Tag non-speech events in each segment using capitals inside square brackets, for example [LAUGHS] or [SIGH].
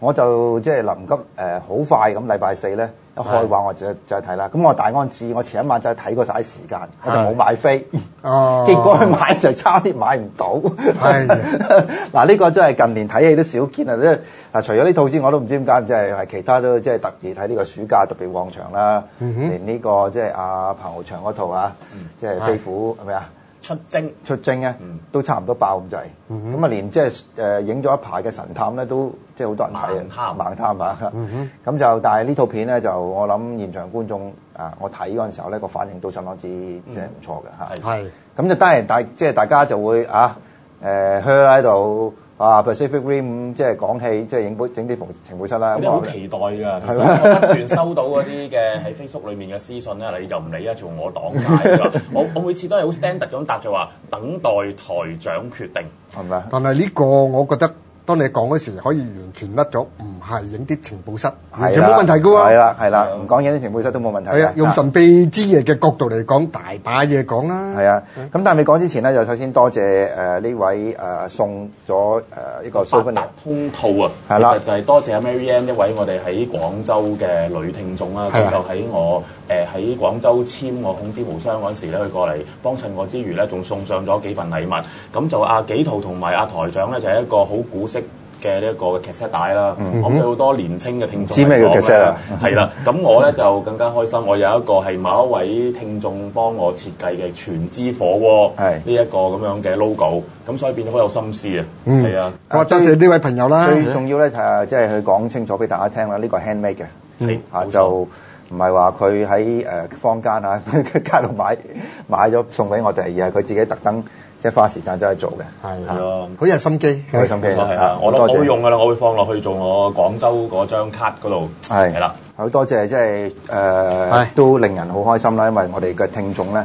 我就即係臨急誒，好快咁，禮拜四咧一開話我就就睇啦。咁、呃、我，的我大安志，我前一晚就睇過晒啲時間，的我就冇買飛。哦，結果去買就差啲買唔到。係嗱的，呢、 [LAUGHS] 這個真係近年睇戲都少見啊！即係啊，除咗呢套之外，我都唔知點解，即、就、係、是、其他都即係、就是、特別睇呢個暑假特別旺場啦。嗯、哼連呢、這個即係阿彭浩翔嗰套啊，即係飛虎係咪啊？嗯出征出征，咧，都差唔多爆咁滯，咁啊連即係誒影咗一排嘅神探咧，都即係好多人睇啊！盲探，盲探啊！咁就，但係呢套片咧，就我諗現場觀眾啊，我睇嗰陣時候咧，個反應都相當之即係唔錯嘅嚇。咁就當然大即係大家就會啊誒喺度。呃啊！Pacific Rim 即係講起，即係影本整啲部情報室啦。咁好期待㗎，嗎其實不斷收到嗰啲嘅喺 Facebook 裏面嘅私信咧，你就唔理啊，做我擋晒。 [LAUGHS] 我我每次都係好 standard 咁答就話，等待台長決定係咪嗎但係呢個我覺得。當你講嗰時，可以完全甩咗，唔係影啲情報室，完全冇問題噶喎。係啦，係啦，唔講影啲情報室都冇問題。係啊的，的用神秘之夜嘅角度嚟講，大把嘢講啦。係啊，咁但係未講之前呢，就首先多謝誒呢位誒送咗誒一個 souvenir 八達通套啊。係啦的，就係多謝阿 Mary Ann 一位我哋喺廣州嘅女聽眾啦。係的就喺我誒喺廣州簽我《孔子無雙》嗰時咧，佢過嚟幫襯我之餘咧，仲送上咗幾份禮物。咁就阿、啊、紀陶同埋阿台長咧，就係一個好古嘅呢一個卡式帶啦，咁、嗯、哼有好多年青嘅聽眾知咩叫卡式帶啦，係啦的，咁、嗯、哼我咧就更加開心，我有一個係某一位聽眾幫我設計嘅全脂火鍋係呢一個咁樣嘅 logo，咁的所以變得好有心思、嗯、的啊，係啊，我多謝呢位朋友啦。最重要咧就係即係佢講清楚俾大家聽啦，呢、這個 handmade 嘅係冇錯，唔係話佢喺誒坊間啊 [LAUGHS] 街度買買咗送俾我哋，而係佢自己特登。即係花時間真係做嘅，係咯，好有心機，有心機，冇錯係啊！我都好用噶啦，我會放落去做我廣州嗰張卡嗰度，係係啦，好多謝即係誒，都令人好開心啦，因為我哋嘅聽眾咧，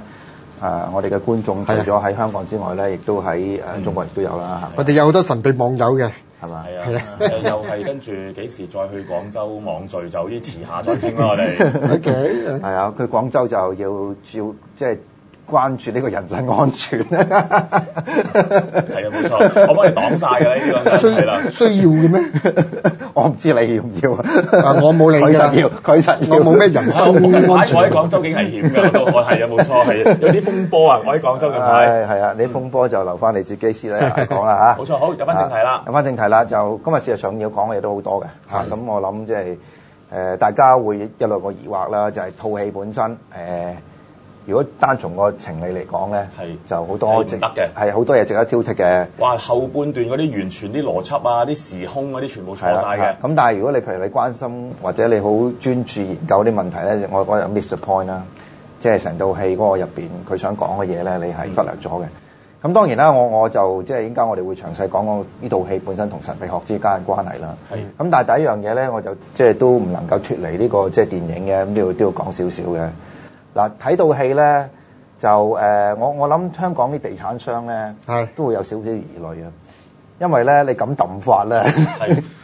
誒我哋嘅觀眾除咗喺香港之外咧，亦都喺誒中國亦都有啦，嚇！我哋有好多神秘網友嘅，係咪？係啊，又係跟住幾時再去廣州網聚就依遲下再傾啦，我哋 OK 係啊，佢廣州就要照即係。關注呢個人身安全咧，係啊，冇錯，我幫你擋晒㗎啦，呢個係啦，需要嘅咩？我唔知你要唔要啊，我冇理佢㗎，要，佢實我冇咩人身安全，我喺廣州幾危險㗎，我都，係啊，冇錯，係有啲風波啊，我喺廣州嘅，係係啊，啲風波就留翻你自己先啦，講啦嚇，冇錯，好，入翻正題啦，入翻正題啦，就今日事實上要講嘅嘢都好多嘅，嚇，咁我諗即係誒大家會一兩個疑惑啦，就係套戲本身誒。如果單從個情理嚟講咧，係是就好多值得嘅，係好多嘢值得挑剔嘅。哇！後半段嗰啲完全啲邏輯啊，啲時空嗰啲全部錯晒嘅。咁、嗯、但係如果你譬如你關心或者你好專注研究啲問題咧，我我有 miss the point 啦，即係成套戲嗰個入邊佢想講嘅嘢咧，你係忽略咗嘅。咁、嗯、當然啦，我我就即係應該我哋會詳細講講呢套戲本身同神秘學之間嘅關係啦。咁的、嗯、但係第一樣嘢咧，我就即係都唔能夠脱離呢個即係電影嘅，咁都要都要講少少嘅。嗱，睇到戲咧，就誒，我我諗香港啲地產商咧，都會有少少疑慮啊，因為咧你咁抌法咧，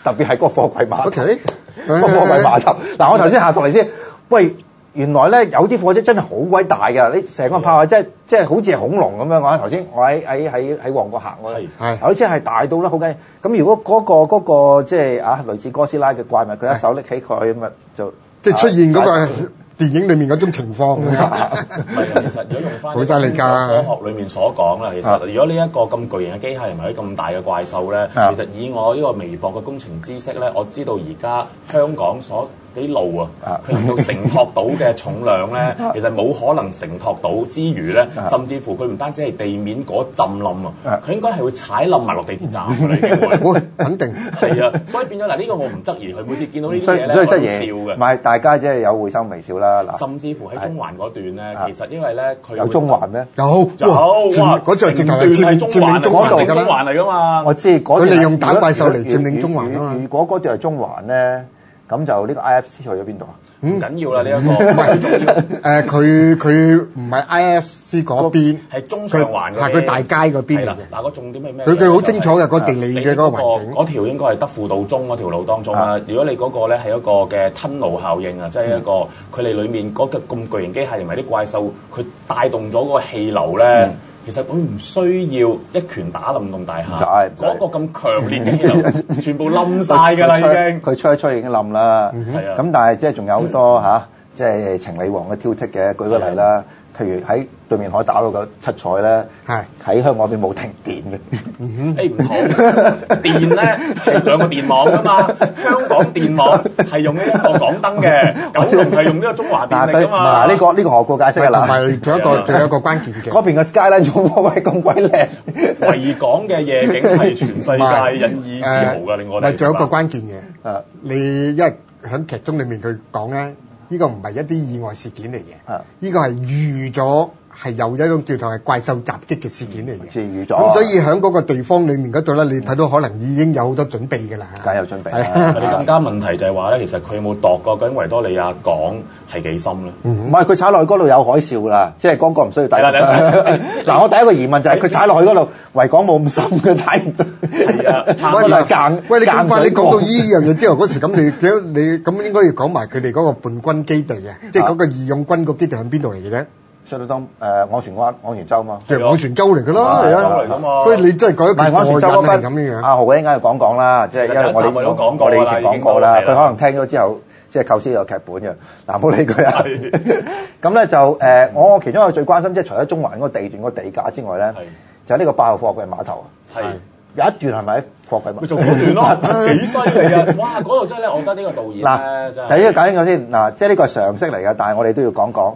特別係嗰個貨櫃碼頭，嗰個貨櫃碼頭。嗱，我頭先下圖嚟先，喂，原來咧有啲貨車真係好鬼大㗎，你成個炮啊，即係即係好似係恐龍咁樣。我頭先我喺喺喺喺旺角行，我係係，有啲車係大到咧好緊。咁如果嗰個嗰個即係啊，類似哥斯拉嘅怪物，佢一手拎起佢咁啊，就即係出現嗰個電影裏面嗰種情況， [LAUGHS] [LAUGHS] 其實如果用翻好犀利嘅科學裏面所講啦，其實如果呢一個咁巨型嘅機械人或者咁大嘅怪獸咧，其實以我呢個微薄嘅工程知識咧，我知道而家香港所啲路啊，佢能夠承托到嘅重量咧，其實冇可能承托到，之餘咧，甚至乎佢唔單止係地面嗰浸冧啊，佢應該係會踩冧埋落地鐵站嘅，肯定係啊！所以變咗嗱，呢個我唔質疑佢，每次見到呢啲嘢咧，都係笑嘅。唔係大家即係有會心微笑啦。甚至乎喺中環嗰段咧，其實因為咧佢有中環咩？有有哇！嗰段直頭係佔佔領中環嚟嘅嘛。我知嗰段佢哋用打怪獸嚟佔領中環啊嘛。如果嗰段係中環咧？咁就呢個 I F C 去咗邊度啊？唔緊要啦，你一個唔係誒，佢佢唔係 I F C 嗰邊，係中上環嘅，係佢大街嗰邊。嗱的，的個重點係咩？佢佢好清楚嘅嗰地理嘅嗰個嗰條、那個那個、應該係德輔道中嗰條路當中。誒、啊，如果你嗰個咧係一個嘅吞露效應啊，即、就、係、是、一個佢哋裡面嗰個咁巨型機械同埋啲怪獸，佢帶動咗嗰個氣流咧。嗯其實佢唔需要一拳打冧咁大廈，嗰個咁強烈嘅人， [LAUGHS] 全部冧晒㗎啦已經。佢吹一吹已經冧啦，咁、嗯、哼但係即係仲有好多吓，即係、 [LAUGHS] 啊就是、情理王嘅挑剔嘅，舉個例啦，的譬如喺。對面海打到個七彩啦，喺香港邊冇停電。喂，唔好。電呢，係兩個電網㗎嘛。香港電網，係用一個港燈嘅。九龍係用呢個中華電力㗎嘛。嗱，呢個，呢個何故解釋㗎啦。係有一種叫做係怪獸襲擊嘅事件嚟嘅。咁所以喺嗰個地方裡面嗰度咧，你睇到可能已經有好多準備㗎啦。梗有準備啦。更加問題就係話咧，其實佢有冇度過，究竟維多利亞港係幾深咧？唔係佢踩落去嗰度有海嘯㗎啦，即係剛剛唔需要底。嗱，我第一個疑問就係佢踩落去嗰度，維港冇咁深嘅，踩唔到。喂，嗱間你間翻你講到呢樣嘢之後嗰時咁你，你咁應該要講埋佢哋嗰個叛軍基地嘅，即係嗰個義勇軍個基地喺邊度嚟嘅咧？出到東誒，昂船灣、昂船洲嘛，即係昂船洲嚟嘅啦，係啊，所以你真係改一改昂船洲嗰咁樣阿豪嘅啱要講講啦，即係因為我哋都講過啦，我哋以前講過啦，佢可能聽咗之後，即係構思有劇本嘅。嗱，冇理佢啦。咁咧就誒，我我其中一個最關心即係除咗中環嗰地段個地價之外咧，就係呢個八號貨櫃碼頭，係有一段係咪貨櫃碼？咪做半段咯，幾犀利啊！哇，嗰度真係咧，我覺得呢個導演嗱，第一個解釋我先嗱，即係呢個常識嚟嘅，但係我哋都要講講。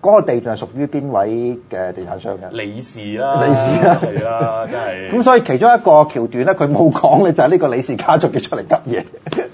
嗰個地段係屬於邊位嘅地產商嘅？李氏啦，李氏啦，係啊， [LAUGHS] 真係。咁所以其中一個橋段咧，佢冇講嘅就係呢個李氏家族嘅出嚟執嘢，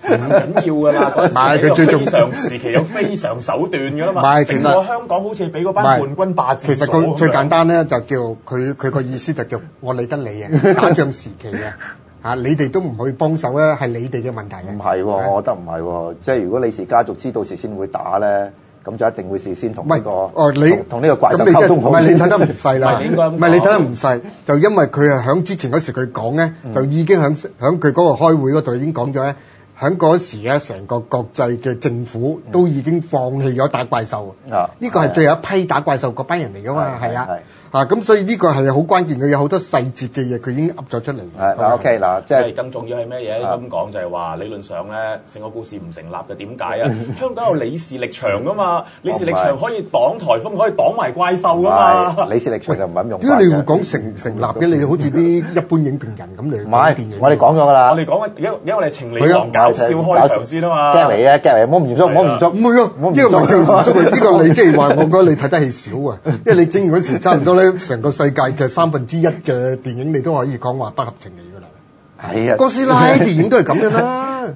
唔緊要㗎啦。嗰時係 [LAUGHS] 是非常時期，有非常手段㗎啦嘛。成是實個香港好似俾嗰班叛軍霸佔，其實佢最簡單咧就叫佢，佢個意思就叫我理得你啊！打仗時期啊，嚇 [LAUGHS] 你哋都唔去幫手咧，係你哋嘅問題。唔係、 [LAUGHS] 啊，我覺得唔係喎。即、就、係、是、如果李氏家族知道事先會打咧。咁就一定會事先同呢、這個哦，你同呢個怪獸你溝通好，唔係你睇得唔細啦，唔係 [LAUGHS] 你睇得唔細， [LAUGHS] 就因為佢啊喺之前嗰時佢講咧，嗯、就已經喺喺佢嗰個開會嗰度已經講咗咧，喺嗰時咧成個國際嘅政府都已經放棄咗打怪獸啊，呢、嗯、個係最後一批打怪獸嗰班人嚟噶嘛，係啊。的的啊，咁所以呢個係好關鍵嘅，有好多細節嘅嘢，佢已經噏咗出嚟。OK 嗱，即係更重要係咩嘢？咁講就係話理論上咧，成個故事唔成立嘅點解啊？香港有李氏力場噶嘛？李氏力場可以擋颱風，可以擋埋怪獸噶嘛？李氏力場就唔揾用。點解你會講成唔成立嘅？你好似啲一般影評人咁，你買電影。我哋講咗㗎啦。我哋講因為因我哋情理王搞笑開場先啊嘛。隔籬啊，隔籬！我唔滿足，唔滿唔會喎，呢個我哋唔足嘅。呢個你即係話，我覺得你睇得戲少啊，因為你整完嗰時差唔多咧。成個世界嘅三分之一嘅電影，你都可以講話不合情理噶啦。係啊，哥斯拉啲電影都係咁噶啦。誒，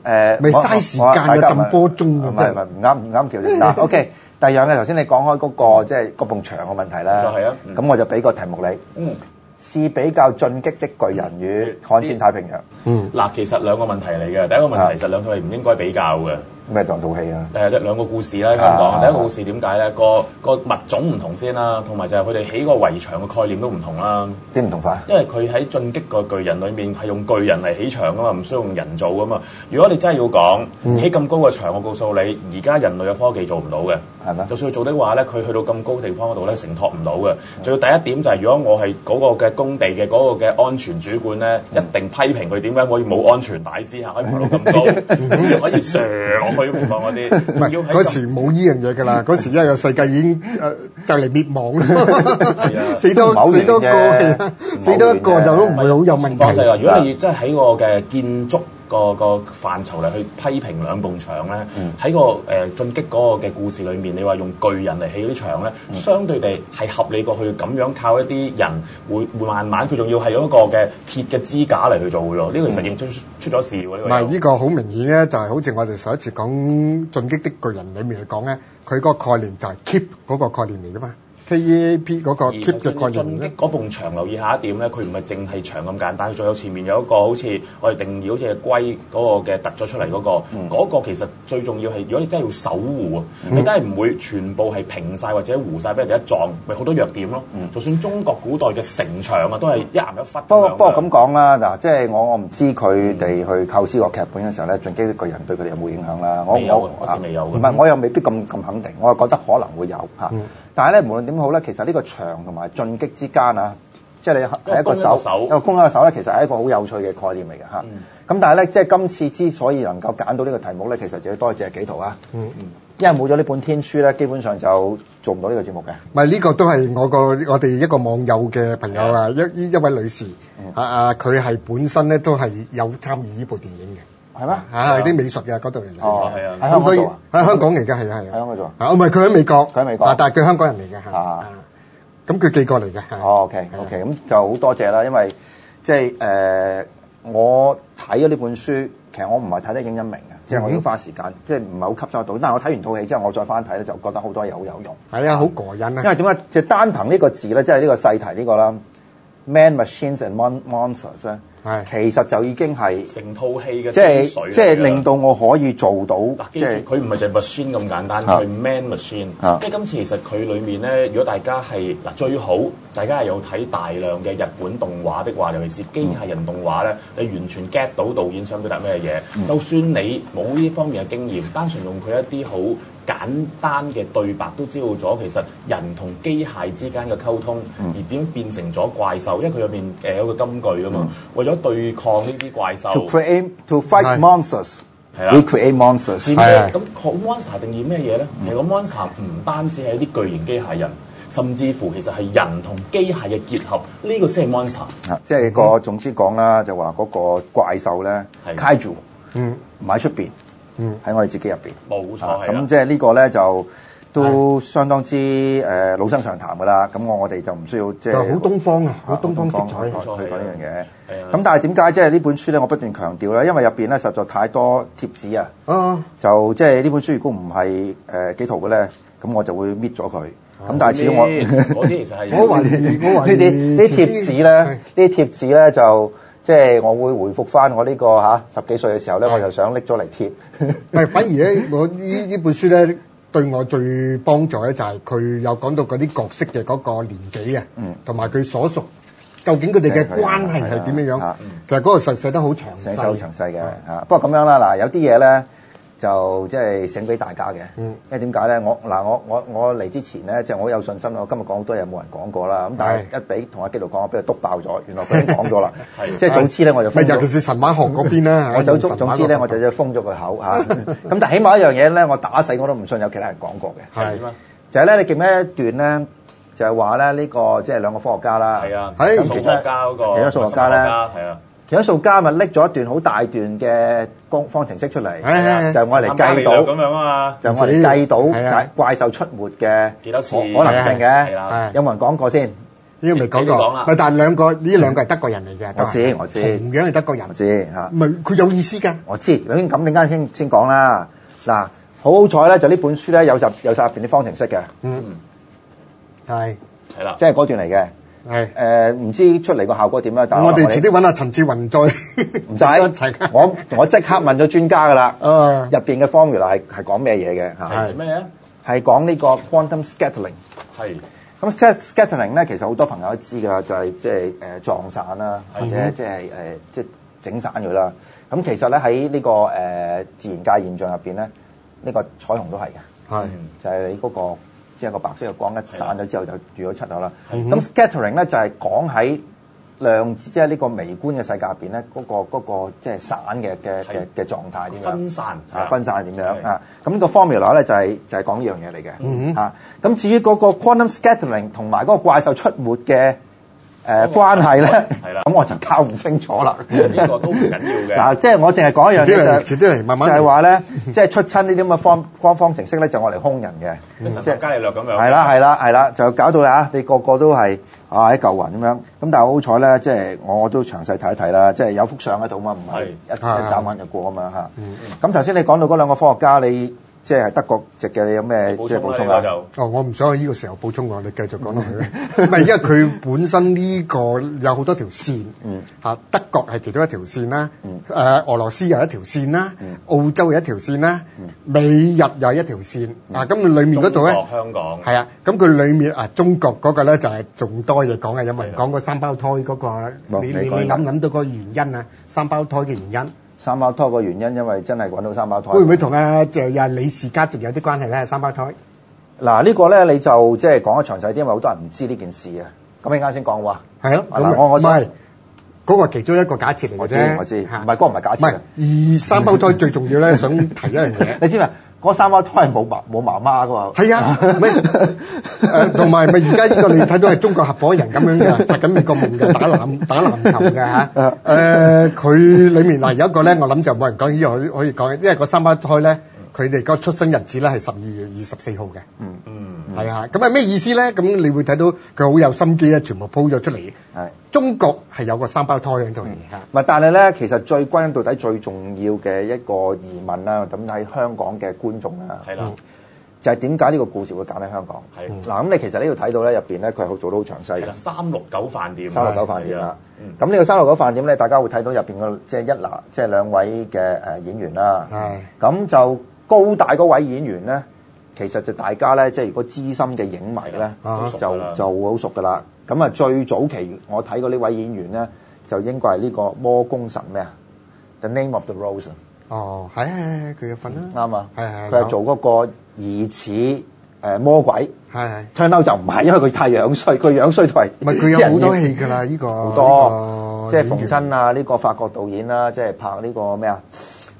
咪嘥時間又咁波鐘嘅啫，唔啱唔啱橋連搭。OK，第二樣咧，頭先你講開嗰個即係嗰埲牆嘅問題啦。就係啊，咁我就俾個題目你。嗯，試比較進擊的巨人與悍戰太平洋。嗯，嗱，其實兩個問題嚟嘅。第一個問題，其實兩套係唔應該比較嘅。咩撞到戲啊？誒、呃，一兩個故事咧，咁講。啊、第一個故事點解咧？個個物種唔同先啦、啊，同埋就係佢哋起個圍牆嘅概念都唔同啦、啊。點唔同法，因為佢喺進擊個巨人裏面係用巨人嚟起牆㗎嘛，唔需要用人做㗎嘛。如果你真係要講起咁高個牆，我告訴你，而家人類嘅科技做唔到嘅。係啦的。就算佢做的話咧，佢去到咁高地方嗰度咧，承托唔到嘅。仲最第一點就係、是，如果我係嗰個嘅工地嘅嗰、那個嘅安全主管咧，一定批評佢點解可以冇安全帶之下可以爬到咁高，可以成。 [LAUGHS] [LAUGHS] 佢唔望我啲，唔係嗰時冇依樣嘢㗎啦。嗰 [LAUGHS] 時因為個世界已經誒就嚟滅亡啦， [LAUGHS] 死多死多個， [LAUGHS] 死多一個就都唔會好有問題。如果你真係喺我嘅建築。個個範疇嚟去批評兩埲牆咧，喺、嗯、個誒、呃、進擊嗰個嘅故事裏面，你話用巨人嚟起啲牆咧，嗯、相對地係合理過去咁樣靠一啲人，會會慢慢佢仲要係有一個嘅鐵嘅支架嚟去做嘅喎，呢、嗯、個實驗出出咗事喎。嗱、嗯，呢、呢個好明顯咧，就係好似我哋上一次講進擊的巨人裏面去講咧，佢個概念就係 keep 嗰個概念嚟噶嘛。K E A P 嗰個進擊嗰埲牆留意下一點咧，佢唔係淨係牆咁簡單，佢仲有前面有一個好似我哋定義好似龜嗰個，嘅係突咗出嚟嗰個，嗰個其實最重要係，如果你真係要守護啊，你梗係唔會全部係平晒或者糊晒俾人哋一撞，咪好多弱點咯。嗯，就算中國古代嘅城牆啊，都係一磚一忽。不過不過咁講啦，嗱，即係我我唔知佢哋去構思個劇本嘅時候咧，進擊一個人對佢哋有冇影響啦。我有，我未有。唔係，我又未必咁咁肯定，我又覺得可能會有嚇。但係咧，無論點好咧，其實呢個牆同埋進擊之間啊，即係你係一個手，一個攻手咧，其實係一個好有趣嘅概念嚟嘅嚇。咁、嗯、但係咧，即係今次之所以能夠揀到呢個題目咧，其實就要多謝紀陶啊。嗯嗯，因為冇咗呢本天書咧，基本上就做唔到呢個節目嘅。唔係，呢個都係我個我哋一個網友嘅朋友啊，一一位女士啊、嗯、啊，佢係本身咧都係有參與呢部電影嘅。係咩？嚇，啲美術嘅嗰度嚟嘅。係啊。喺香港做啊。喺香港嚟嘅，係啊係啊。喺香港唔係佢喺美國。佢喺美國。但係佢香港人嚟嘅嚇。咁佢寄過嚟嘅。哦，OK，OK，咁就好多謝啦。因為即係誒，我睇咗呢本書，其實我唔係睇得英分明嘅，即係我已經花時間，即係唔係好吸收到。但係我睇完套戲之後，我再翻睇咧，就覺得好多嘢好有用。係啊，好過癮啊！因為點解即係單憑呢個字咧，即係呢個細題呢個啦，Man machines and monsters 係，其實就已經係成套戲嘅精髓。即係即係令到我可以做到。嗱即係佢唔係就係 machine 咁簡單，佢、啊、man machine、啊。即係今次其實佢裡面咧，如果大家係嗱最好，大家係有睇大量嘅日本動畫的話，尤其是機械人動畫咧，嗯、你完全 get、嗯、到導演想表達咩嘢。嗯、就算你冇呢方面嘅經驗，單純用佢一啲好。簡單嘅對白都知道咗，其實人同機械之間嘅溝通，而點變成咗怪獸？因為佢入邊誒有個金句啊嘛。為咗對抗呢啲怪獸，to create to fight monsters，係啦，to create monsters。點解咁？Monster 定義咩嘢咧？係個 monster 唔單止係一啲巨型機械人，甚至乎其實係人同機械嘅結合，呢個先係 monster。即係個總之講啦，就話嗰個怪獸咧，cage 住，唔喺出邊。喺我哋自己入邊，冇錯。咁即係呢個咧，就都相當之誒老生常談噶啦。咁我我哋就唔需要即係好東方啊，好東方色彩。佢講呢樣嘢。咁但係點解即係呢本書咧，我不斷強調咧，因為入邊咧實在太多貼紙啊。就即係呢本書如果唔係誒紀陶嘅咧，咁我就會搣咗佢。咁但係始終我，我啲其實係，唔好話呢啲呢啲貼紙咧，呢啲貼紙咧就。即係我會回覆翻我呢個嚇十幾歲嘅時候咧，的我就想拎咗嚟貼。唔係 [LAUGHS] 反而咧，我呢呢本書咧對我最幫助咧，就係佢有講到嗰啲角色嘅嗰個年紀啊，同埋佢所屬究竟佢哋嘅關係係點樣樣？嗯、其實嗰個實寫得好詳細，好詳細嘅嚇。對不過咁樣啦，嗱有啲嘢咧。就即係醒俾大家嘅，因為點解咧？我嗱我我我嚟之前咧，就係我有信心啦。我今日講好多嘢冇人講過啦，咁但係一俾同阿紀陶講，俾佢篤爆咗，原來佢已經講咗啦。即係早知咧我就封。咪尤其是神馬行嗰邊啦，早早知咧我就要封咗個口嚇。咁但係起碼一樣嘢咧，我打死我都唔信有其他人講過嘅。就係點啊？就係咧，你記唔記得一段咧？就係話咧，呢個即係兩個科學家啦，其中嗰個數學家咧，係啊。而家數家咪拎咗一段好大段嘅公方程式出嚟，就我嚟計到，就我嚟計到怪獸出沒嘅幾多次可能性嘅。有冇人講過先？呢個未講過。唔係，但係兩個呢兩個係德國人嚟嘅。我知我知，同樣係德國人。我知嚇。唔係佢有意思㗎。我知。咁你啱先先講啦。嗱，好好彩咧，就呢本書咧有集有集入邊啲方程式嘅。嗯。係。係啦。即係嗰段嚟嘅。係誒，唔是、呃、知出嚟個效果點啦。但我哋遲啲揾阿陳志雲再唔使 [LAUGHS] 用， [LAUGHS] 我我即刻問咗專家噶啦。入邊嘅方程係係講咩嘢嘅嚇？係咩啊？係講呢個 quantum scattering。係咁即 quantum scattering 咧，其實好多朋友都知噶啦，就係即係誒撞散啦，或者即係誒即整散咗啦。咁的、嗯、其實咧喺呢個誒、呃、自然界現象入邊咧，呢、這個彩虹都係嘅。係的的就係你嗰、那個。即係個白色嘅光一散咗之後就住咗出咗啦。咁的 scattering 咧就係講喺量子，即係呢個微觀嘅世界入邊咧，嗰、嗰個即係、嗰個、散嘅嘅嘅嘅狀態點樣？的分散，分散係點樣啊？咁個 formula 咧就係、是、就係、是、講呢樣嘢嚟嘅。啊的，咁至於嗰個 quantum scattering 同埋嗰個怪獸出沒嘅。誒關係咧，咁我就搞唔清楚啦，呢個都唔緊要嘅。嗱，即係我淨係講一樣嘢，就係話咧，即係出親呢啲咁嘅方官方程式咧，就我嚟兇人嘅，即係伽利略咁樣。係啦，係啦，係啦，就搞到啊，你個個都係啊一嚿雲咁樣。咁但係好彩咧，即係我都詳細睇一睇啦，即係有幅相喺度嘛，唔係一眨眼就過啊嘛嚇。咁頭先你講到嗰兩個科學家你。即係德國籍嘅，你有咩即係補充啊？哦，我唔想喺呢個時候補充喎，你繼續講落去。唔係因為佢本身呢個有好多條線，嚇德國係其中一條線啦，誒俄羅斯有一條線啦，澳洲有一條線啦，美日又一條線。啊，咁佢裡面嗰度咧，香港係啊，咁佢裡面啊中國嗰個咧就係仲多嘢講嘅，因為有人講過三胞胎嗰個，你你你諗諗到個原因啊？三胞胎嘅原因。三胞胎個原，原因，因為真係揾到三胞胎。會唔會同阿鄭啊李氏家族有啲關係咧？三胞胎嗱，呢個咧你就即係講得詳細啲，因為好多人唔知呢件事的啊。咁你啱先講話，係啊，我知，嗰個係其中一個假設嚟，我知我知，唔係嗰個唔係假設。而三胞胎最重要咧， [LAUGHS] 想提一樣嘢， [LAUGHS] 你知嘛？嗰三胞胎冇爸冇媽媽噶喎，係啊，咪誒同埋咪而家呢個你睇到係中國合伙人咁樣嘅，發緊美國夢嘅打籃打籃球嘅嚇，誒、呃、佢裡面嗱、呃、有一個咧，我諗就冇人講依樣可，可以講，因為個三胞胎咧。佢哋個出生日子咧係十二月二十四號嘅。嗯嗯，係啊，咁係咩意思咧？咁你會睇到佢好有心機啊，全部鋪咗出嚟。係，中國係有個三胞胎喺度。嚇，咪但係咧，其實最關到底最重要嘅一個疑問啦，咁喺香港嘅觀眾啊，係啦，就係點解呢個故事會揀喺香港？係嗱，咁你其實呢度睇到咧，入邊咧佢係做得好詳細。係啦，三六九飯店，三六九飯店啦。嗯，咁呢個三六九飯店咧，大家會睇到入邊嘅即係一嗱，即係兩位嘅誒演員啦。係，咁就。高大嗰位演員咧，其實就大家咧，即係如果資深嘅影迷咧，就就好熟噶啦。咁啊，最早期我睇過呢位演員咧，就應該係呢個魔宮神咩啊？The Name of the Rose。哦，係係係，佢有份啦。啱啊，係係。佢係做嗰個疑似誒魔鬼。係係。Turn out 就唔係，因為佢太樣衰，佢樣衰都係。唔係，佢有好多戲㗎啦？呢個好多，即係逢親啊，呢個法國導演啦，即係拍呢個咩啊？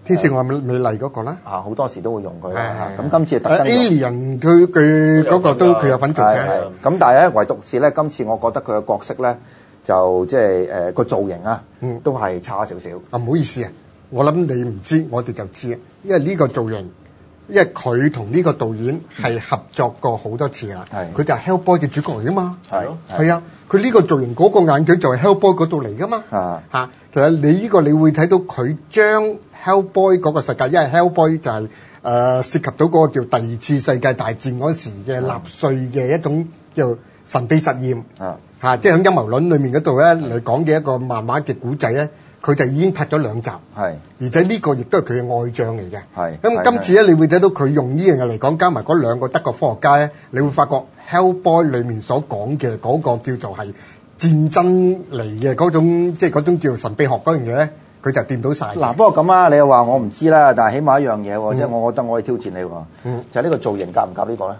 天使我美美麗嗰個咧啊，好多時都會用佢。咁今次特登。Alien 人佢佢嗰個都佢有份做嘅。咁但係咧，唯獨是咧，今次我覺得佢嘅角色咧就即係誒個造型啊，嗯，都係差少少啊。唔好意思啊，我諗你唔知，我哋就知，啊，因為呢個造型，因為佢同呢個導演係合作過好多次啦。佢就 Hell Boy 嘅主角嚟噶嘛，係咯，係啊。佢呢個造型嗰個眼鏡就係 Hell Boy 嗰度嚟噶嘛啊嚇。其實你呢個，你會睇到佢將。Hellboy 嗰個世界，因為 Hellboy 就係、是、誒、呃、涉及到嗰個叫第二次世界大戰嗰時嘅納粹嘅一種叫神秘實驗啊吓，的即係喺陰謀論裏面嗰度咧嚟講嘅一個漫畫嘅古仔咧，佢就已經拍咗兩集，係的，而且呢個亦都係佢嘅外像嚟嘅，係。咁今次咧你會睇到佢用呢樣嘢嚟講，加埋嗰兩個德國科學家咧，你會發覺 Hellboy 裏面所講嘅嗰個叫做係戰爭嚟嘅嗰種，即係嗰種叫神秘學嗰樣嘢咧。佢就掂到曬。嗱，不過咁啊，你又話我唔知啦，但係起碼一樣嘢喎，即係我覺得我可以挑戰你喎。嗯。就係呢個造型夾唔夾呢個咧？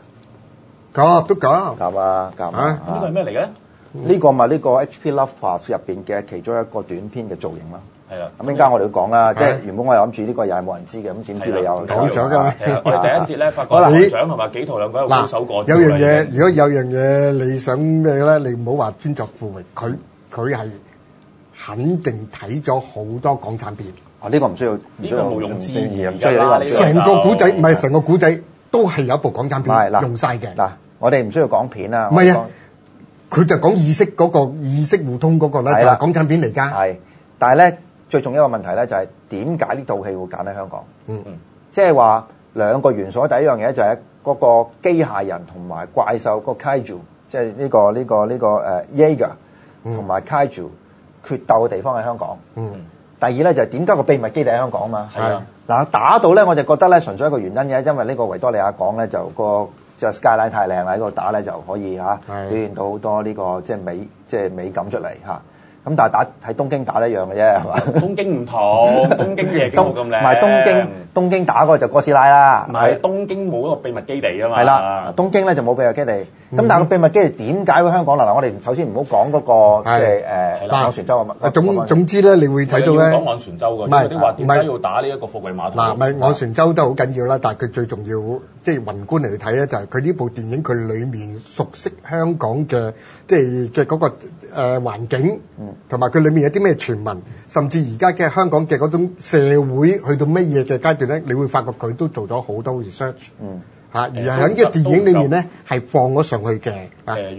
夾都夾。夾啊！夾啊！呢個係咩嚟嘅？呢個咪呢個 H P Love House 入邊嘅其中一個短片嘅造型囉。係啊。咁陣間我哋要講啦，即係原本我哋諗住呢個又係冇人知嘅，咁點知你又講咗㗎？我哋第一節咧發覺你講同埋紀陶兩個有首歌。有樣嘢，如果有樣嘢你想咩咧？你唔好話專作附榮，佢佢係。肯定睇咗好多港產片。啊，呢個唔需要，呢個毋庸置疑啊！而家你話成個古仔，唔係成個古仔都係有一部港產片係啦用晒嘅。嗱，我哋唔需要港片啊。唔係啊，佢就講意識嗰個意識互通嗰個咧，係啦就係港產片嚟噶。係，但係咧最重要嘅問題咧就係點解呢套戲會揀喺香港？嗯嗯，即係話兩個元素第一樣嘢就係嗰個機械人同埋怪獸個 Kaiju，即係呢個呢個呢個誒 Jaeger 同埋 Kaiju。決鬥嘅地方喺香港。嗯、第二咧就係點解個秘密基地喺香港啊嘛。嗱打到咧我就覺得咧純粹一個原因嘅，因為呢個維多利亞港咧就、那個即 i n e 太靚啦，呢、那個打咧就可以嚇、啊啊、表現到好多呢、這個即係美即係美感出嚟嚇。啊咁但係打喺東京打一樣嘅啫，係嘛？東京唔同，東京夜景冇咁靚。唔係東京東京打嗰就哥斯拉啦。唔係東京冇個秘密基地啊嘛。係啦，東京咧就冇秘密基地。咁但係個秘密基地點解會香港嚟？嗱，我哋首先唔好講嗰個即係誒昂船洲啊嘛。咁總之咧，你會睇到咧，唔係你話點解要打呢一個貨櫃碼頭？嗱，唔係昂船洲都好緊要啦，但係佢最重要即係宏觀嚟睇咧，就係佢呢部電影佢裡面熟悉香港嘅即係嘅嗰個。誒，環境，同埋佢裏面有啲咩傳聞，甚至而家嘅香港嘅嗰種社會去到乜嘢嘅階段咧，你會發覺佢都做咗好多 research，嚇，而係喺呢個電影裏面咧係放咗上去嘅，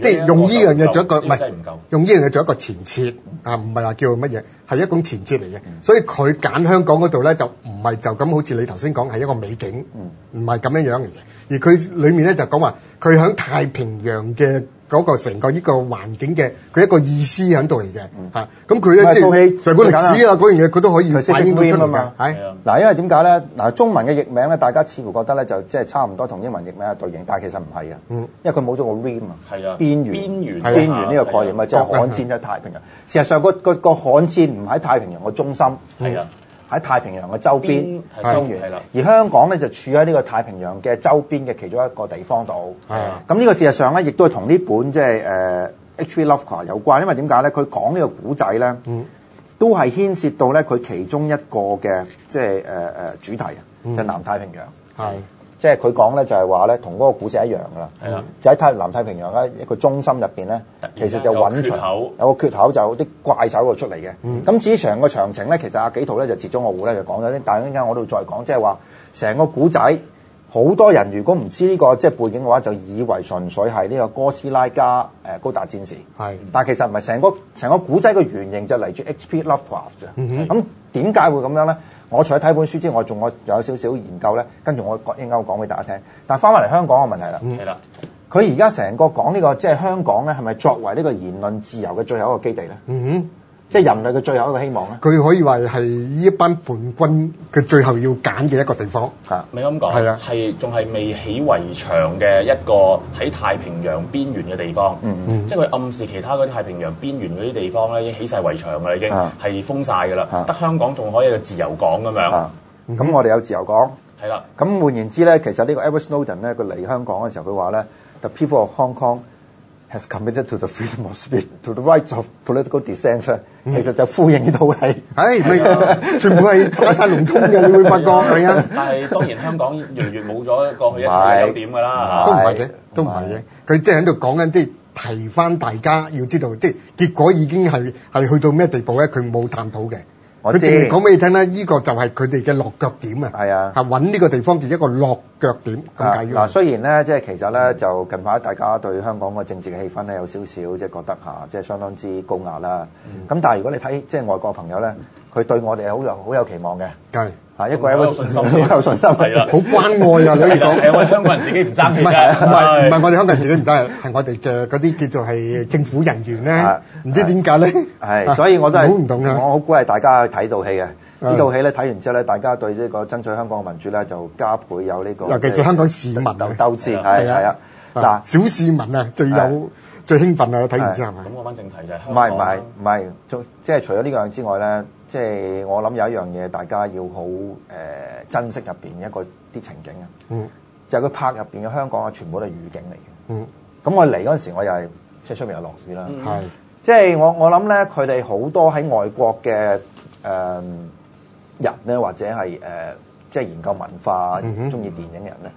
即係用呢樣嘢做一個唔係，唔夠用呢樣嘢做一個前設啊，唔係話叫乜嘢，係一種前設嚟嘅。所以佢揀香港嗰度咧，就唔係就咁好似你頭先講係一個美景，唔係咁樣樣嘅。而佢裏面咧就講話佢喺太平洋嘅。嗰個成個呢個環境嘅佢一個意思喺度嚟嘅嚇，咁佢咧即係上個歷史啊嗰樣嘢佢都可以反映到出嚟嘅。係嗱，因為點解咧？嗱，中文嘅譯名咧，大家似乎覺得咧就即係差唔多同英文譯名嘅對應，但係其實唔係啊。嗯，因為佢冇咗個 rim 啊，啊，邊緣邊緣邊緣呢個概念啊，即係悍戰喺太平洋。事實上，個個個悍戰唔喺太平洋嘅中心。係啊。喺太平洋嘅周邊係啦，對而香港咧就處喺呢個太平洋嘅周邊嘅其中一個地方度。咁呢對、嗯、個事實上咧，亦都係同呢本即係誒《呃、H. P. Lovecraft》有關，因為點解咧？佢講呢個古仔咧，嗯、都係牽涉到咧佢其中一個嘅即係誒誒主題，嗯、就係南太平洋。係。即係佢講咧，就係話咧，同嗰個古仔一樣噶啦，的就喺太南太平洋咧一個中心入邊咧，其實就揾出口，有個缺口，就有啲怪獸嗰度出嚟嘅。咁、嗯、至於成個詳情咧，其實阿幾圖咧就接中我戶咧就講咗啲，但係陣間我都再講，即係話成個古仔，好多人如果唔知呢、這個即係背景嘅話，就以為純粹係呢個哥斯拉加誒高達戰士。係的，但係其實唔係成個成個古仔嘅原型就嚟住 H.P. Lovecraft 啫的。咁點解會咁樣咧？我除咗睇本書之外，仲我又有少少研究咧，跟住我應該講俾大家聽，但係翻返嚟香港嘅問題啦，佢而家成個講呢個，即係香港咧，係咪作為呢個言論自由嘅最後一個基地咧？嗯哼即係人類嘅最後一個希望咧。佢可以話係呢一班叛軍佢最後要揀嘅一個地方嚇。咪咁講係啊，係仲係未起圍牆嘅一個喺太平洋邊緣嘅地方。嗯嗯，嗯即係佢暗示其他嗰啲太平洋邊緣嗰啲地方咧，已經起曬圍牆㗎啦，已經係封晒㗎啦。得香港仲可以有自由港咁樣。咁、啊嗯、我哋有自由港係啦。咁、嗯、的換言之咧，其實個呢個 Edward Snowden 咧，佢嚟香港嘅時候，佢話咧，The people of Hong Kong。has committed to the freedom of speech, to the rights of political d i s、嗯、s e n t 其實就呼應呢套戲。係，全部係打晒籠通嘅，你會發覺，係啊。但係當然香港越嚟越冇咗過去一齊有點㗎啦， [LAUGHS] 都唔係嘅，都唔係嘅。佢即係喺度講緊即係提翻大家要知道，即係結果已經係係去到咩地步咧？佢冇探討嘅。佢淨係講俾你聽啦，呢個就係佢哋嘅落腳點啊！係啊，嚇揾呢個地方叫一個落腳點咁解。嗱，雖然咧，即係其實咧，就近排大家對香港個政治嘅氣氛咧，有少少即係覺得嚇，即係相當之高壓啦。咁但係如果你睇即係外國朋友咧，佢對我哋係好有好有期望嘅。一啊！一個信心，一個有信心係啦，好關愛啊！你而講，係我香港人自己唔爭氣啫。唔係唔係，我哋香港人自己唔爭氣，係我哋嘅嗰啲叫做係政府人員咧，唔知點解咧。係，所以我真係好唔同噶。我好估係大家睇到戲嘅呢套戲咧，睇完之後咧，大家對呢個爭取香港嘅民主咧，就加倍有呢個尤其是香港市民嘅鬥志係係啊！嗱，小市民啊，最有～最興奮啊！睇完之後咁我翻正題就係香港。唔係唔係唔係，即係除咗呢樣之外咧，即係我諗有一樣嘢，大家要好誒珍惜入邊一個啲情景啊。嗯。就佢拍入邊嘅香港啊，全部都係雨景嚟嘅。嗯。咁我嚟嗰陣時，我又係即係出面又落雨啦。係。即係我我諗咧，佢哋好多喺外國嘅誒人咧，或者係誒即係研究文化、中意電影人咧，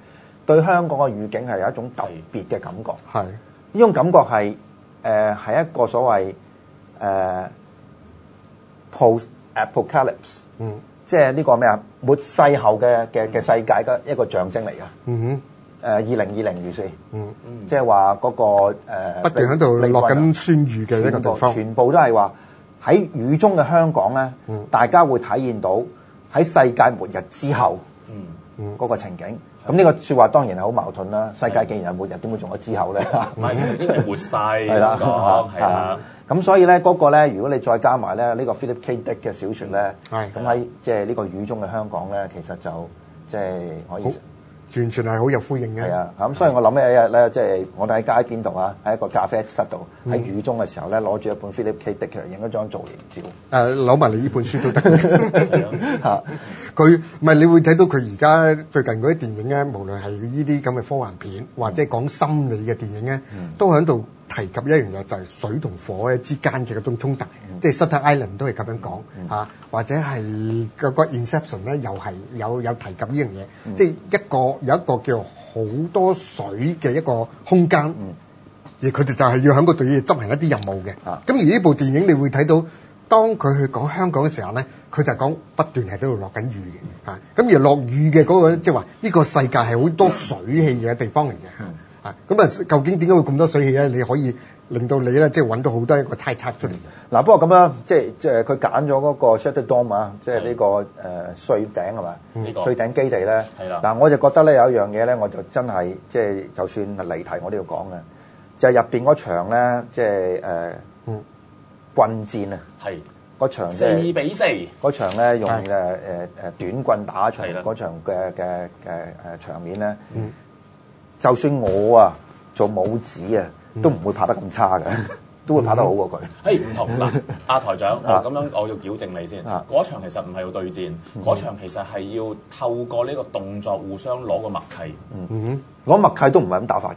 對香港嘅雨景係有一種特別嘅感覺。係。呢種感覺係誒係一個所謂誒、呃、post apocalypse、嗯、即係呢個咩啊？末世後嘅嘅嘅世界嘅一個象徵嚟噶。嗯哼、呃，誒二零二零如是。嗯、那個、嗯、呃，即係話嗰個不斷喺度落緊酸雨嘅一個地方，全部都係話喺雨中嘅香港咧，嗯、大家會體驗到喺世界末日之後，嗯嗯，嗰個情景。嗯嗯嗯嗯咁呢個説話當然係好矛盾啦！世界既然有末日，點會仲有之後咧？唔係 [LAUGHS] [LAUGHS] 活晒。係啦，係啦。咁所以咧，嗰個咧，如果你再加埋咧，呢個 Philip K. Dick 嘅小説咧，咁喺即係呢個雨中嘅香港咧，其實就即係、就係、可以。完全係好有歡迎嘅，係啊！咁所以我諗起咧，咧是的 即係我哋喺街邊度啊，喺一個咖啡室度，喺、嗯、雨中嘅時候咧，攞住一本 Philip K. Dick 嚟、er、影一張造型照、啊。誒，攞埋你呢本書都得。佢唔係你會睇到佢而家最近嗰啲電影咧，無論係呢啲咁嘅科幻片，或者講心理嘅電影咧，嗯嗯、都喺度。提及一樣嘢就係、是、水同火咧之間嘅嗰種衝突，嗯、即係《Shutter Island、嗯》都係咁樣講嚇，或者係個個 In《Inception》咧又係有有提及呢樣嘢，嗯、即係一個有一個叫好多水嘅一個空間，嗯、而佢哋就係要喺個度要執行一啲任務嘅。咁、嗯、而呢部電影你會睇到，當佢去講香港嘅時候咧，佢就係講不斷係喺度落緊雨嘅嚇。咁、嗯、而落雨嘅嗰、那個即係話呢個世界係好多水氣嘅地方嚟嘅。嗯嗯咁啊，究竟點解會咁多水氣咧？你可以令到你咧，即係揾到好多一個猜測出嚟、嗯。嗱，不過咁樣，即係即係佢揀咗嗰個 Shatterdome 啊，即係呢個誒碎頂係嘛？嗯、碎頂基地咧。係啦、嗯。嗱、嗯，我就覺得咧有一樣嘢咧，我就真係即係就算離題，我都要講嘅，就係入邊嗰場咧，即係誒、呃嗯、棍戰啊。係是。嗰場四、就是、比四。嗰場咧用誒誒誒短棍打場嗰場嘅嘅嘅誒場面咧。嗯就算我啊做武指啊，都唔會拍得咁差嘅，都會拍得好過佢誒唔同嗱，阿、啊、台長，咁樣我要矯正你先。嗰、mm hmm. 場其實唔係要對戰、mm hmm. 嗰場其實係要透過呢個動作互相攞個默契。嗯哼、mm，攞、hmm. 默契都唔係咁打法嘅。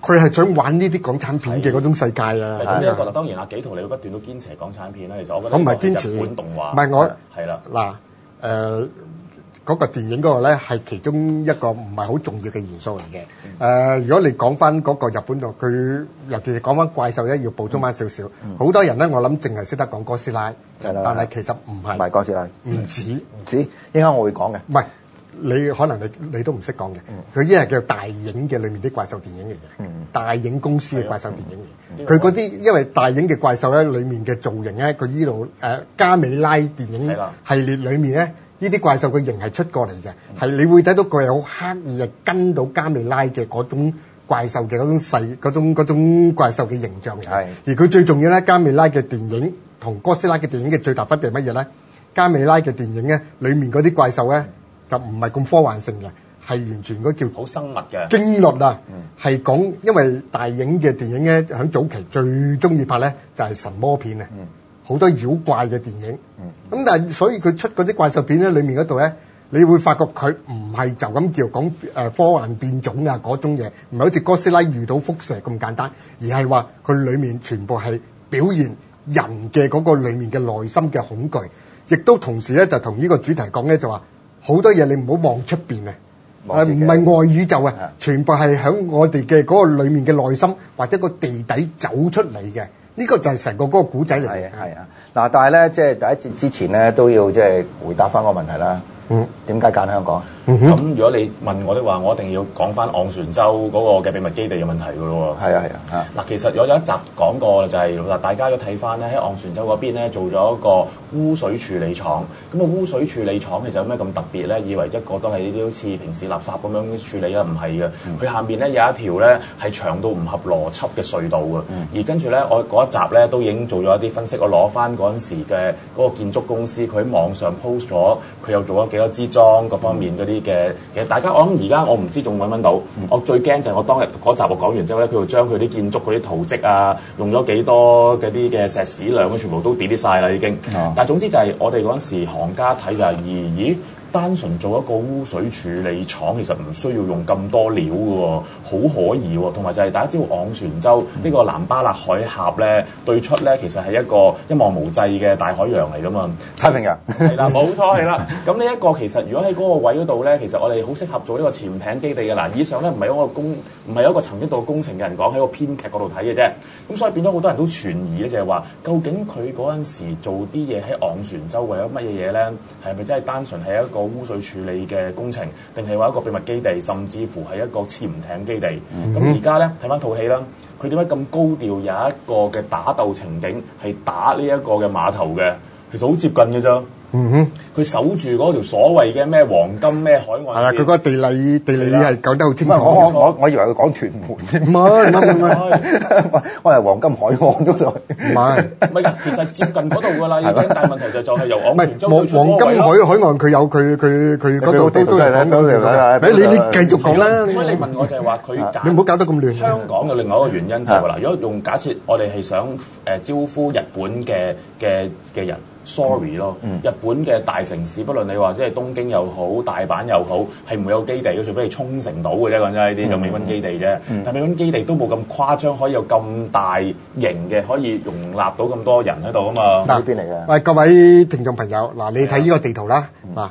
佢係想玩呢啲港產片嘅嗰種世界啦。係咁樣講啦，當然阿紀陶你會不斷都堅持港產片啦。其實我覺得我唔係堅持，日本動畫唔係我係啦。嗱誒，嗰個電影嗰個咧係其中一個唔係好重要嘅元素嚟嘅。誒，如果你講翻嗰個日本度，佢尤其是講翻怪獸咧，要補充翻少少。好多人咧，我諗淨係識得講哥斯拉，但係其實唔係。唔係哥斯拉，唔止，唔止。應該我會講嘅，唔係。你可能你你都唔識講嘅，佢依係叫大影嘅裏面啲怪獸電影嚟嘅，嗯、大影公司嘅怪獸電影嚟。佢嗰啲因為大影嘅怪獸咧，裏面嘅造型咧，佢呢度誒加美拉電影系列裏面咧，呢啲、嗯、怪獸嘅型係出過嚟嘅，係、嗯、你會睇到佢好刻意跟到加美拉嘅嗰種怪獸嘅嗰種細嗰種、嗰種怪獸嘅形象嘅。嗯、而佢最重要咧，加美拉嘅電影同哥斯拉嘅電影嘅最大分別係乜嘢咧？加美拉嘅電影咧，裏面嗰啲怪獸咧。嗯就唔係咁科幻性嘅，係完全嗰叫好生物嘅經律啊，係講因為大影嘅電影咧，喺早期最中意拍咧就係神魔片啊，好多妖怪嘅電影。咁但係所以佢出嗰啲怪獸片咧，裡面嗰度咧，你會發覺佢唔係就咁叫講誒科幻變種啊嗰種嘢，唔係好似哥斯拉遇到輻射咁簡單，而係話佢裡面全部係表現人嘅嗰個裡面嘅內心嘅恐懼，亦都同時咧就同呢個主題講咧就話。好多嘢你唔好望出面啊！誒，唔係外宇宙啊，的全部係響我哋嘅嗰個裡面嘅內心或者個地底走出嚟嘅，呢、這個就係成個嗰個古仔嚟嘅。係啊，嗱，但係咧，即係第一節之前咧，都要即係回答翻個問題啦。嗯，點解揀香港？咁、嗯、如果你問我的話，我一定要講翻昂船洲嗰個嘅秘密基地嘅問題噶咯喎。係啊，係啊。嗱、啊，啊、其實我有一集講過就係、是、嗱，大家都睇翻咧喺昂船洲嗰邊咧做咗一個污水處理廠。咁啊污水處理廠其實有咩咁特別咧？以為一個都係呢啲好似平時垃圾咁樣處理啊，唔係嘅。佢、嗯、下面咧有一條咧係長到唔合邏輯嘅隧道㗎。嗯、而跟住咧，我嗰一集咧都已經做咗一啲分析，我攞翻嗰陣時嘅嗰個建築公司，佢喺網上 post 咗，佢又做咗幾多支裝各方面嗰啲。嘅其實大家我諗而家我唔知仲揾唔揾到，我最驚就係我當日嗰集我講完之後咧，佢會將佢啲建築、嗰啲圖迹啊，用咗幾多嗰啲嘅石屎量，佢全部都跌啲晒啦已經。嗯、但係總之就係我哋嗰陣時行家睇就係、是、咦咦。單純做一個污水處理廠，其實唔需要用咁多料㗎喎，好可疑喎。同埋就係大家知道昂船洲呢個南巴勒海峽咧，對出咧其實係一個一望無際嘅大海洋嚟㗎嘛。太平洋係啦，冇錯係啦。咁呢一個其實如果喺嗰個位嗰度咧，其實我哋好適合做呢個潛艇基地嘅嗱。以上咧唔係我個工，唔係有一個曾經做工程嘅人講喺個編劇嗰度睇嘅啫。咁所以變咗好多人都傳疑咧，就係、是、話究竟佢嗰陣時做啲嘢喺昂船洲為咗乜嘢嘢咧？係咪真係單純係一個？個污水處理嘅工程，定係話一個秘密基地，甚至乎係一個潛艇基地。咁而家呢，睇翻套戲啦，佢點解咁高調有一個嘅打鬥情景，係打呢一個嘅碼頭嘅，其實好接近嘅啫。嗯哼，佢守住嗰條所謂嘅咩黃金咩海岸線。係啦，佢嗰個地理地理係講得好清楚。唔係我我我以為佢講屯門。唔係唔係唔係，我係黃金海岸嗰度。唔係。唔係噶，其實接近嗰度㗎啦。係啦，但問題就就係由黃金。唔係黃金海海岸佢有佢佢佢嗰度都都有。俾我講真，聽緊你啦。誒，你你繼續講啦。所以你問我就係話佢假，你唔好搞得咁亂。香港嘅另外一個原因就係話，如果用假設，我哋係想誒招呼日本嘅嘅嘅人。sorry 咯，日本嘅大城市，不論你話即係東京又好，大阪又好，係唔會有基地嘅，除非係沖繩島嘅啫。講真，呢啲就美軍基地啫。但美軍基地都冇咁誇張，可以有咁大型嘅，可以容納到咁多人喺度啊嘛。嗱，邊嚟嘅？喂，各位聽眾朋友，嗱，你睇呢個地圖啦，嗱，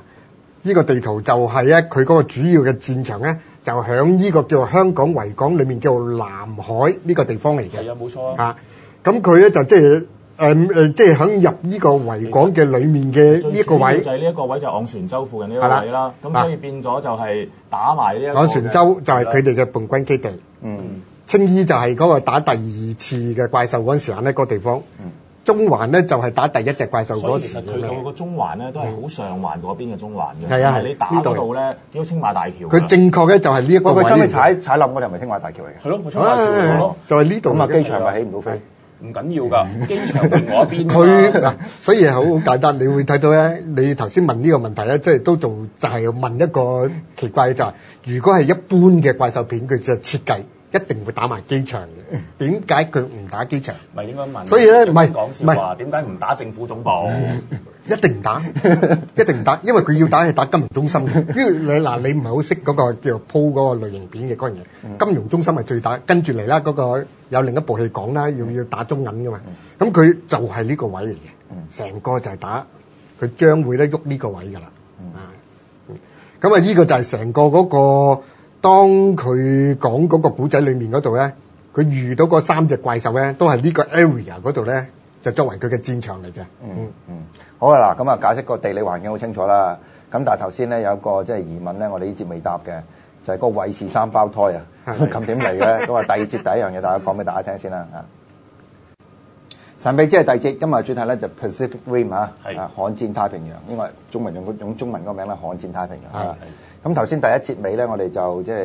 呢個地圖就係咧，佢嗰個主要嘅戰場咧，就響呢個叫做香港維港裏面叫做南海呢個地方嚟嘅。係啊，冇錯啊。咁佢咧就即係。誒誒，即係響入呢個維港嘅裏面嘅呢一個位，就係呢一個位，就係昂船洲附近呢個位啦。咁所以變咗就係打埋呢一個昂船洲就係佢哋嘅叛軍基地。嗯，青衣就係嗰個打第二次嘅怪獸嗰陣時咧，嗰個地方。嗯，中環呢就係打第一隻怪獸嗰時。所以其實佢個個中環呢都係好上環嗰邊嘅中環嘅。係啊係，你打到咧，叫青馬大橋。佢正確嘅就係呢一個位。咁你踩踩冧嗰陣係咪青馬大橋嚟嘅？係咯，冇錯就係呢度。咁啊，機場咪起唔到飛。唔緊要㗎，經常換嗰邊佢嗱，所以係好簡單，你會睇到咧。你頭先問呢個問題咧，即係都做就係、是、問一個奇怪嘅、就是，就係如果係一般嘅怪獸片，佢就設計。一定會打埋機場嘅，點解佢唔打機場？咪應該問。所以咧，唔係，唔係點解唔打政府總部？一定唔打，一定唔打，因為佢要打係打金融中心嘅。因為你嗱，你唔係好識嗰個叫做鋪嗰個類型片嘅嗰樣嘢。金融中心係最大，跟住嚟啦，嗰個有另一部戲講啦，要要打中銀㗎嘛。咁佢就係呢個位嚟嘅，成個就係打佢將會咧喐呢個位㗎喇。啊，咁啊呢個就係成個嗰個。當佢講嗰個故仔裏面嗰度咧，佢遇到嗰三隻怪獸咧，都係呢個 area 嗰度咧，就作為佢嘅戰場嚟嘅。嗯嗯，好啦嗱，咁啊解釋個地理環境好清楚啦。咁但係頭先咧有個即係疑問咧，我哋呢節未答嘅，就係、是、個維氏三胞胎啊，咁點嚟嘅？咁啊的 [LAUGHS] 第二節第一樣嘢，大家講俾大家聽先啦嚇。神秘即係第二節，今日主題咧就 Pacific Rim 啊，啊，悍戰太平洋，因為中文用個用中文個名咧，悍戰太平洋啊。咁頭先第一節尾咧，我哋就即係誒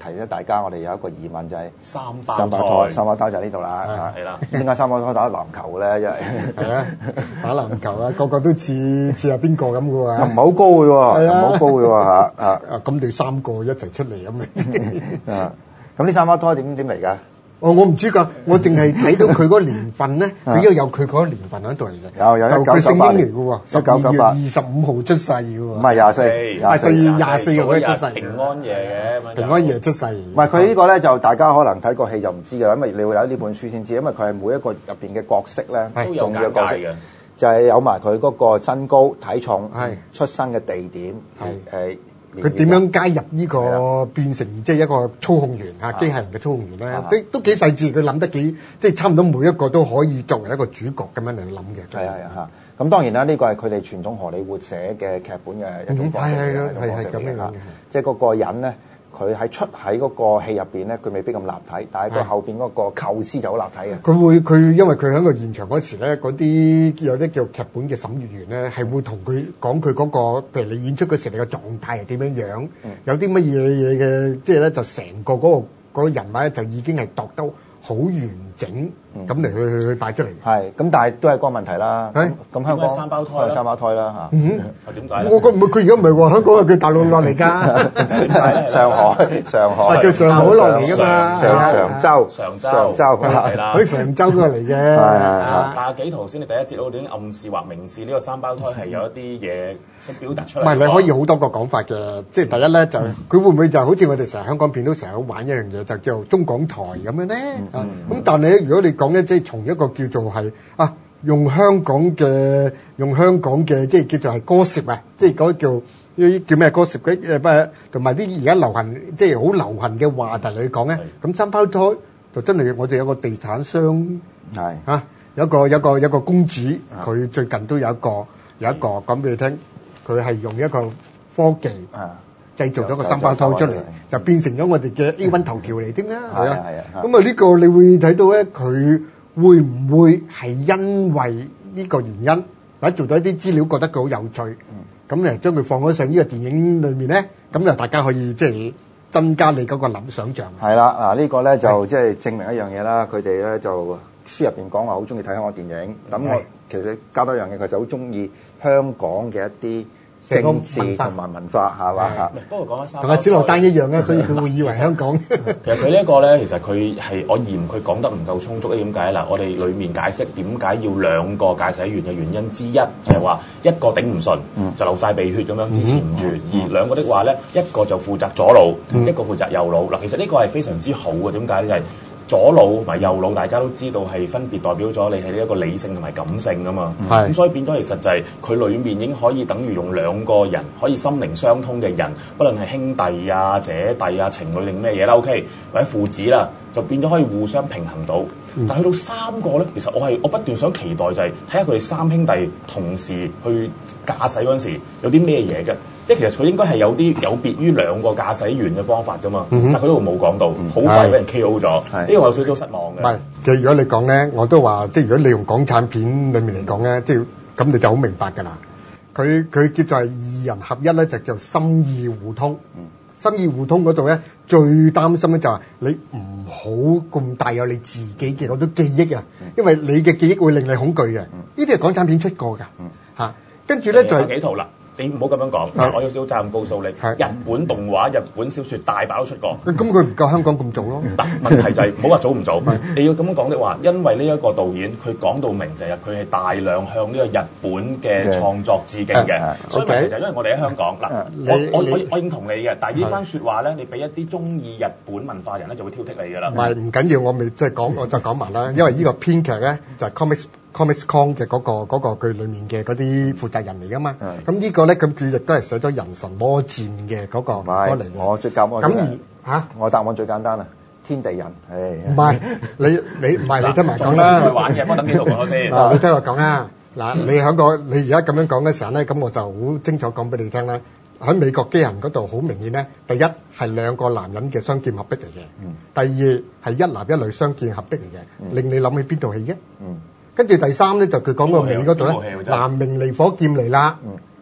提咗大家，我哋有一個疑問就係三胞三胞胎，三胞胎就係呢度啦。係啦，點解三胞胎打籃球咧？因為係咪打籃球咧？個個都似似阿邊個咁嘅喎？唔係好高嘅喎，唔係好高嘅喎嚇啊！咁你三個一齊出嚟咁嚟啊？咁呢三胞胎點點嚟㗎？哦，我唔知㗎，我淨係睇到佢嗰個年份咧，比較有佢嗰個年份喺度嘅。有有一九九八。就佢聖經嚟嘅喎，十二月二十五號出世嘅喎。唔係廿四，唔係十二廿四號嘅出世。平安夜嘅，平安夜出世。唔係佢呢個咧，就大家可能睇個戲就唔知嘅，因為你會有呢本書先知，因為佢係每一個入邊嘅角色咧，都有嘅。就係有埋佢嗰個身高、體重、出生嘅地點，係係。佢點樣加入呢個變成即係一個操控員嚇機械人嘅操控員咧？都都幾細緻，佢諗得幾即係差唔多每一個都可以作為一個主角咁樣嚟諗嘅。係啊，嚇！咁當然啦，呢個係佢哋傳統荷里活寫嘅劇本嘅一種方式嘅。係係係係咁樣嘅，即係個個人咧。佢喺出喺個戲入邊咧，佢未必咁立體，但係佢後邊個構思就好立體嘅。佢 [LAUGHS] 會，佢因為佢響個現場嗰時咧，啲有啲叫劇本嘅審閱員咧，係會同佢講佢個，譬如你演出嗰時你嘅狀態係點樣樣，嗯、有啲乜嘢嘢嘅，即係咧就成、個、個個個人物咧就已經係度得好完。整咁嚟去去去帶出嚟，係咁，但係都係個問題啦。咁香港三胞胎，三胞胎啦嚇。嗯哼，點解？我覺唔係佢而家唔係話香港，佢大陸落嚟㗎。上海，上海係叫上海落嚟㗎嘛？常州，常州係啦，喺常州過嚟嘅。係啊，八啊幾頭先？你第一節我都已經暗示或明示呢個三胞胎係有一啲嘢想表達出嚟。唔係，你可以好多個講法嘅。即係第一咧，就佢會唔會就好似我哋成日香港片都成日玩一樣嘢，就叫做中港台咁樣咧？啊，咁但係。如果你講咧，即係從一個叫做係啊，用香港嘅用香港嘅即係叫做係 gossip 啊，即係嗰叫叫咩 gossip 嘅，誒，同埋啲而家流行即係好流行嘅話題嚟講咧，咁、嗯嗯嗯、三胞胎就真係我哋有個地產商，係啊、嗯啊、有個有個有個公子，佢最近都有一個有一個講俾你聽，佢係用一個科技。嗯嗯製造咗個新包裝出嚟，就變成咗我哋嘅 A1 頭條嚟添啦。係啊，咁啊呢個你會睇到咧，佢會唔會係因為呢個原因，或者做到一啲資料覺得佢好有趣，咁咧將佢放咗上呢個電影裏面咧，咁就大家可以即係增加你嗰個諗想像。係啦，嗱呢個咧就即係證明一樣嘢啦，佢哋咧就書入邊講話好中意睇香港電影，咁其實加多一樣嘢，佢就好中意香港嘅一啲。政治同埋文化係嘛？同阿小羅丹一樣咧、啊，所以佢會以為香港。 [LAUGHS] [NOISE] 其實佢呢一個咧，其實佢係我嫌佢講得唔夠充足咧。點解？嗱，我哋裡面解釋點解要兩個駕駛員嘅原因之一，就係、是、話一個頂唔順，就流晒鼻血咁樣支持唔住。而兩個的話咧，一個就負責左腦，一個負責右腦。嗱，其實呢個係非常之好嘅。點解？就係、是。左腦同埋右腦，大家都知道係分別代表咗你係呢一個理性同埋感性噶嘛。係咁是，所以變咗其實就係佢裏面已經可以等於用兩個人可以心靈相通嘅人，無論係兄弟啊、姐弟啊、情侶定咩嘢啦，OK，或者父子啦，就變咗可以互相平衡到。嗯、但去到三個咧，其實我係我不斷想期待就係睇下佢哋三兄弟同時去駕駛嗰陣時有啲咩嘢嘅。即其實佢應該係有啲有別於兩個駕駛員嘅方法啫嘛，但佢都冇講到，好快俾人 KO 咗，呢個我有少少失望嘅。唔係，其實如果你講咧，我都話，即係如果你用港產片裡面嚟講咧，即係咁你就好明白㗎啦。佢佢叫做係二人合一咧，就叫心意互通。心意互通嗰度咧，最擔心咧就係你唔好咁大有你自己嘅嗰種記憶啊，因為你嘅記憶會令你恐懼嘅。呢啲係港產片出過㗎，嚇。跟住咧就幾套啦。你唔好咁樣講，嗱，我有少少責任告訴你，日本動畫、日本小說大把都出過。咁佢唔夠香港咁早咯。嗱，問題就係唔好話早唔早，你要咁樣講嘅話，因為呢一個導演佢講到明就係佢係大量向呢個日本嘅創作致敬嘅，所以問題就係因為我哋喺香港嗱，我我我認同你嘅，但係呢番説話咧，你俾一啲中意日本文化人咧就會挑剔你㗎啦。唔係唔緊要，我咪即係講，我就講埋啦，因為呢個編劇咧就係 comics。Comics Con 嘅嗰個，嗰個佢裡面嘅嗰啲負責人嚟㗎嘛。咁呢個呢，咁佢亦都係寫咗人神魔戰嘅嗰個。唔係，我最，我最簡單。咁而家，我答案最簡單啦，天地人。唔係，你唔係你聽埋講啦。你聽我講啊！嗱，你喺個你而家咁樣講嘅時候呢，咁我就好清楚講俾你聽啦。喺美國機械人嗰度好明顯呢，第一係兩個男人嘅雙劍合璧嚟嘅。第二係一男一女雙劍合璧嚟嘅，令你諗起邊套戲啫。跟住第三咧就佢講個尾嗰度咧，南明離火劍嚟啦，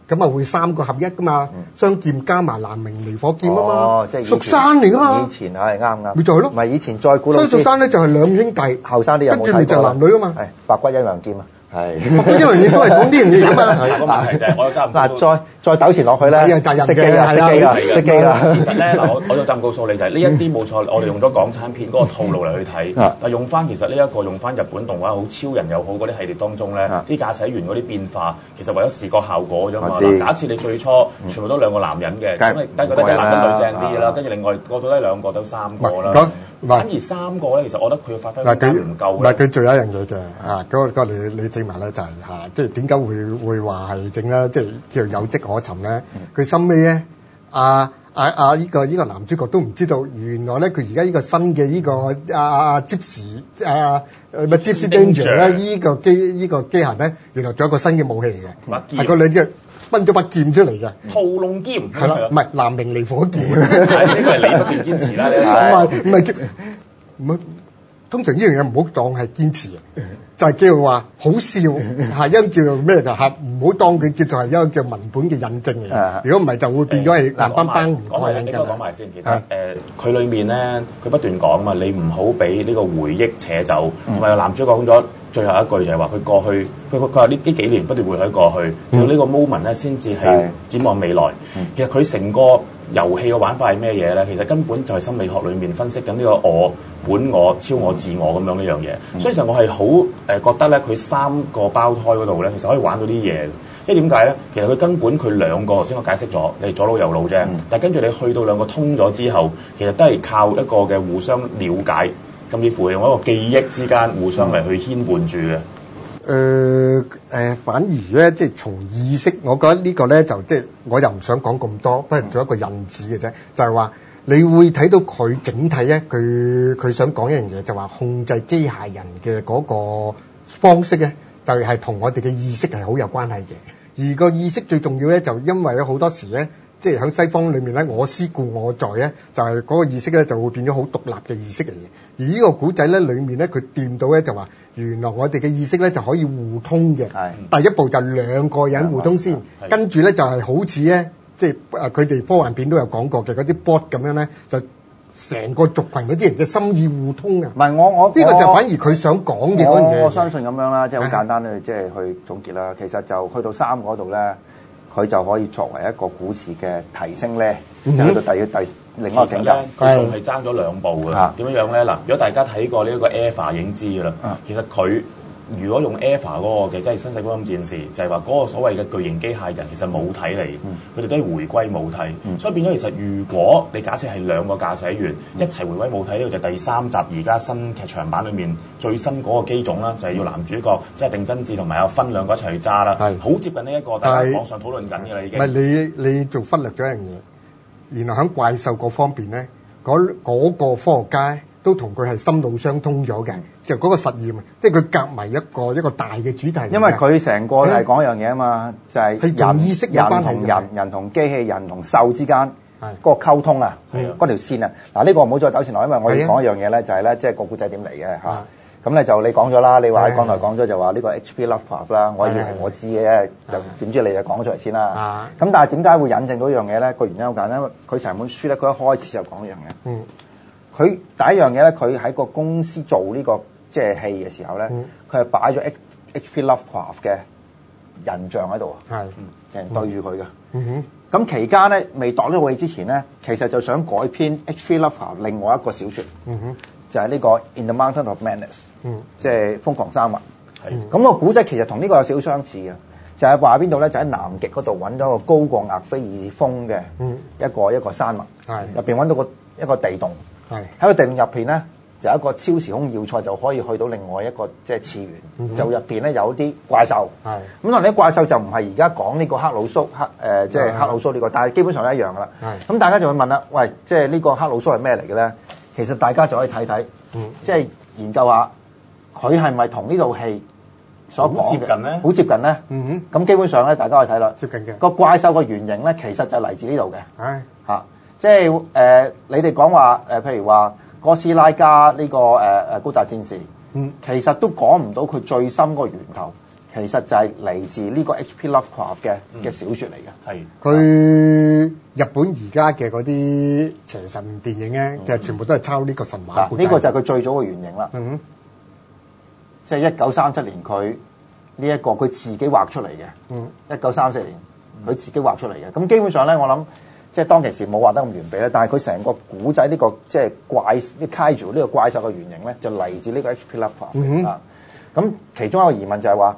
咁啊會三個合一噶嘛，雙劍加埋南明離火劍啊嘛，蜀山嚟噶嘛，以前係啱啱咪再咯，唔係以前再古老啲，所以蜀山咧就係兩兄弟，後生啲人跟住就男女啊嘛，白骨陰陽劍啊。係，因為你都係咁啲唔同嘅問題，就係我又加唔到。嗱，再再糾纏落去咧，責任嘅，係啊，係啊，係啊。其實咧，嗱，我我再再告訴你就係呢一啲冇錯，我哋用咗港產片嗰個套路嚟去睇，但係用翻其實呢一個用翻日本動畫好超人又好嗰啲系列當中咧，啲駕駛員嗰啲變化，其實為咗視覺效果啫嘛。我知。假設你最初全部都兩個男人嘅，咁你第一個得兩個男人女正啲啦，跟住另外過咗咧兩個都三個啦。反而三個咧，其實我覺得佢嘅發揮係唔夠嘅。唔係佢最有一樣嘢嘅，啊，嗰個你你整埋咧就係嚇，即係點解會會話係整咧，即係叫有跡可尋咧？佢心尾咧，啊，阿阿依個依個男主角都唔知道，原來咧佢而家呢個新嘅呢個啊，阿 Gipsy，阿、啊、咪 Gipsy Danger 咧，依個機依個機械咧，原來仲有一個新嘅武器嚟嘅，係個女嘅。分咗把劍出嚟嘅，屠龍劍，係啦，唔係南明離火劍，係你不斷 [LAUGHS] [LAUGHS] 堅持啦，唔係唔係，唔係，通常呢樣嘢唔好當係堅持嘅。就叫話好笑，係因，個叫咩嘅嚇？唔好當佢叫做係一個叫文本嘅印證嚟。如果唔係，就會變咗係硬崩崩唔貴。你講埋先，其實誒佢裏面咧，佢不斷講啊嘛，你唔好俾呢個回憶扯走。同埋男主角講咗最後一句就係話：佢過去，佢佢話呢呢幾年不斷活喺過去，用呢個 moment 咧先至係展望未來。的其實佢成個遊戲嘅玩法係咩嘢呢？其實根本就係心理學裡面分析緊呢個我、本我、超我、自我咁樣呢樣嘢。嗯、所以其實我係好誒覺得呢，佢三個胞胎嗰度呢，其實可以玩到啲嘢。因為點解呢？其實佢根本佢兩個頭先我解釋咗，你係左腦右腦啫。嗯、但係跟住你去到兩個通咗之後，其實都係靠一個嘅互相了解，甚至乎用一個記憶之間互相嚟去牽絆住嘅。嗯誒誒、呃呃，反而咧，即係從意識，我覺得個呢個咧就即係我又唔想講咁多，不如做一個引子嘅啫，就係、是、話你會睇到佢整體咧，佢佢想講一樣嘢，就話控制機械人嘅嗰個方式咧，就係、是、同我哋嘅意識係好有關係嘅，而個意識最重要咧，就因為好多時咧。即係喺西方裏面咧，我思故我在咧，就係、是、嗰個意識咧就會變咗好獨立嘅意識嚟嘅。而呢個古仔咧，裡面咧佢掂到咧就話，原來我哋嘅意識咧就可以互通嘅。的第一步就兩個人互通先，跟住咧就係好似咧，即係佢哋科幻片都有講過嘅嗰啲 Borg 咁樣咧，就成個族群嗰啲人嘅心意互通嘅。唔係我我呢個就反而佢想講嘅嘢。我相信咁樣啦，即係好簡單咧，即係 [LAUGHS] 去總結啦。其實就去到三嗰度咧。佢就可以作為一個股市嘅提升咧，喺度第二第另外境界，佢仲係爭咗兩步嘅。吓點是的 樣樣咧？嗱，如果大家睇過呢一個 EVA、e、已經知㗎啦，是的 其實佢。如果用 EVA 嗰、那個嘅，即係《新世紀福音戰士》，就係話嗰個所謂嘅巨型機械人其實母體嚟，佢哋、嗯、都係回歸母體，嗯、所以變咗其實，如果你假設係兩個駕駛員、嗯、一齊回歸母體，呢、這個就第三集而家新劇場版裡面最新嗰個機種啦，就係、是、要男主角即係、就是、碇真嗣同埋阿分兩個一齊去揸啦，好是接近呢、這、一個，大家是是網上討論緊嘅啦，已經是。唔係你你，你做忽略咗一樣嘢，原來喺怪獸嗰方面咧，嗰、那、嗰個科學家。都同佢係心路相通咗嘅，就嗰個實驗，即係佢夾埋一個一個大嘅主題。因為佢成個係講一樣嘢啊嘛，就係佢人意識，人同人，人同機器，人同獸之間嗰個溝通啊，嗰條線啊。嗱，呢個唔好再走前來，因為我要講一樣嘢咧，就係咧，即係個故仔點嚟嘅嚇。咁咧就你講咗啦，你話喺港台講咗就話呢個 HP Lovecraft 啦，我以為我知嘅，就點知你就講咗出嚟先啦。咁但係點解會引證到一樣嘢咧？個原因好簡單，佢成本書咧，佢一開始就講一樣嘢。佢第一樣嘢咧，佢喺個公司做呢個即係戲嘅時候咧，佢係擺咗 H.P. Lovecraft 嘅人像喺度，係成對住佢嘅。咁期間咧，未當呢個戲之前咧，其實就想改編 H.P. Lovecraft 另外一個小説，就係呢個《In the Mountain of Madness》，即係《瘋狂山脈》。咁個古仔其實同呢個有少少相似嘅，就係話邊度咧？就喺南極嗰度揾到個高過額菲爾峰嘅一個一個山脈，入邊揾到個一個地洞。喺個地洞入邊咧，就有一個超時空要塞，就可以去到另外一個即係次元。嗯、哼就入邊咧有啲怪獸。咁可能啲怪獸就唔係而家講呢個黑魯蘇黑誒，即、呃、係、就是、黑魯蘇呢個，嗯、哼但係基本上都一樣噶啦。咁、嗯、哼大家就會問啦，喂，即係呢個黑魯蘇係咩嚟嘅咧？其實大家就可以睇睇，即係、嗯、哼研究下佢係咪同呢套戲所講嘅好、嗯、哼接近咧？好接近咧？咁基本上咧，大家可以睇啦。接近嘅個怪獸個原型咧，其實就嚟自呢度嘅。嚇！ [MUSIC] [MUSIC] 即係誒、呃，你哋講話誒，譬如話哥斯拉加呢、這個誒誒、呃、高達戰士，嗯、其實都講唔到佢最深個源頭，其實就係嚟自呢個 H.P.Lovecraft 嘅嘅、嗯、小說嚟嘅。係佢是日本而家嘅嗰啲邪神電影咧，嗯、其實全部都係抄呢個神話。呢、嗯這個就係佢最早嘅原型啦。嗯，即係一九三七年佢呢一個佢自己畫出嚟嘅。嗯，一九三四年佢自己畫出嚟嘅。咁基本上咧，我諗。即係當其時冇話得咁完備咧，但係佢成個古仔呢個即係怪呢 Kaiju 呢個怪獸嘅原型咧、mm，就嚟自呢個 H.P. Lovecraft 啊。咁其中一個疑問就係話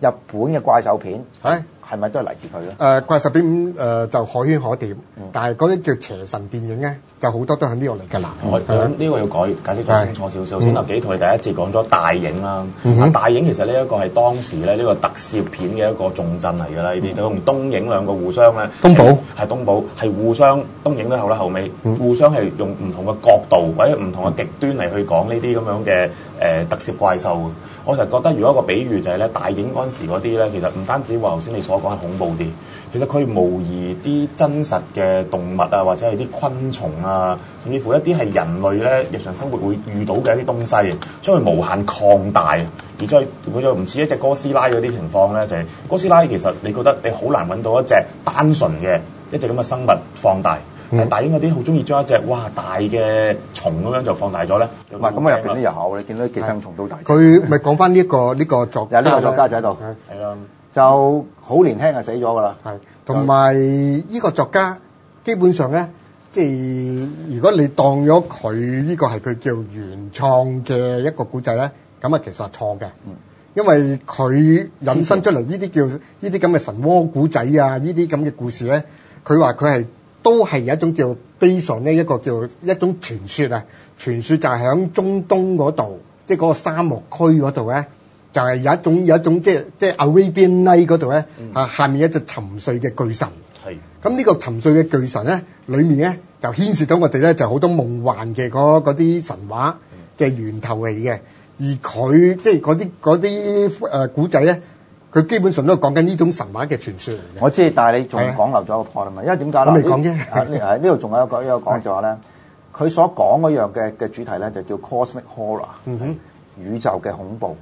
日本嘅怪獸片係。係咪都係嚟自佢咧？誒、呃、怪獸片誒就可圈可點，嗯、但係嗰啲叫邪神電影咧，就好多都係呢個嚟㗎啦。嗯、吧我呢個要改解釋清楚少少。嗯、先頭幾台第一次講咗大影啦，嗯、啊大影其實呢一個係當時咧呢個特攝片嘅一個重鎮嚟㗎啦。呢啲都同東影兩個互相咧部，東寶係東寶係互相東影都咧後後尾互相係用唔同嘅角度或者唔同嘅極端嚟去講呢啲咁樣嘅誒特攝怪獸。我就覺得，如果一個比喻就係咧，大影嗰陣時嗰啲咧，其實唔單止話頭先你所講係恐怖啲，其實佢模擬啲真實嘅動物啊，或者係啲昆蟲啊，甚至乎一啲係人類咧日常生活會遇到嘅一啲東西，將佢無限擴大，而再佢又唔似一隻哥斯拉嗰啲情況咧，就係、是、哥斯拉其實你覺得你好難揾到一隻單純嘅一隻咁嘅生物放大。誒、嗯、大英嗰啲好中意將一隻哇大嘅蟲咁樣就放大咗咧，唔係咁啊！入邊咧又好咧，見到寄生蟲都大。佢咪講翻呢一個呢個作家，呢個作家喺度，係咯，就好年輕啊，死咗噶啦。係同埋呢個作家，呢個作家基本上咧，即係如果你當咗佢呢個係佢叫原創嘅一個古仔咧，咁啊其實係錯嘅，嗯、因為佢引申出嚟呢啲叫呢啲咁嘅神魔古仔啊，呢啲咁嘅故事咧，佢話佢係。都係有一種叫 basal 咧，on，一個叫一種傳說啊，傳說就係響中東嗰度，即係嗰個沙漠區嗰度咧，就係有一種有一種即係即係 Arabian Night 嗰度咧，啊下面有一隻沉睡嘅巨神。係。咁呢個沉睡嘅巨神咧，裡面咧就牽涉到我哋咧就好多夢幻嘅嗰啲神話嘅源頭嚟嘅，而佢即係嗰啲嗰啲誒古仔咧。佢基本上都係講緊呢種神話嘅傳說嚟嘅。我知，但係你仲講漏咗一個 point 啊嘛！因為點解咧？你講啫。呢度仲有一個說說是的 一個講就話咧，佢所講嗰樣嘅嘅主題咧就叫 cosmic horror、嗯、哼宇宙嘅恐怖。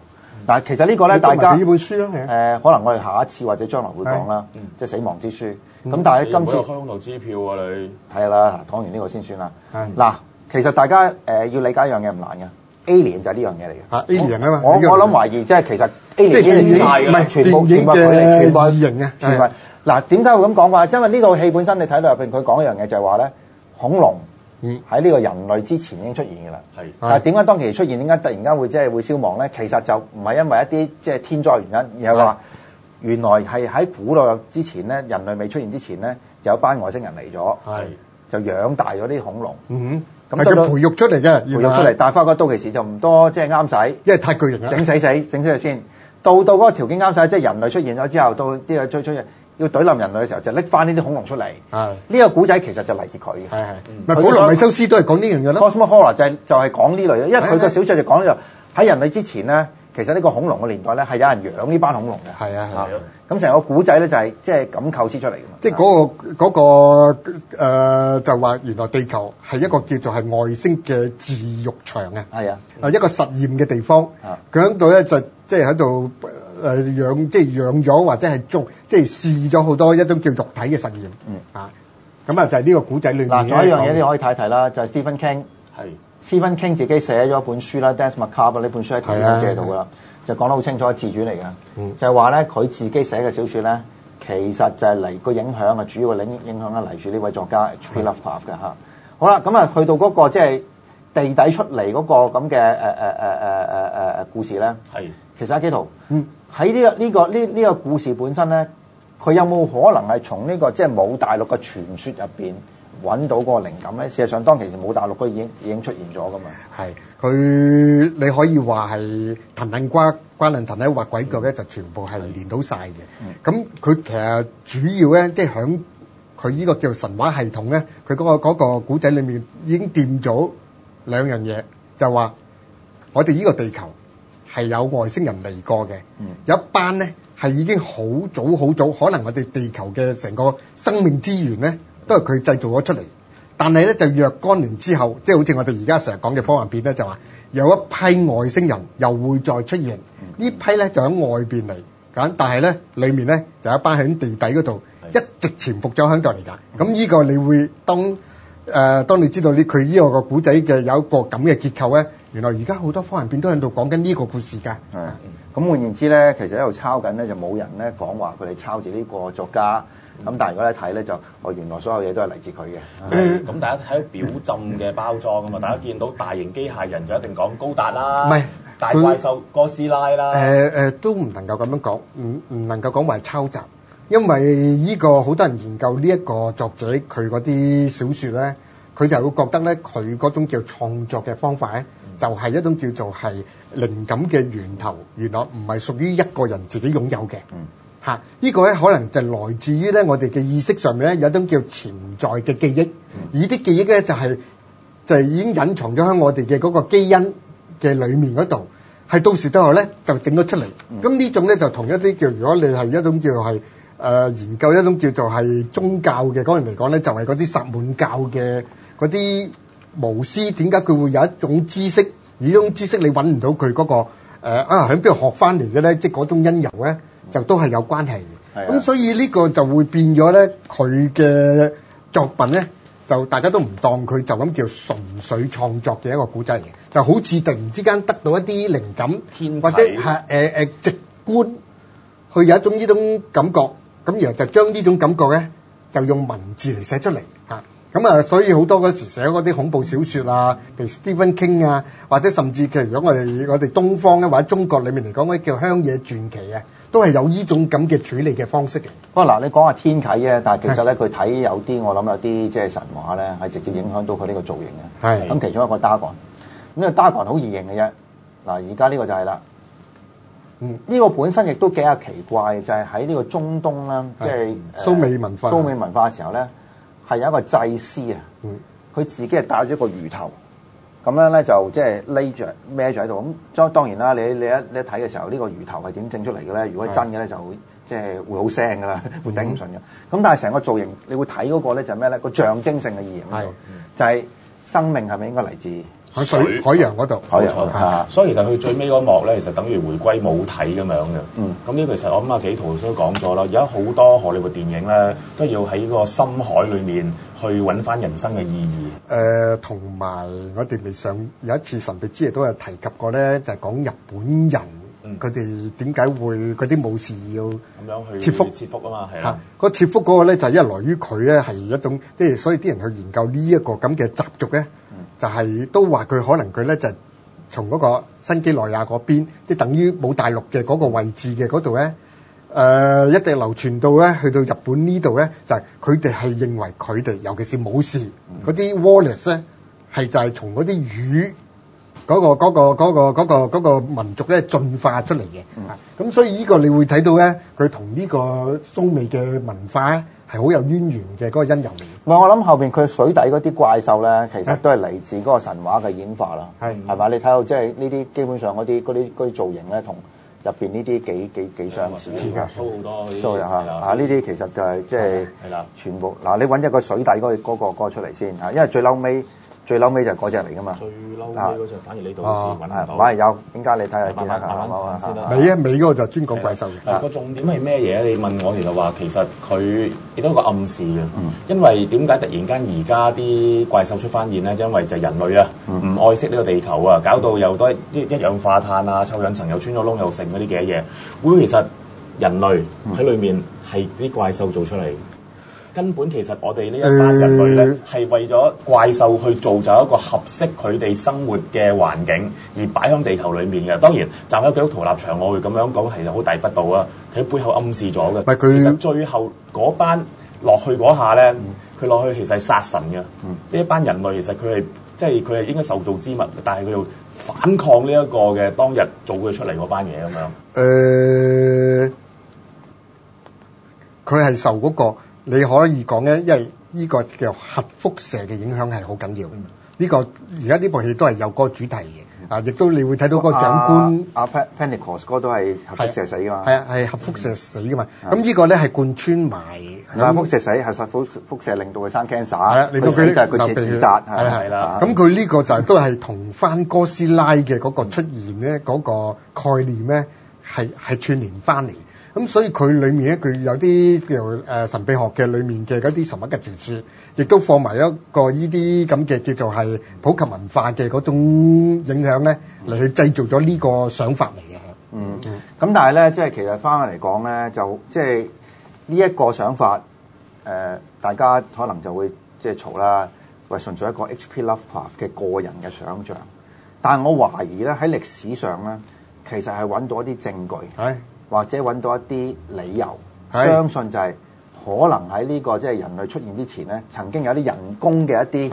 嗱，其實呢個咧，大家。唔係呢本書啊，係。可能我哋下一次或者將來會講啦，的即係死亡之書。咁、嗯、但係今次。開空頭支票啊！你。睇下啦，講完呢個先算啦。嗱的，嗯、其實大家誒要理解一,一樣嘢唔難嘅。Alien 就係呢樣嘢嚟嘅，Alien 啊嘛，我我諗懷疑即係其實 Alien 已經完曬嘅。唔係全部全部佢哋全部異形嘅。嗱，點解會咁講法？因為呢套戲本身你睇到入邊佢講一樣嘢就係話咧，恐龍喺呢個人類之前已經出現嘅啦。係，但點解當其時出現，點解突然間會即係會消亡咧？其實就唔係因為一啲即係天災原因，而係話原來係喺古代之前咧，人類未出現之前咧，有班外星人嚟咗，就養大咗啲恐龍。嗯。咁係佢培育出嚟嘅，培育出嚟，但係發覺都其實就唔多，即係啱使，因為太巨型啦，整死死，整死佢先。到到嗰個條件啱曬，即係人類出現咗之後，到呢個最出啊要懟冧人類嘅時候，就拎翻呢啲恐龍出嚟。係呢的個古仔其實就嚟自佢嘅。係係的，唔係、嗯《普羅米修斯》都係講呢樣嘢咯。《Cosmos、就是》就係就係講呢類嘅，因為佢個小説就講咗喺的、就是、人類之前咧。其實呢個恐龍嘅年代咧，係有人養呢班恐龍嘅。係啊，係咯、啊。咁成、啊、個古仔咧就係即係咁構思出嚟嘅嘛。即係嗰個嗰、啊呃、就話原來地球係一個叫做係外星嘅試育場啊。係、嗯、啊，啊一個實驗嘅地方。啊，佢喺度咧就即係喺度誒養，即係養咗或者係做，即係試咗好多一種叫肉體嘅實驗。嗯。啊，咁啊就係、是、呢個古仔裏面、嗯。嗱，仲有一樣嘢你可以睇睇啦，就係、是、Stephen King。係。Stephen King 自己寫咗一本書啦，《Danse Macabre》呢本書佢我借到噶啦，的就講得好清楚，的自主嚟噶，就係話咧佢自己寫嘅小説咧，其實就係嚟個影響啊，主要嘅影影響咧嚟住呢位作家《Tree Lovecraft 的》噶了好啦，咁啊去到嗰、那個即係地底出嚟嗰個咁嘅誒誒誒誒誒誒故事咧，係的其實阿、啊、基圖喺呢、嗯這個呢、這個呢呢、這個這個故事本身咧，佢有冇可能係從呢、這個即係冇大陸嘅傳說入邊，揾到嗰個靈感咧，事實上當其時冇大陸都已經已經出現咗㗎嘛。係佢你可以話係騰騰瓜，瓜能騰喺畫鬼腳咧，嗯、就全部係連到晒嘅。咁佢、嗯、其實主要咧，即係響佢呢個叫神話系統咧，佢嗰、嗰個古仔、嗰個嗰個、裡面已經掂咗兩樣嘢，就話我哋呢個地球係有外星人嚟過嘅，嗯、有一班咧係已經好早好早，可能我哋地球嘅成個生命之源咧。都係佢製造咗出嚟，但係咧就若干年之後，即、就、係、是、好似我哋而家成日講嘅科幻片咧，就話、是、有一批外星人又會再出現，呢批咧就喺外邊嚟揀，但係咧裏面咧就一班喺地底嗰度一直潛伏咗響度嚟㗎。咁呢的個你會當誒、呃、當你知道咧，佢呢個個古仔嘅有一個咁嘅結構咧，原來而家好多科幻片都喺度講緊呢個故事㗎。咁換、嗯嗯、言之咧，其實喺度抄緊咧，就冇人咧講話佢哋抄住呢個作家。咁但係如果一睇咧，就我原來所有嘢都係嚟自佢嘅。咁大家睇到表浸嘅包裝啊嘛，大家見到大型機械人就一定講高達啦，唔係大怪獸哥斯拉啦。誒誒，都唔能夠咁樣講，唔唔能夠講話係抄襲，因為呢個好多人研究呢一個作者佢嗰啲小説咧，佢就會覺得咧，佢嗰種叫創作嘅方法咧，就係一種叫做係靈感嘅源頭，原來唔係屬於一個人自己擁有嘅。嚇！依個咧可能就來自於咧，我哋嘅意識上面咧有一種叫潛在嘅記憶，而啲記憶咧就係、是、就係、是、已經隱藏咗喺我哋嘅嗰個基因嘅裡面嗰度，係到時到後咧就整咗出嚟。咁呢、嗯、種咧就同一啲叫如果你係一種叫做係、呃、研究一種叫做係宗教嘅人嚟講咧，那個、就係嗰啲薩滿教嘅嗰啲巫師點解佢會有一種知識？而種知識你揾唔到佢嗰、那個、呃、啊喺邊度學翻嚟嘅咧？即係嗰種因由咧？就都係有關係嘅，係咁的、嗯、所以呢個就會變咗咧，佢嘅作品咧就大家都唔當佢就咁叫純粹創作嘅一個古仔嚟，嘅，就好似突然之間得到一啲靈感，啟或者係誒誒直觀，佢有一種呢種感覺，咁然後就將呢種感覺咧就用文字嚟寫出嚟。咁啊，所以好多嗰時寫嗰啲恐怖小説啊，譬如 Stephen King 啊，或者甚至其實如果我哋我哋東方咧或者中國裡面嚟講叫鄉野傳奇啊，都係有呢種咁嘅處理嘅方式嘅。不過嗱，你講下天啟啊，但係其實咧佢睇有啲我諗有啲即係神話咧，係直接影響到佢呢個造型嘅。係是。咁其中一個 Dagon 咁呢啊 Dagon 好易認嘅啫。嗱，而家呢個就係、是、啦。呢、嗯、個本身亦都幾啊奇怪，就係喺呢個中東啦，是即係是蘇美文化。蘇美文化嘅時候咧。係有一個祭司啊，佢自己係戴咗個魚頭，咁樣咧就即係匿着孭住喺度。咁當當然啦，你你一你一睇嘅時候，呢個魚頭係點整出嚟嘅咧？如果真嘅咧，就即係會好腥噶啦，會頂唔順嘅。咁但係成個造型，你會睇嗰個咧就係咩咧？個象徵性嘅意義喺度，的就係生命係咪應該嚟自？喺水海洋嗰度，冇洋錯。啊啊、所以其實佢最尾嗰幕咧，其實等於回歸母體咁樣嘅。嗯，咁呢個其實我諗阿紀陶都講咗啦。而家好多荷里活電影咧，都要喺個深海裡面去揾翻人生嘅意義。誒、呃，同埋我哋未上有一次神秘之夜都有提及過咧，就係、是、講日本人佢哋點解會嗰啲武士要咁樣去切腹復、切腹啊、那個、復復嘛。係啦，啊那個切腹嗰個咧就係一來於佢咧係一種，即係所以啲人去研究呢一個咁嘅習俗咧。就係都話佢可能佢咧就從嗰個新幾內亞嗰邊，即、就是、等於冇大陸嘅嗰個位置嘅嗰度咧，誒、呃、一直流傳到咧去到日本呢度咧，就係佢哋係認為佢哋尤其是武士嗰啲 Wallace 咧，係就係從嗰啲魚嗰、那個嗰、那個嗰、那個那個那個民族咧進化出嚟嘅。咁、嗯、所以呢個你會睇到咧，佢同呢個蘇美嘅文化。係好有淵源嘅嗰、嗰個因由嚟。唔係，我諗後邊佢水底嗰啲怪獸咧，其實都係嚟自嗰個神話嘅演化啦。係是，係嘛？你睇到即係呢啲基本上嗰啲啲啲造型咧，同入邊呢啲幾幾幾相似㗎。多好多，係啦，啊呢啲、啊、其實就係即係全部嗱、啊，你揾一個水底嗰嗰個歌出嚟先嚇，因為最嬲尾。最撈尾就嗰隻嚟噶嘛，最撈尾嗰隻反而呢度先揾到，反而有點解你睇下先。尾啊尾嗰個就專講怪獸。個重點係咩嘢？你問我原來話其實佢亦都有個暗示嘅。因為點解突然間而家啲怪獸出翻現咧？因為就人類啊，唔愛惜呢個地球啊，搞到又多啲一氧化碳啊、臭氧層又穿咗窿又剩嗰啲嘅嘢，會唔會其實人類喺裏面係啲怪獸做出嚟。根本其實我哋呢一班人類咧係為咗怪獸去造就一個合適佢哋生活嘅環境而擺響地球裡面嘅。當然站喺基督徒立場，我會咁樣講其實好大不道啊！佢喺背後暗示咗嘅。其實最後嗰班落去嗰下咧，佢落去其實係殺神嘅。呢一班人類其實佢係即係佢係應該受造之物，但係佢要反抗呢一個嘅當日做佢出嚟嗰班嘢咁樣。誒，佢係受嗰個。你可以講咧，因為呢個叫核輻射嘅影響係好緊要。呢個而家呢部戲都係有個主題嘅，啊，啊，亦都你會睇到個長官阿 Panicos 哥都係核輻射死噶嘛，係啊，係核輻射死噶嘛。咁呢個咧係貫穿埋核輻射死，核輻輻射令到佢生 cancer，佢佢就自殺，係啦。咁佢呢個就係都係同翻哥斯拉嘅嗰個出現咧，嗰個概念咧係係串連翻嚟。咁所以佢裏面咧，佢有啲叫誒神秘學嘅裏面嘅嗰啲神話嘅傳説，亦都放埋一個呢啲咁嘅叫做係普及文化嘅嗰種影響咧，嚟去製造咗呢個想法嚟嘅。嗯，咁但係咧，即係其實翻去嚟講咧，就即係呢一個想法，誒、呃，大家可能就會即係嘈啦，為純粹一個 H.P.Lovecraft 嘅個人嘅想像。但係我懷疑咧，喺歷史上咧，其實係揾到一啲證據。係。或者揾到一啲理由，相信就係可能喺呢個即係人類出現之前咧，曾經有啲人工嘅一啲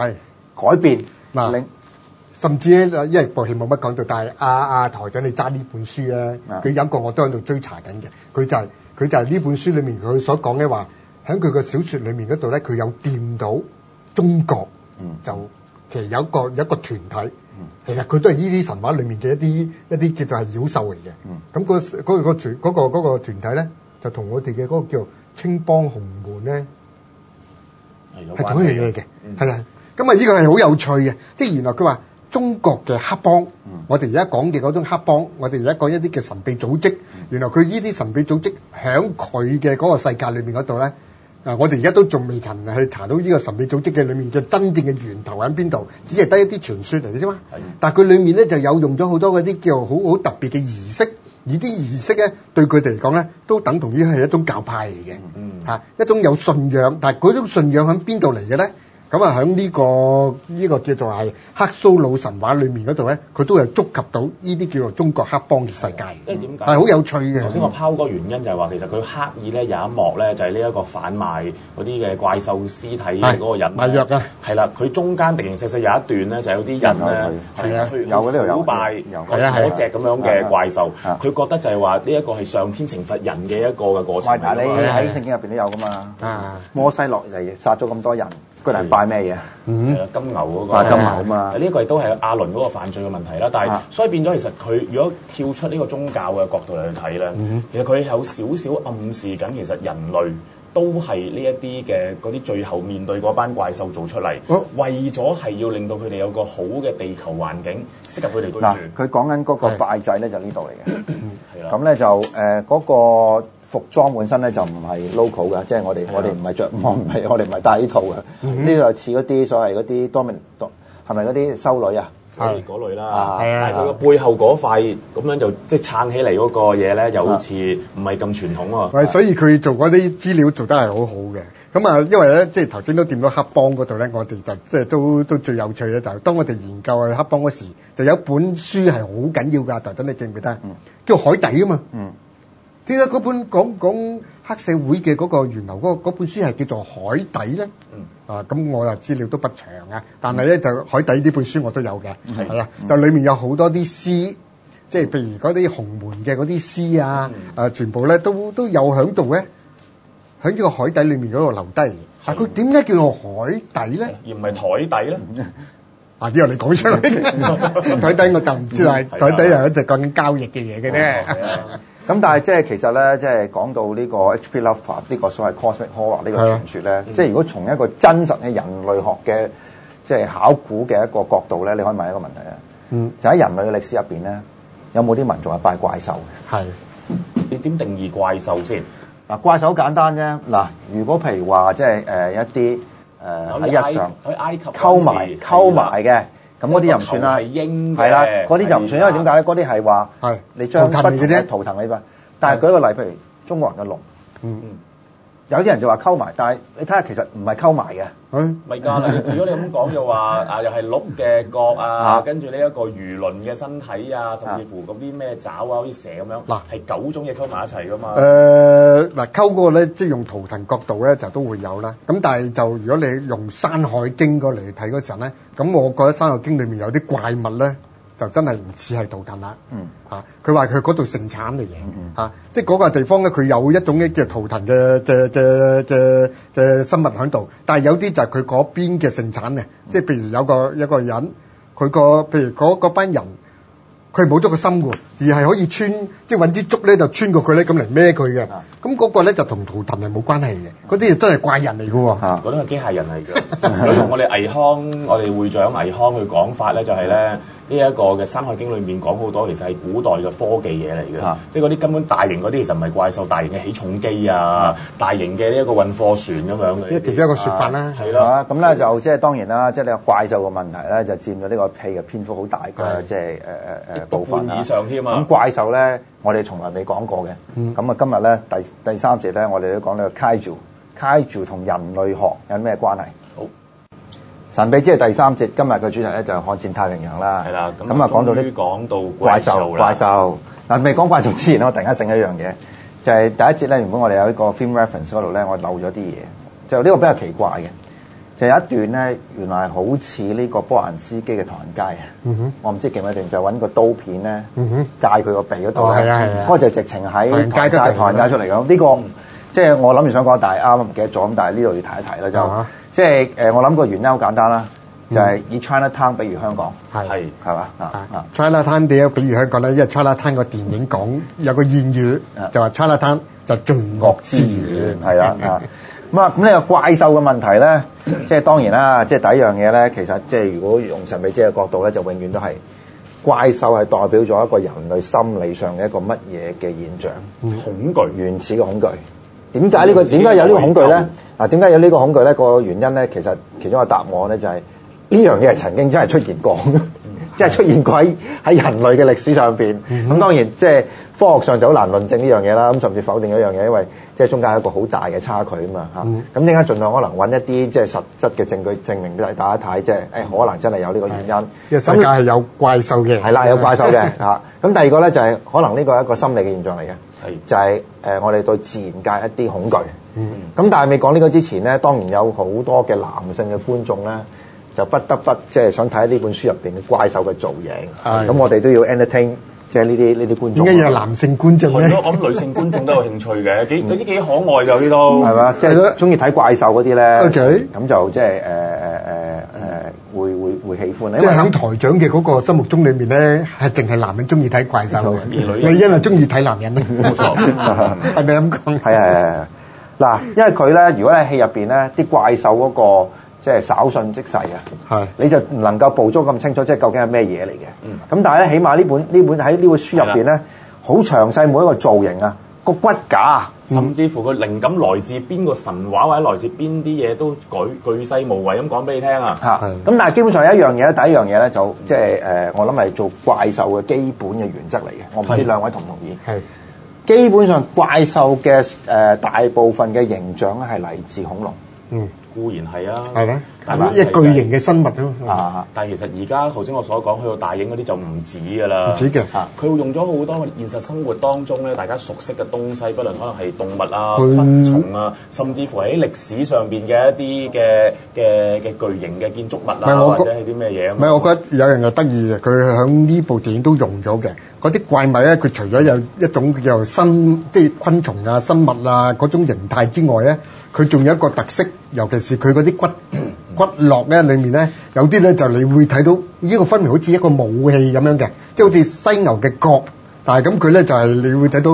改變。嗱，甚至咧，因為部戲冇乜講到，但係阿阿台長你揸呢本書咧，佢有個我都喺度追查緊嘅。佢就係佢就係呢本書裏面佢所講嘅話，喺佢嘅小説裏面嗰度咧，佢有掂到中國，嗯，就其實有一個有一個團體。其實佢都係呢啲神話裏面嘅一啲一啲叫做係妖獸嚟嘅，咁嗰嗰個團嗰個嗰個團體咧，就同我哋嘅嗰個叫青幫洪門咧，有係同一樣嘢嘅，係啊，咁啊呢個係好有趣嘅，即係原來佢話中國嘅黑幫，嗯、我哋而家講嘅嗰種黑幫，我哋而家講一啲嘅神秘組織，原來佢呢啲神秘組織喺佢嘅嗰個世界裏面嗰度咧。嗱，我哋而家都仲未曾去查到呢個神秘組織嘅裏面嘅真正嘅源頭喺邊度，只係得一啲傳說嚟嘅啫嘛。但係佢裡面咧就有用咗好多嗰啲叫好好特別嘅儀式，而啲儀式咧對佢哋嚟講咧都等同於係一種教派嚟嘅，嚇、嗯啊、一種有信仰，但係嗰種信仰喺邊度嚟嘅咧？咁啊，喺呢個呢個叫做係《克蘇魯神話》裏面嗰度咧，佢都有觸及到呢啲叫做中國黑幫嘅世界。即點解？係好有趣嘅。頭先我拋嗰個原因就係話，其實佢刻意咧有一幕咧，就係呢一個販賣嗰啲嘅怪獸屍體嘅嗰個人賣藥嘅。係啦，佢中間定定細細有一段咧，就有啲人咧係去對腐敗嗰隻咁樣嘅怪獸，佢覺得就係話呢一個係上天懲罰人嘅一個嘅過程。但係你喺聖經入邊都有噶嘛？摩的的西落嚟殺咗咁多人。佢嚟拜咩嘢？拜金牛啊、嗰個、嘛！呢一個亦都係阿倫嗰個犯罪嘅問題啦。但係、啊、所以變咗，其實佢如果跳出呢個宗教嘅角度嚟去睇咧，啊、其實佢有少少暗示緊，其實人類都係呢一啲嘅嗰啲最後面對嗰班怪獸做出嚟，啊、為咗係要令到佢哋有個好嘅地球環境，適合佢哋居住。佢講緊嗰個拜祭咧，的就呢度嚟嘅。咁咧 [COUGHS] 就誒嗰、呃嗰個。服裝本身咧就唔係 local 嘅，即係我哋的我哋唔係著，唔係、嗯、我哋唔係戴呢套嘅。呢個似嗰啲所謂嗰啲 Domin，係咪嗰啲修女的的啊？嗰類啦，係、就是、的啊。但係佢個背後嗰塊咁樣就即係撐起嚟嗰個嘢咧，又好似唔係咁傳統喎。係，所以佢做嗰啲資料做得係好好嘅。咁啊，因為咧即係頭先都掂到黑幫嗰度咧，我哋就即係都都最有趣咧，就係當我哋研究係黑幫嗰時，就有一本書係好緊要㗎，待等你記唔記得？叫海底啊嘛。嗯點解嗰本講講黑社會嘅嗰個源流嗰本書係叫做海底咧？啊，咁我又資料都不詳啊。但係咧就海底呢本書我都有嘅，係啦的。就裡面有好多啲詩，即係譬如嗰啲洪門嘅嗰啲詩啊，啊全部咧都都有喺度嘅，喺呢個海底裡面嗰度留低。係佢點解叫做海底咧？而唔係台底咧、嗯？啊，由你講出嚟。 [LAUGHS] 台底我就唔知啦。的台底又一直講緊交易嘅嘢嘅咧。咁但係即係其實咧，即係講到呢個 HP Lovecraft 呢個所謂 Cosmic Horror 呢個傳說咧，的嗯、即係如果從一個真實嘅人類學嘅即係考古嘅一個角度咧，你可以問一個問題啊，嗯、就喺人類嘅歷史入邊咧，有冇啲民族係拜怪獸嘅？係，你點定義怪獸先？嗱怪獸好簡單啫，嗱如果譬如話即係誒一啲誒喺日常喺埃及溝埋溝埋嘅。咁嗰啲又唔算啦，係係啦，嗰啲就唔算，的因為點解咧？嗰啲係話你將不同嘅圖騰嚟嘅，但係舉個例，譬如中國人嘅龍。嗯有啲人就話溝埋，但係你睇下其實唔係溝埋嘅，嗯，咪加啦！如果你咁講就話啊，又係鹿嘅角啊，跟住呢一個魚鱗嘅身體啊，甚至乎嗰啲咩爪啊，好似蛇咁樣，嗱，係九種嘢溝埋一齊噶嘛。誒，嗱溝嗰個咧，即係用圖騰角度咧就都會有啦。咁但係就如果你用《山海經》過嚟睇嗰陣咧，咁我覺得《山海經》裏面有啲怪物咧。就真係唔似係圖騰啦，嚇、嗯！佢話佢嗰度盛產嘅嘢，即係嗰個地方咧，佢有一種嘅叫圖騰嘅嘅嘅嘅嘅生物喺度，但係有啲就係佢嗰邊嘅盛產嘅，即係譬如有一個有一個人，佢、嗰個譬如嗰、嗰、班、個嗰個、人，佢冇咗個心活，而係可以穿，即係揾支竹咧就穿過佢咧，咁嚟孭佢嘅，咁嗰個咧就同圖騰係冇關係嘅，嗰啲嘢真係怪人嚟嘅喎，嗰啲係機械人嚟嘅。同 [LAUGHS] 一我哋毅康，我哋會長毅康嘅講法咧、就係，就係咧。呢一個嘅《山海經》裏面講好多，其實係古代嘅科技嘢嚟嘅，即係嗰啲根本大型嗰啲，其實唔係怪獸，大型嘅起重機啊，大型嘅呢一個運貨船咁樣嘅。即係其中一個説法啦，係咯。咁咧就即係當然啦，即係你話怪獸嘅問題咧，就佔咗呢個戲嘅篇幅好大嘅，即係誒誒誒部分一半以上添啊！咁怪獸咧，我哋從來未講過嘅。咁啊，今日咧第第三節咧，我哋都講呢個 Kaiju，Kaiju 同人類學有咩關係？神秘，即係第三節，今日嘅主題咧就係《悍戰太平洋》啦。係啦，咁啊講到啲講到怪獸，怪獸。但，未講怪獸之前咧，我突然間醒一樣嘢，就係、是、第一節咧，原本我哋有一個 film reference 嗰度咧，我漏咗啲嘢。就呢個比較奇怪嘅，就有一段咧，原來係好似呢個波蘭斯基嘅唐人街啊。嗯、哼我唔知記唔記定，就揾、是、個刀片咧，界佢個鼻嗰度。哦，係啊，係就直情喺唐人街出嚟㗎。呢、嗯哼這個即係、就是、我諗住想講，但係啱啱唔記得咗咁，但係呢度要睇一睇啦，就、嗯。即係誒，我諗個原因好簡單啦，就係、是、以 China Town，比如香港係係嘛啊啊，啊，China Town 啲，比如香港咧，因為 China Town 個電影講有個諺語，就話、啊、China Town 就罪惡之源，係啦、嗯、啊。咁啊，咁 [LAUGHS] 呢、嗯、個怪獸嘅問題咧，即係當然啦，即係第一樣嘢咧，其實即係如果用神秘之嘅角度咧，就永遠都係怪獸係代表咗一個人類心理上嘅一個乜嘢嘅現象，嗯、恐懼原始嘅恐懼。點解呢個點解有呢個恐懼咧？嗱，點解有呢個恐懼咧？個原因咧，其實其中一個答案咧就係呢樣嘢係曾經真係出現過即係、嗯、 [LAUGHS] 出現過喺人類嘅歷史上邊。咁當然即係科學上就好難論證呢樣嘢啦。咁甚至否認一樣嘢，因為即係中間有一個好大嘅差距啊嘛嚇。咁點解儘量可能揾一啲即係實質嘅證據證明俾大家睇即係誒可能真係有呢個原因。因為世界係有怪獸嘅。係啦，有怪獸嘅嚇。咁 [LAUGHS] 第二個咧就係、是、可能呢個係一個心理嘅現象嚟嘅。係就係誒，我哋對自然界一啲恐懼。咁但係未講呢個之前咧，當然有好多嘅男性嘅觀眾咧，就不得不即係想睇呢本書入邊嘅怪獸嘅造型。咁我哋都要 entertain，即係呢啲呢啲觀眾。點解有男性觀眾咧？我諗女性觀眾都有興趣嘅，幾有啲幾可愛嘅嗰啲都。係嘛，即係中意睇怪獸嗰啲咧。OK，咁就即係誒。喜歡咧，因為即係喺台長嘅嗰個心目中裏面咧，係淨係男人中意睇怪獸嘅。唔係因為，中意睇男人，冇錯，係咪咁講？係係係。嗱，因為佢咧，如果喺戲入邊咧，啲怪獸嗰個即係稍瞬即逝啊，係你就唔能夠捕捉咁清楚，即係究竟係咩嘢嚟嘅。咁但係咧，起碼呢本呢本喺呢本書入邊咧，好詳細每一個造型啊，個骨架啊。甚至乎佢靈感來自邊個神話，或者來自邊啲嘢，都巨巨細無遺咁講俾你聽啊！嚇的，咁但係基本上有一樣嘢，第一樣嘢咧就即係誒，我諗係做怪獸嘅基本嘅原則嚟嘅。我唔知兩位同唔同意？係的基本上怪獸嘅誒大部分嘅形象係嚟自恐龍。嗯。固然係啊，係咧，一巨型嘅生物咯。啊！但係其實而家頭先我所講去到大影嗰啲就唔止㗎啦。唔止嘅，佢會用咗好多現實生活當中咧，大家熟悉嘅東西，不論可能係動物啊、昆蟲啊，甚至乎喺歷史上邊嘅一啲嘅嘅嘅巨型嘅建築物啊，或者係啲咩嘢。唔係，我覺得有人又得意嘅，佢喺呢部電影都用咗嘅。嗰啲怪物咧，佢除咗有一種叫生即係昆蟲啊、生物啊嗰種形態之外咧。佢仲有一個特色，尤其是佢嗰啲骨骨落咧裏面咧，有啲咧就是、你會睇到呢、呢個分別，好似一個武器咁樣嘅，即係好似犀牛嘅角。但係咁佢咧就係、是、你會睇到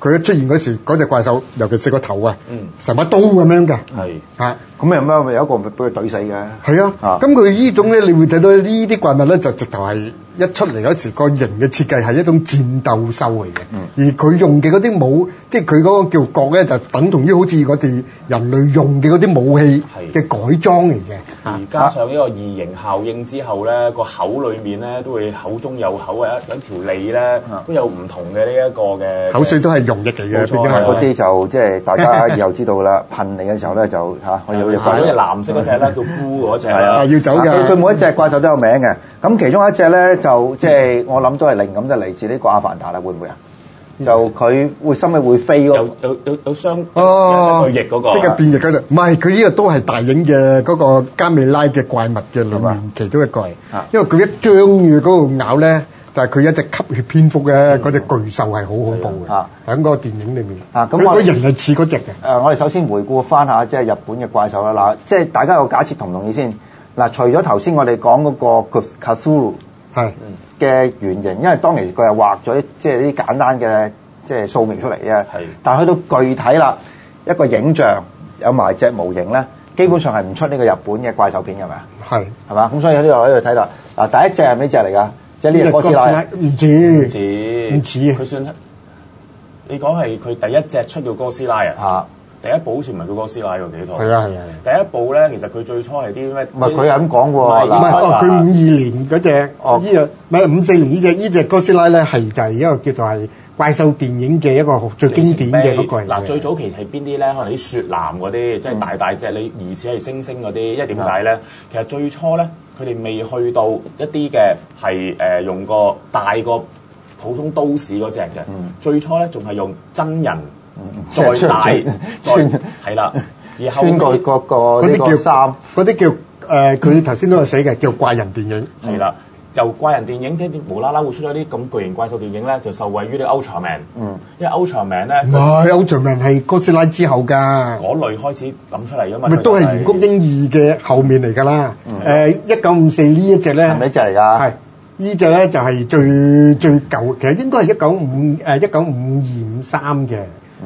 佢一出現嗰時嗰隻怪獸，尤其是個頭是啊，成把刀咁樣嘅。係嚇，咁後屘咪有一個咪俾佢懟死嘅。係啊，咁佢、啊、呢種咧，你會睇到呢啲怪物咧，就直頭係。一出嚟嗰時，個型嘅設計係一種戰鬥獸嚟嘅，嗯、而佢用嘅嗰啲武，即係佢嗰個叫角咧，就等同於好似我哋人類用嘅嗰啲武器嘅改裝嚟嘅。而加上呢個異形效應之後咧，個口裡面咧都會口中有口啊，一一條脷咧都有唔同嘅呢一個嘅。口水都係溶液嚟嘅。冇錯，嗰啲就即係大家以後知道啦。 [LAUGHS] 噴你嘅時候咧就嚇，我要要。所以藍色嗰隻咧叫菇嗰隻。係啊的的，要走啊。佢每一隻怪獸都有名嘅。咁其中一隻咧就即、就、係、是、我諗都係靈感就嚟自呢個阿凡達啦，會唔會啊？就佢會心嘅會飛咯、那個，有有有有雙有哦翼嗰、那個、即係變翼嗰度。唔係佢呢個都係大型嘅嗰個加美拉嘅怪物嘅裡面吧其中一個嚟。因為佢一張住嗰個咬咧，就係、是、佢一隻吸血蝙蝠嘅嗰隻巨獸係好恐怖嘅，喺的個電影裡面。的啊咁，人係似嗰隻嘅。誒、啊，我哋首先回顧翻下即係日本嘅怪獸啦。嗱，即係大家有假設同唔同意先？嗱，除咗頭先我哋講嗰個係嘅原型，因為當其時佢係畫咗啲即係啲簡單嘅即係掃描出嚟嘅。係的，但係去到具體啦，一個影像有埋隻模型咧，基本上係唔出呢個日本嘅怪獸片嘅嘛。係的，係嘛？咁所以喺度喺度睇啦。嗱，第一隻係呢隻嚟㗎？即係呢隻哥斯拉唔似，唔似，唔似，佢算。你講係佢第一隻出到哥斯拉啊？嚇！第一部好似唔係叫哥斯拉喎，第一台。係啊係啊！第一部咧，其實佢最初係啲咩？唔係佢係咁講喎。唔係佢五二年嗰隻哦依隻，唔係五四年呢隻呢隻哥斯拉咧，係就係一個叫做係怪獸電影嘅一個最經典嘅嗰個嚟嘅。嗱，最早期係邊啲咧？可能啲雪男嗰啲，即係大大隻，你疑似係猩猩嗰啲。因為點解咧？其實最初咧，佢哋未去到一啲嘅係誒用個大過普通都市嗰隻嘅。最初咧仲係用真人。再大，穿係啦，穿過嗰個嗰啲叫，嗰啲叫，誒，佢頭先都有寫嘅，叫怪人電影，係啦，由怪人電影咧，無啦啦會出咗啲咁巨型怪獸電影咧，就受惠於啲 Ultraman，嗯，因為 Ultraman 咧，唔係 Ultraman 係哥斯拉之後噶，嗰類開始諗出嚟噶嘛，咪都係《圓谷英二》嘅後面嚟噶啦，誒，一九五四呢一隻咧，係咪一隻嚟噶？係呢隻咧就係最最舊，其實應該係一九五誒一九五二五三嘅。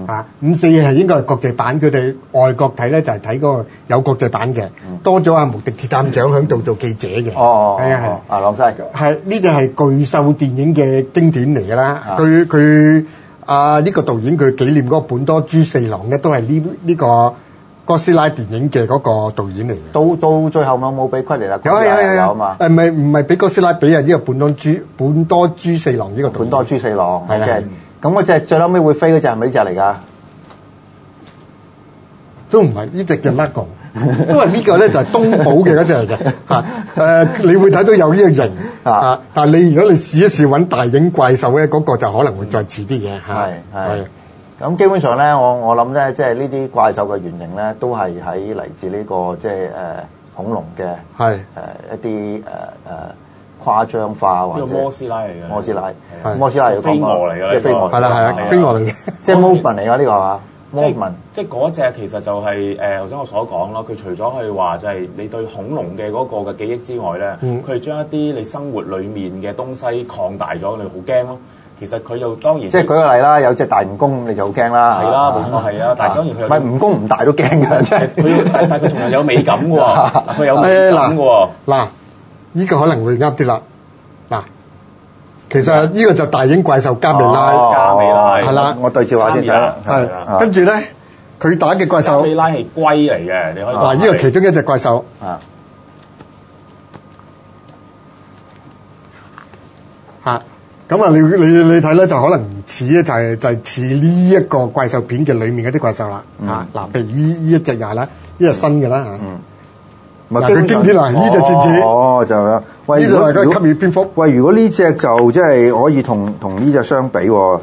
啊，五四係應該係國際版，佢哋外國睇咧就係睇嗰個有國際版嘅，多咗阿無敵鐵探長喺度做記者嘅。哦，係係。啊，朗西嘅。係呢隻係巨獸電影嘅經典嚟噶啦。佢佢啊呢個導演佢紀念嗰個本多豬四郎咧，都係呢呢個哥斯拉電影嘅嗰個導演嚟嘅。到到最後冇冇被屈嚟啦？有有有有嘛？誒唔係唔係俾哥斯拉俾啊，呢個本多豬本多豬四郎呢個。本多豬四郎係啦。咁我只最後尾會飛嗰隻係咪呢隻嚟㗎？都唔係呢隻叫乜講？因為呢個咧就係東寶嘅嗰隻嚟嘅嚇。誒， [LAUGHS] 你會睇到有呢個型，嚇， [LAUGHS] 但係你如果你試一試揾大影怪獸咧，嗰、嗰個就可能會再似啲嘅嚇。係係咁 [LAUGHS] 基本上咧，我我諗咧，即係呢啲怪獸嘅原型咧，都係喺嚟自呢、呢個即係誒恐龍嘅係誒一啲誒誒。呃呃誇張化或者摩斯拉嚟嘅，摩斯拉，摩斯拉係飛蛾嚟嘅，飛蛾，係啦係啊，飛蛾嚟嘅，即係 movement 嚟㗎呢個啊 movement 即係嗰隻其實就係誒頭先我所講咯，佢除咗係話就係你對恐龍嘅嗰個嘅記憶之外咧，佢將一啲你生活裡面嘅東西擴大咗，你好驚咯。其實佢又當然即係舉個例啦，有隻大蜈蚣，你就好驚啦，係啦冇錯，係啊，但係當然佢唔係蜈蚣唔大都驚㗎，即係佢但係佢同時有美感㗎喎，佢有美感㗎喎，嗱。呢個可能會啱啲啦，嗱，其實呢個就大英怪獸加美拉，加美拉係啦，我對照下先啦，係，跟住咧佢打嘅怪獸，加美拉係龜嚟嘅，你可以嗱呢個其中一隻怪獸，啊，吓，咁啊你你你睇咧就可能唔似咧，就係就係似呢一個怪獸片嘅裏面嗰啲怪獸啦，吓，嗱，譬如呢呢一隻嘢啦，呢個新嘅啦吓。唔係、啊、經典啊！呢隻似唔似？哦，就啦。呢隻大家吸引蝙蝠。喂，如果呢隻果果就即係可以同同呢隻相比，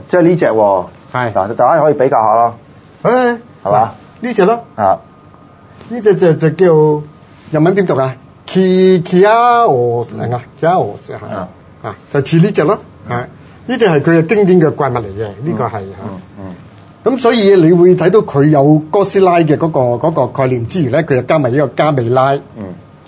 即係呢隻喎。嗱是，大家可以比較下咯。唉，係嘛？呢隻咯。啊。呢隻隻隻叫日文點讀啊？奇奇亞鵪鶉啊，奇亞鵪鶉啊。啊，就似呢隻咯。係。呢隻係佢嘅經典嘅怪物嚟嘅，呢個係嚇。嗯。咁所以你會睇到佢有哥斯拉嘅嗰個概念之餘咧，佢就加埋呢個加美拉嘅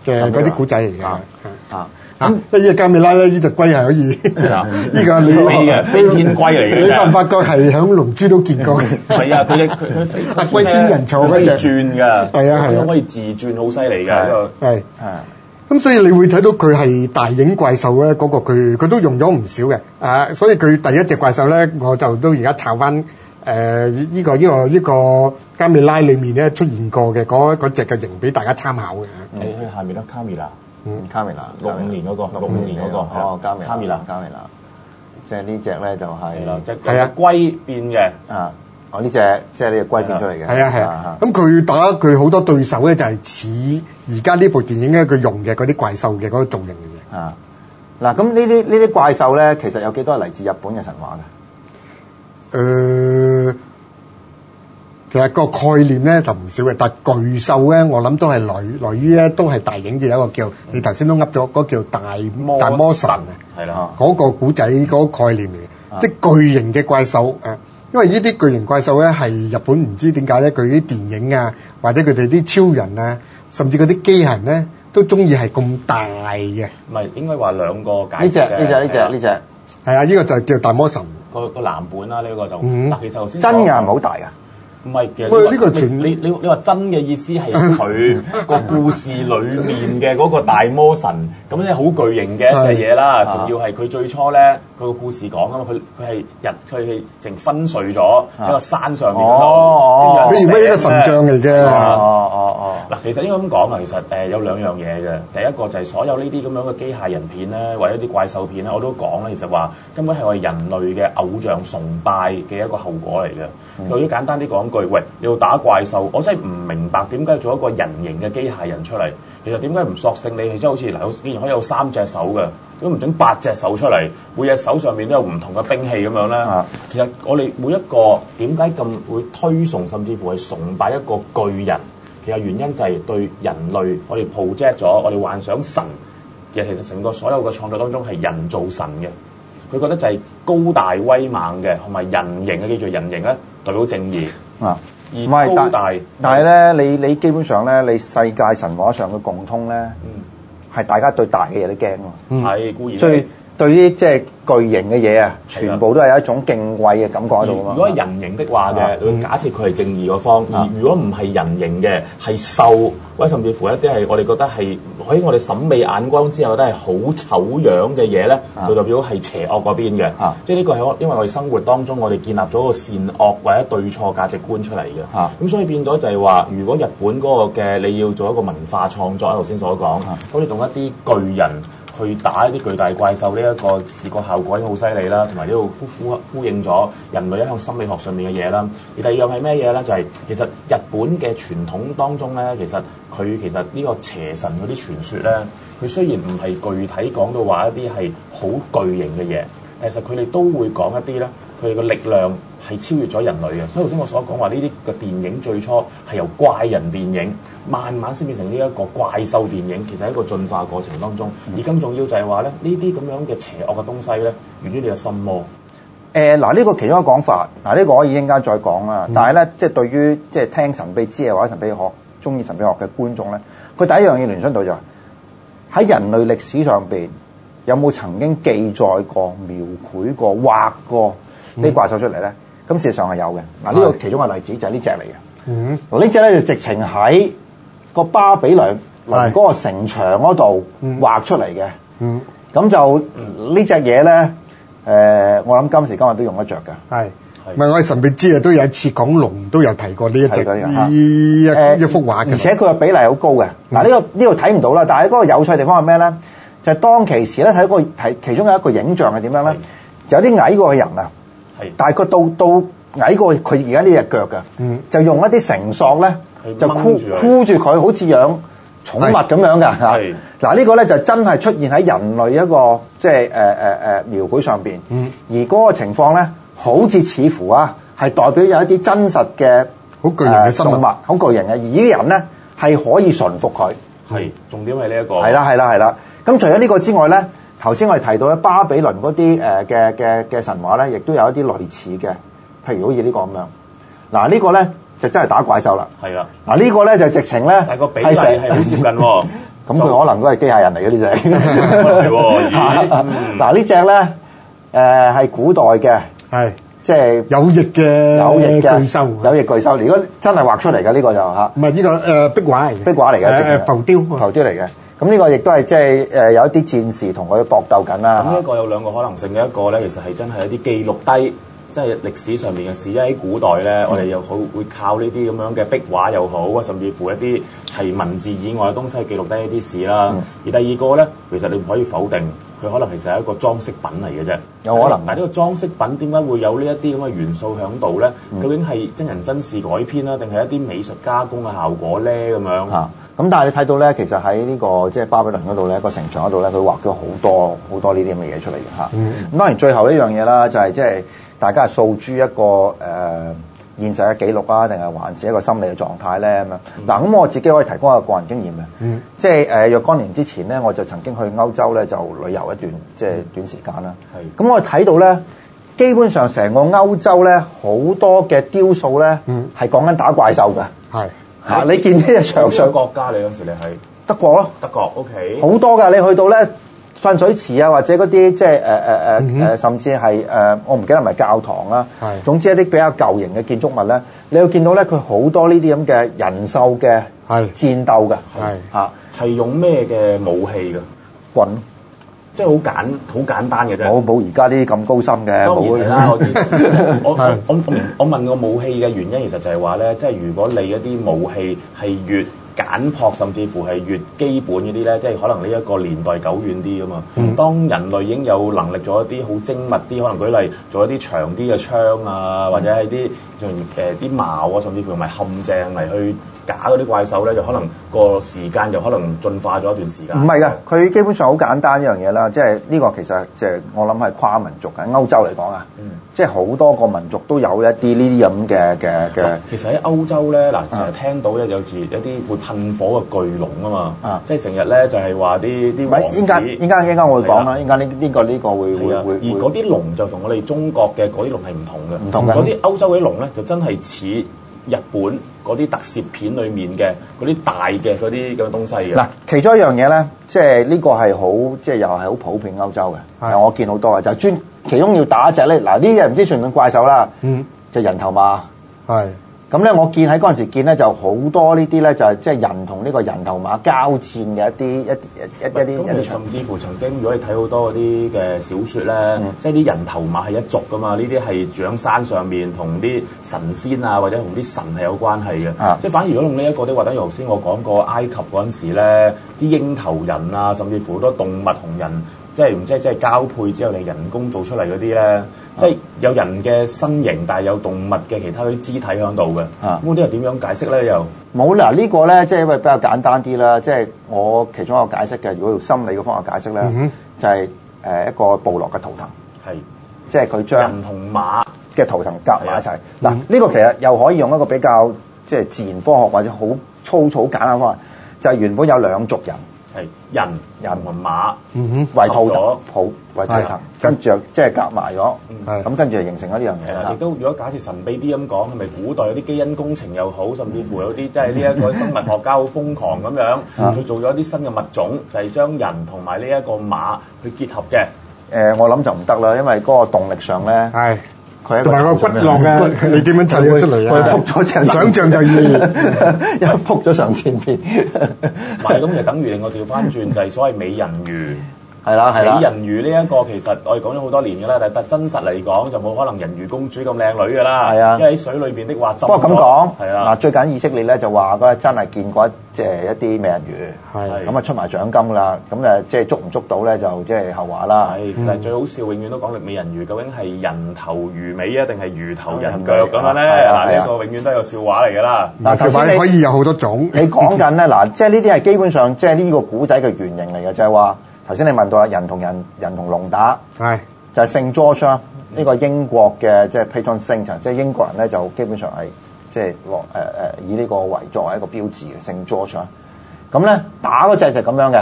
嗰啲古仔嚟嘅。啊，啊呢隻加美拉咧，呢隻龜係可以呢個飛嘅飛天龜嚟嘅。你發唔發覺係響《龍珠》都見過嘅？係啊，佢隻佢龜仙人坐嗰隻轉噶，係啊係啊，可以自轉好犀利嘅。係啊，咁所以你會睇到佢係大映怪獸咧，嗰個佢佢都用咗唔少嘅啊。所以佢第一隻怪獸咧，我就都而家炒翻。誒呢個呢個呢個《加美拉》裏面咧出現過嘅嗰隻嘅形，俾大家參考嘅。你去下面咯，《卡美拉》。嗯，《加美拉》六五年嗰個，六五年嗰個哦，《加美拉》。加美拉，即係呢隻咧就係，係啊，龜變嘅啊。哦，呢隻即係呢隻龜變出嚟嘅。係啊，係啊。咁佢打佢好多對手咧，就係似而家呢部電影咧，佢用嘅嗰啲怪獸嘅嗰個造型嘅嘢。啊，嗱，咁呢啲呢啲怪獸咧，其實有幾多係嚟自日本嘅神話嘅？誒，其實個概念咧就唔少嘅，但巨獸咧，我諗都係來來于咧，都係大型嘅一個叫，你頭先都噏咗，嗰叫大魔大魔神啊，係啦，嗰個古仔嗰個概念嚟嘅，即巨型嘅怪獸誒，因為呢啲巨型怪獸咧係日本唔知點解咧，佢啲電影啊，或者佢哋啲超人啊，甚至嗰啲機械人咧，都中意係咁大嘅，唔係應該話兩個解呢隻呢隻呢隻呢隻，係啊，呢個就叫大魔神。嗯那個個藍本啦、啊，呢、這個就，嗱、嗯，其實頭先真嘅係咪好大啊？唔係嘅，呢個喂說全你你你話真嘅意思係佢個故事裏面嘅嗰個大魔神，咁咧好巨型嘅一隻嘢啦，仲是要係佢最初咧佢個故事講啊嘛，佢佢係日佢係淨昏碎咗喺個山上面嗰度，佢唔係一個神像嚟嘅，哦哦哦，嗱其實應該咁講啊，其實誒有兩樣嘢嘅，第一個就係所有呢啲咁樣嘅機械人片咧，或者啲怪獸片咧，我都講咧，其實話根本係我哋人類嘅偶像崇拜嘅一個後果嚟嘅。用啲、嗯、簡單啲講句，喂，你要打怪獸，我真係唔明白點解做一個人形嘅機械人出嚟？其實點解唔索性你即係好似嗱，竟然可以有三隻手嘅，都唔整八隻手出嚟，每隻手上面都有唔同嘅兵器咁樣咧嚇。嗯、其實我哋每一個點解咁會推崇甚至乎係崇拜一個巨人，其實原因就係對人類，我哋 project 咗，我哋幻想神，其實其實成個所有嘅創作當中係人造神嘅。佢覺得就係高大威猛嘅，同埋人形嘅叫做人形咧。代表正義啊，唔係大，但係咧，嗯、你你基本上咧，你世界神話上嘅共通咧，係、嗯、大家對大嘅嘢都驚咯，係固然。對於即係巨型嘅嘢啊，全部都係一種敬畏嘅感覺喺度啊！如果係人形的話嘅，啊嗯、假設佢係正義嗰方；而如果唔係人形嘅，係獸，或者甚至乎一啲係我哋覺得係喺我哋審美眼光之下都係好醜樣嘅嘢咧，啊、就代表係邪惡嗰邊嘅。啊、即係呢個係因為我哋生活當中，我哋建立咗個善惡或者對錯價值觀出嚟嘅。咁、啊、所以變咗就係話，如果日本嗰個嘅你要做一個文化創作，頭先所講，好似同一啲巨人，去打一啲巨大怪獸呢一個視覺效果已經好犀利啦，同埋呢度呼呼呼應咗人類一向心理學上面嘅嘢啦。而第二樣係咩嘢咧？就係其實日本嘅傳統當中咧，其實佢其實呢個邪神嗰啲傳說咧，佢雖然唔係具體講到話一啲係好巨型嘅嘢，但其實佢哋都會講一啲咧，佢哋嘅力量。係超越咗人類嘅，所以頭先我所講話呢啲嘅電影最初係由怪人電影，慢慢先變成呢一個怪獸電影，其實係一個進化過程當中。嗯、而今重要就係話咧，呢啲咁樣嘅邪惡嘅東西咧，源於你嘅心魔。誒嗱、呃、呢、這個其中一個講法，嗱、這、呢個我可以一陣間再講啦。嗯、但係咧，即、就、係、是、對於即係、就是、聽神秘之夜或者神秘學中意神秘學嘅觀眾咧，佢第一樣嘢聯想到就係、是、喺人類歷史上邊有冇曾經記載過、描繪過、畫過呢啲怪獸出嚟咧？嗯咁事實上係有嘅，嗱呢個其中個例子就係呢隻嚟嘅。嗱呢隻咧就直情喺個巴比倫嗰個城牆嗰度畫出嚟嘅。咁、嗯嗯、就隻呢隻嘢咧，誒、呃、我諗今時今日都用得着嘅。係，唔係我哋神秘之夜啊，都有一次講龍都有提過呢一隻一一幅畫嘅，而且佢個比例好高嘅。嗱呢、嗯這個呢度睇唔到啦，但係嗰個有趣地方係咩咧？就係、是、當其時咧睇嗰個其中有一個影像係點樣咧？有啲矮過人啊！但係佢到到矮過佢，而家呢隻腳嘅，就用一啲繩索咧，就箍箍住佢，好似養寵物咁樣嘅吓。嗱呢個咧就真係出現喺人類一個即係誒誒誒描繪上邊，而嗰個情況咧，好似似乎啊，係代表有一啲真實嘅好巨型嘅生物，好巨型嘅，而呢啲人咧係可以馴服佢。係重點係呢一個。係啦係啦係啦。咁除咗呢個之外咧。頭先我哋提到咧巴比倫嗰啲誒嘅嘅嘅神話咧，亦都有一啲類似嘅，譬如好似呢個咁樣。嗱、這個、呢個咧就真係打怪獸啦。係啦的。嗱呢個咧就直情咧係個比例係好接近喎。咁佢 [LAUGHS] 可能都係機械人嚟嘅 [LAUGHS] 呢隻。嗱呢隻咧誒係古代嘅。係是。即係、就是、有翼嘅。有翼巨獸。有翼巨獸。如果真係畫出嚟嘅呢個就嚇。唔係呢個誒壁畫。壁畫嚟嘅。直情浮雕。浮雕嚟嘅。咁呢個亦都係即係誒有一啲戰士同佢搏鬥緊啦。咁呢個有兩個可能性嘅，一個咧其實係真係一啲記錄低，即係歷史上面嘅事咧。因為喺古代咧，我哋又好會靠呢啲咁樣嘅壁畫又好，甚至乎一啲係文字以外嘅東西記錄低一啲事啦。嗯、而第二個咧，其實你唔可以否定佢可能其實係一個裝飾品嚟嘅啫。有可能。嗱呢個裝飾品點解會有呢一啲咁嘅元素喺度咧？嗯、究竟係真人真事改編啦，定係一啲美術加工嘅效果咧？咁樣嚇。嗯咁但係你睇到咧，其實喺呢、這個即係巴比倫嗰度咧，那個城牆嗰度咧，佢畫咗好多好多呢啲咁嘅嘢出嚟嘅吓。咁、嗯、當然最後一樣嘢啦，就係即係大家係訴諸一個誒、呃、現實嘅記錄啊，定係還是一個心理嘅狀態咧咁啊？嗱、嗯，咁我自己可以提供一個個人經驗嘅，即係誒若干年之前咧，我就曾經去歐洲咧就旅遊一段即係、就是、短時間啦。咁、嗯、我睇到咧，基本上成個歐洲咧好多嘅雕塑咧，係講緊打怪獸嘅。係的。啊！啊你見呢個場上國家你，你嗰時你係德國咯、啊，德國 OK 好多噶，你去到咧噴水池啊，或者嗰啲即係誒誒誒誒，甚至係誒、呃、我唔記得係咪教堂啦、啊。係是總之一啲比較舊型嘅建築物咧，你會見到咧佢好多呢啲咁嘅人獸嘅戰鬥嘅係啊，係用咩嘅武器㗎？棍。即係好簡好簡單嘅啫，冇冇而家啲咁高深嘅。當然係啦，我我我我問過武器嘅原因，其實就係話咧，即係如果你一啲武器係越簡朴，甚至乎係越基本嗰啲咧，即係可能呢一個年代久遠啲啊嘛。嗯、當人類已經有能力做一啲好精密啲，可能舉例做一啲長啲嘅槍啊，嗯、或者係啲誒啲矛啊，甚至乎咪陷阱嚟去假嗰啲怪獸咧，就可能個時間就可能進化咗一段時間。唔係㗎，佢基本上好簡單一樣嘢啦，即係呢個其實即係我諗係跨民族喺歐洲嚟講啊，嗯、即係好多個民族都有一啲呢啲咁嘅嘅嘅。好其實喺歐洲咧，嗱成日聽到咧有時一啲噴火嘅巨龍啊嘛，啊即係成日咧就係話啲啲王子，依家依家依家我是的 會講啦，依家呢呢個呢個會會會。而嗰啲龍就同我哋中國嘅嗰啲龍係唔同嘅。唔同嘅。嗰啲歐洲嘅龍咧，就真係似日本嗰啲特攝片裏面嘅嗰啲大嘅嗰啲咁嘅東西嘅。嗱，其中一樣嘢咧，即係呢個係好，即係又係好普遍歐洲嘅。係是的 我見好多嘅，就是、專其中要打一隻咧。嗱，呢隻唔知算唔算怪獸啦，嗯，就人頭馬係的。咁咧，我見喺嗰陣時見咧，就好多呢啲咧，就係即係人同呢個人頭馬交戰嘅一啲一啲一啲甚至乎曾經，如果你睇好多嗰啲嘅小説咧，嗯、即係啲人頭馬係一族噶嘛，呢啲係長山上面同啲神仙啊，或者同啲神係有關係嘅。即係、啊、反而如果用呢一個，啲話等於頭先我講過埃及嗰陣時咧，啲鷹頭人啊，甚至乎好多動物同人即係即係即係交配之後嘅人工做出嚟嗰啲咧。即係有人嘅身形，但係有動物嘅其他啲肢體響度嘅，咁、啊、呢啲係點樣解釋咧？又冇嗱呢個咧，即係因為比較簡單啲啦。即、就、係、是、我其中一個解釋嘅，如果用心理嘅方法解釋咧，嗯、哼就係誒一個部落嘅圖騰係，是即係佢將人同馬嘅圖騰夾埋一齊，嗱呢個其實又可以用一個比較即係、就是、自然科學或者好粗糙簡單嘅方法，就係、是、原本有兩族人。人、人同馬，遺套咗，抱遺結合，跟住即係夾埋咗，咁跟住形成咗呢樣嘢啦。亦都如果假設神秘啲咁講，係咪古代有啲基因工程又好，甚至乎有啲即係呢一個生物學家好瘋狂咁樣，佢做咗啲新嘅物種，就係將人同埋呢一個馬去結合嘅？誒，我諗就唔得啦，因為嗰個動力上咧。同埋個骨骼浪，你點樣襯出嚟啊？撲咗、啊、成想象就要，一撲咗成千片，咁就等於我調翻轉，就係、是、所謂美人魚？係啦，係啦！美人魚呢一個其實我哋講咗好多年㗎啦，但係真實嚟講就冇可能人魚公主咁靚女㗎啦。係啊，因為喺水裏邊的話，不過咁講係啦。嗱，最近以色列咧就話佢真係見過即係一啲美人魚，係咁啊出埋獎金㗎啦。咁誒即係捉唔捉到咧就即係後話啦。係，但係最好笑永遠都講美人魚究竟係人頭魚尾啊，定係魚頭人腳咁樣咧？嗱，呢個永遠都係個笑話嚟㗎啦。嗱，笑話可以有好多種。你講緊咧嗱，即係呢啲係基本上即係呢個古仔嘅原型嚟嘅，就係話。頭先你問到啊，人同人、人同龍打，係是就係聖 George 呢個英國嘅，即係 patron saint 即係英國人咧就基本上係即係落誒以呢個為作為一個標誌嘅聖 George，咁咧打嗰隻就咁樣嘅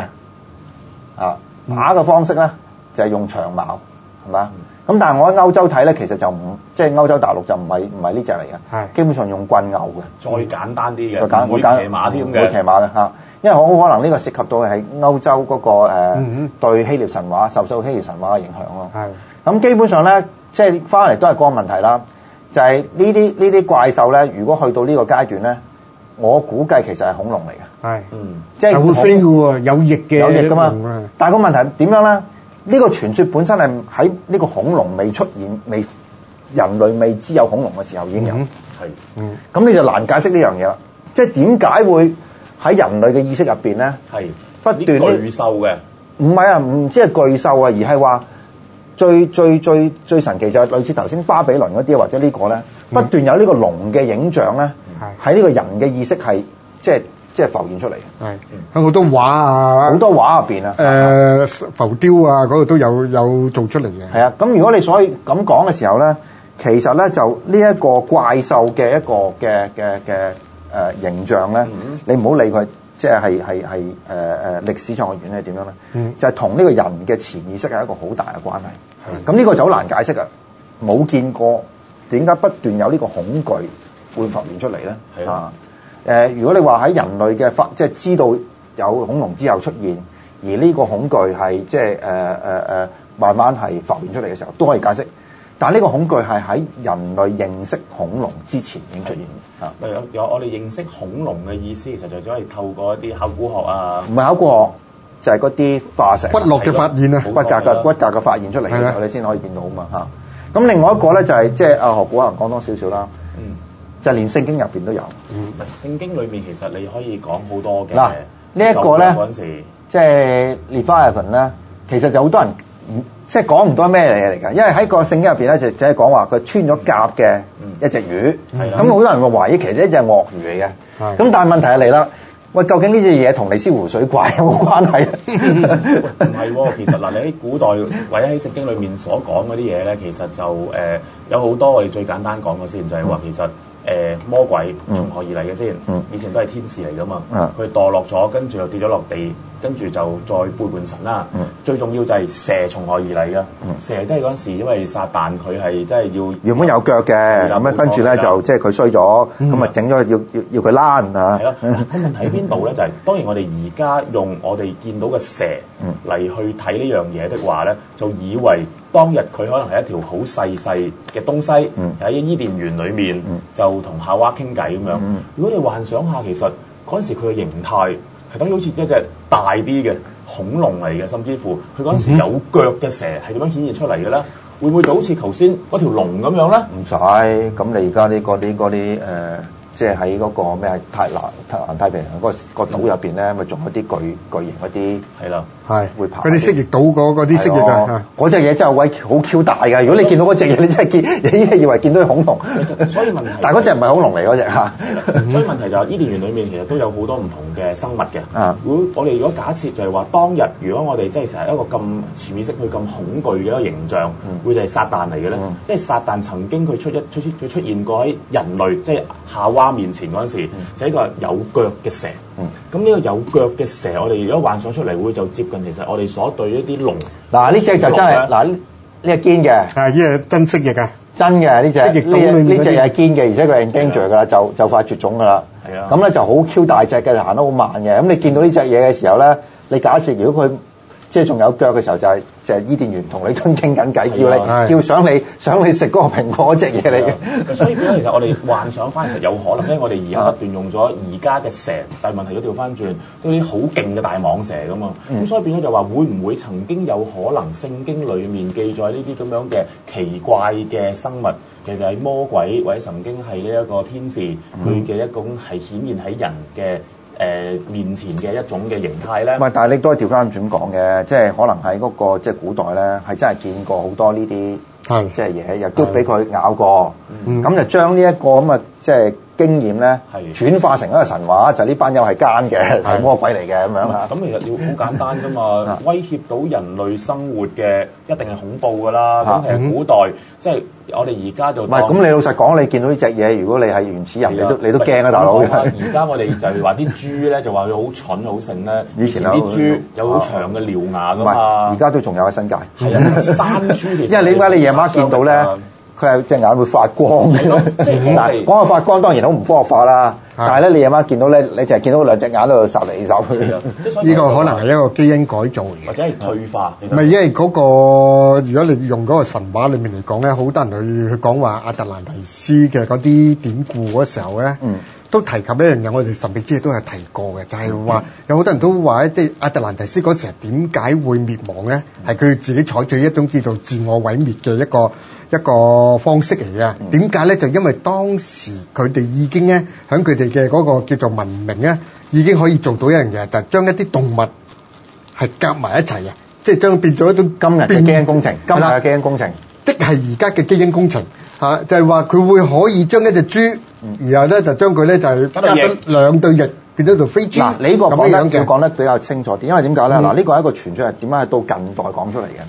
啊，嗯、打嘅方式咧就係、是、用長矛係嘛？咁但係我喺歐洲睇咧，其實就唔即係歐洲大陸就唔係唔係呢隻嚟嘅，是基本上用棍牛嘅，再簡單啲嘅，唔、嗯、會騎馬啲咁嘅，唔會騎馬嘅嚇因為我好可能呢個涉及到係歐洲嗰個誒、嗯、對希臘神話、受受希臘神話嘅影響咯。係咁的基本上咧，即係翻嚟都係個問題啦。就係呢啲呢啲怪獸咧，如果去到呢個階段咧，我估計其實係恐龍嚟嘅。係的，嗯是，即係會飛嘅喎，恐有翼嘅，有翼嘅嘛。的但係個問題點樣咧？呢個傳説本身係喺呢個恐龍未出現、未人類未知有恐龍嘅時候已經有，係，咁你就難解釋呢樣嘢啦。即係點解會？喺人類嘅意識入邊咧，係不斷巨獸嘅，唔係啊，唔即係巨獸啊，而係話最最最最神奇就係類似頭先巴比倫嗰啲啊，或者呢個咧不斷有呢個龍嘅影像咧，喺呢個人嘅意識係即係即係浮現出嚟嘅，喺好多畫啊，好多畫入邊啊，誒浮雕啊嗰度都有有做出嚟嘅。係啊，咁如果你所以咁講嘅時候咧，其實咧就呢一個怪獸嘅一個嘅嘅嘅。誒、呃、形象咧，嗯、你唔好理佢，即係係係誒誒歷史創建咧點樣咧，嗯、就係同呢個人嘅潛意識係一個好大嘅關係。咁呢、嗯、個就好難解釋啊！冇見過點解不斷有呢個恐懼會浮現出嚟咧？嗯嗯、啊誒，如果你話喺人類嘅發，即、就、係、是、知道有恐龍之後出現，而呢個恐懼係即係誒誒誒，慢慢係浮現出嚟嘅時候，都可以解釋。但呢個恐懼係喺人類認識恐龍之前已經出現嘅。有有我哋認識恐龍嘅意思，其實就係透過一啲考古學啊，唔係考古學，就係嗰啲化石、骨骼嘅發現啊、骨骼嘅骨骼嘅發現出嚟嘅時候你先可以見到啊嘛嚇。咁另外一個咧就係即係啊學古學講多少少啦，嗯，就連聖經入邊都有。唔係聖經裏面其實你可以講好多嘅。嗱呢一個咧，即係 Leviathan 咧，其實就好多人。即係講唔多咩嘢嚟㗎，因為喺個聖經入邊咧，就只係講話佢穿咗甲嘅一隻魚，咁好、嗯、多人會懷疑其實呢隻鱷魚嚟嘅，咁、嗯、但係問題嚟啦，喂究竟呢隻嘢同尼斯湖水怪有冇關係？唔係喎，其實嗱，你喺古代或者喺聖經裏面所講嗰啲嘢咧，其實就誒、呃、有好多我哋最簡單講嘅先，就係、是、話其實。誒、呃、魔鬼從何而嚟嘅先？嗯、以前都係天使嚟㗎嘛？佢墮是的 落咗，跟住又跌咗落地，跟住就再背叛神啦。嗯、最重要就係蛇從何而嚟㗎？嗯、蛇都係嗰陣時，因為撒旦佢係真係要，原本有腳嘅，咁樣跟住咧就即係佢衰咗，咁啊整咗要要要佢攣啊！係咯，咁問題喺邊度咧？就係當然我哋而家用我哋見到嘅蛇嚟去睇呢樣嘢嘅話咧，就以為。當日佢可能係一條好細細嘅東西喺、嗯、伊甸園裏面，嗯、就同夏娃傾偈咁樣。嗯、如果你幻想下，其實嗰陣時佢嘅形態係等於好似一隻大啲嘅恐龍嚟嘅，甚至乎佢嗰陣時有腳嘅蛇係點樣顯現出嚟嘅咧？會唔會就好似頭先嗰條龍咁樣咧？唔使，咁你而家呢嗰啲啲誒，即係喺嗰個咩啊？太南南太平洋嗰、嗰個、嗰個島入邊咧，咪仲、嗯、有啲巨巨型嗰啲係啦。係，會爬。佢哋蜥蜴，島嗰啲蜥蜴啊，嗰隻嘢真係好 Q 大嘅。如果你見到嗰隻嘢，你真係見，你以為見到恐龍。所以問題，但係嗰隻唔係恐龍嚟嗰隻嚇。所以問題就係伊甸園裡面其實都有好多唔同嘅生物嘅。嗯、如果我哋如果假設就係話，當日如果我哋即係成日一個咁潛意識去咁恐懼嘅一個形象，會就係、是、撒旦嚟嘅咧。因為、嗯、撒旦曾經佢出一，佢出現過喺人類即係夏娃面前嗰陣時，嗯、就係一個有腳嘅蛇。嗯，咁呢個有腳嘅蛇，我哋如果幻想出嚟，會就接近其實我哋所對一啲龍。嗱，呢隻就真係嗱，呢隻堅嘅。係，呢隻真蜥蜴啊。真嘅、啊，呢隻呢隻又係堅嘅，而且佢係 endanger 噶啦，就就快絕種噶啦。係啊的。咁咧就好 Q 大隻嘅，行得好慢嘅。咁你見到呢隻嘢嘅時候咧，你假設如果佢。即係仲有腳嘅時，時候，就係就係伊甸園同你傾傾緊偈，叫你叫想你想你食嗰個蘋果隻嘢嚟嘅。所以變其實我哋幻想翻，其實有可能，因我哋而家不斷用咗而家嘅蛇，但問題都調翻轉，都啲好勁嘅大蟒蛇咁啊！咁、嗯、所以變咗就話，會唔會曾經有可能聖經裡面記載呢啲咁樣嘅奇怪嘅生物，其實係魔鬼或者曾經係呢一個天使佢嘅一種係顯現喺人嘅。誒、呃、面前嘅一種嘅形態咧，唔係，但係你都係調翻轉講嘅，即係可能喺嗰、那個即係古代咧，係真係見過好多呢啲係即係嘢，又都俾佢咬過，咁的就將呢、這、一個咁啊即係經驗咧的轉化成一個神話，就呢、是、班友係奸嘅，係魔的鬼嚟嘅咁樣啊。咁的、嗯、其實要好簡單噶嘛， [LAUGHS] 威脅到人類生活嘅一定係恐怖噶啦。咁係的、嗯、古代即係。我哋而家就唔係咁，你老實講，你見到呢隻嘢，如果你係原始人，的你都是你都驚啊，是大佬哥！而家我哋就係話啲豬咧，就話佢好蠢好性咧。以前啲豬有好長嘅獠牙㗎嘛，而家都仲有喺新界。係啊，山豬嚟。實 [LAUGHS] 因為點解你夜晚見到咧？佢係隻眼會發光嘅，是是但係講個發光當然好唔科學化啦。的但係咧，你夜晚見到咧，你就係見到兩隻眼喺度眨嚟眨去。呢 [LAUGHS] 個可能係一個基因改造或者係退化。唔係的，因為嗰、嗰個如果你用嗰個神話裡面嚟講咧，好多人去去講話亞特蘭提斯嘅嗰啲典故嗰時候咧。嗯都提及一樣嘢，我哋神秘之夜都係提過嘅，就係、是、話、嗯、有好多人都話，即、就、係、是、阿特蘭提斯嗰時點解會滅亡咧？係佢、嗯、自己採取一種叫做自我毀滅嘅一個一個方式嚟嘅。點解咧？就因為當時佢哋已經咧響佢哋嘅嗰個叫做文明咧，已經可以做到一樣嘢，就係、是、將一啲動物係夾埋一齊啊！即係將變咗一種今日嘅基因工程，了今日嘅基因工程，即係而家嘅基因工程吓、啊，就係話佢會可以將一隻豬。然後咧就將佢咧就係加咗兩對翼，變咗做飛。嗱、嗯，樣呢個講咧要講得比較清楚，啲，因為點解咧？嗱、嗯，呢個係一個傳出嚟，點解係到近代講出嚟嘅？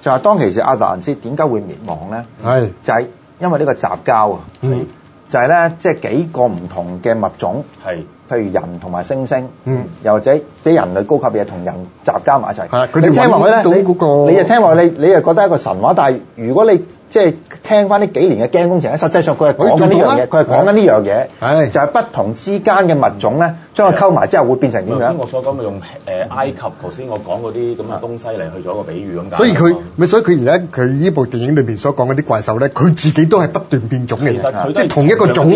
就係、是、當其時阿達蘭斯點解會滅亡咧？係、嗯、就係因為呢個雜交啊、嗯，就係咧即係幾個唔同嘅物種係。嗯譬如人同埋猩猩，又或者俾人類高級嘢同人雜交埋一齊。佢哋聽落去咧，你又聽落你，你又覺得一個神話。但係如果你即係聽翻呢幾年嘅基因工程咧，實際上佢係講緊呢樣嘢，佢係講緊呢樣嘢，就係不同之間嘅物種咧，將佢溝埋之後會變成點樣？我所講嘅用誒埃及頭先我講嗰啲咁嘅東西嚟去做一個比喻咁。所以佢咪所以佢而家佢呢部電影裏邊所講嗰啲怪獸咧，佢自己都係不斷變種嘅，即係同一個種，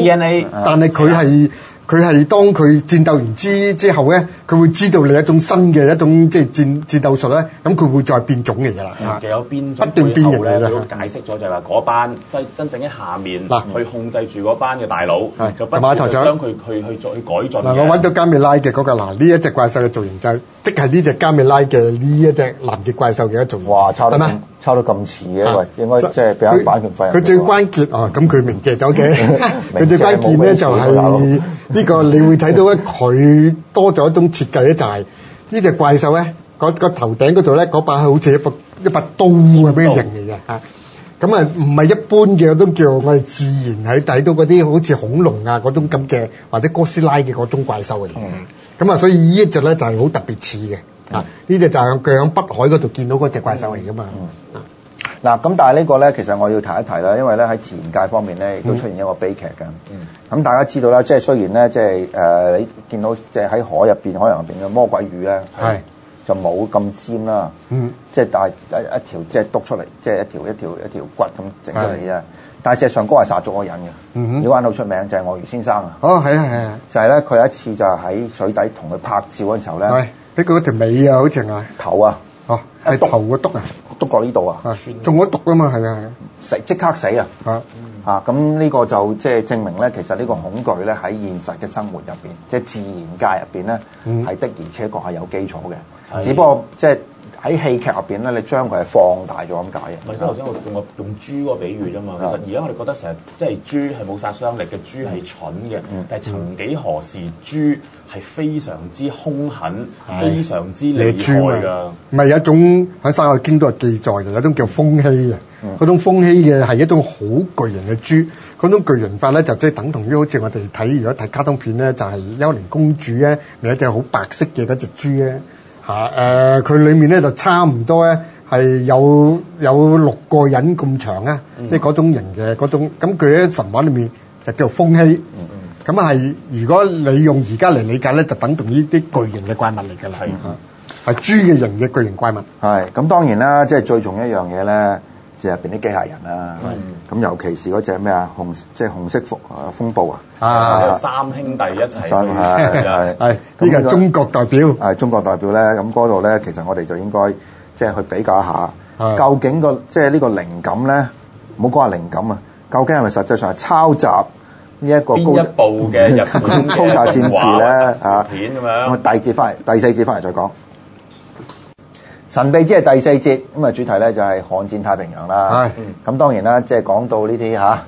但係佢係。佢係當佢戰鬥完之之後咧，佢會知道你一種新嘅一種即係戰戰鬥術咧，咁佢會再變種嚟嘅啦。嗯、有種不斷變形嚟佢解釋咗就係話嗰班即係、就是、真正喺下面嗱去、嗯、控制住嗰班嘅大佬，嗯、就不斷將佢佢去、嗯、去改進。嗱、嗯，我揾到加美拉嘅嗰、那個嗱，呢、啊、一隻怪獸嘅造型就是、即係呢隻加美拉嘅呢一隻藍嘅怪獸嘅一種，係嘛？抄到咁似嘅，喂，應該即係俾翻版權費。佢最關鍵啊，咁佢名借走嘅。佢 [LAUGHS] 最關鍵咧就係、係、呢、 [LAUGHS] 呢個，你會睇到咧，佢多咗一種設計咧、就係，就係呢隻怪獸咧，嗰個頭頂嗰度咧，嗰把好似一把一把刀嘅咩形嚟嘅嚇。咁刀啊，唔係一般嘅都叫我哋自然喺睇到嗰啲好似恐龍啊嗰種咁嘅或者哥斯拉嘅嗰種怪獸嚟。咁啊、嗯，所以呢隻咧就係好特別似嘅。呢隻就係喺北海嗰度見到嗰隻怪獸嚟噶嘛？嗱，咁但係呢個咧，其實我要提一提啦，因為咧喺自然界方面咧，亦都出現一個悲劇嘅。咁大家知道啦，即係雖然咧，即係誒，你見到即係喺海入邊、海洋入邊嘅魔鬼魚咧，係就冇咁尖啦。即係大一一條即係篤出嚟，即係一條一條一條骨咁整出嚟啫。但係石上哥係殺咗個人嘅。如果玩到出名就係外魚先生啊。哦，係啊，係啊，就係咧，佢有一次就喺水底同佢拍照嗰陣時候咧。你佢嗰條尾啊，好似眼頭啊，嚇、哦，係督喉嘅督啊，督過呢度啊，嗯、啊，中咗毒啊嘛，係咪係啊？死即刻死啊，嚇嚇，咁呢個就即係證明咧，其實呢個恐懼咧喺現實嘅生活入邊，即、就、係、是、自然界入邊咧，係、嗯、的而且確係有基礎嘅，的只不過即係。就是喺戲劇入邊咧，你將佢係放大咗咁解嘅。唔係是的，即係頭先我用用豬個比喻啫嘛。其實而家我哋覺得成日即係豬係冇殺傷力嘅，豬係蠢嘅，但係曾幾何時豬係非常之凶狠、的非常之厲害嚟㗎。唔係有一種喺《山海經》都係記載嘅，有一種叫風犧嘅，嗰的種風犧嘅係一種好巨型嘅豬。嗰種巨型化咧就即係等同於好似我哋睇如果睇卡通片咧，就係、是《幽靈公主》咧，有一隻好白色嘅嗰隻豬咧。嚇！誒，佢裏面咧就差唔多咧，係有有六個人咁長啊，即係嗰種型嘅嗰種。咁佢喺神話裏面就叫做風犼。咁係如果你用而家嚟理解咧，就等同於啲巨型嘅怪物嚟㗎啦。係啊，係豬嘅型嘅巨型怪物。係咁，當然啦，即係最重要一樣嘢咧。入邊啲機械人啊，咁尤其是嗰隻咩啊紅，即係紅色風風暴啊，三兄弟一齊，呢個中國代表，係中國代表咧。咁嗰度咧，其實我哋就應該即係去比較一下，究竟個即係呢個靈感咧，唔好講下靈感啊，究竟係咪實際上係抄襲呢一個高一部嘅高大戰士咧啊？我第二節翻嚟，第四節翻嚟再講。神秘，即係第四節，咁啊主題咧就係悍戰太平洋啦。咁的、嗯、當然啦，即係講到呢啲吓，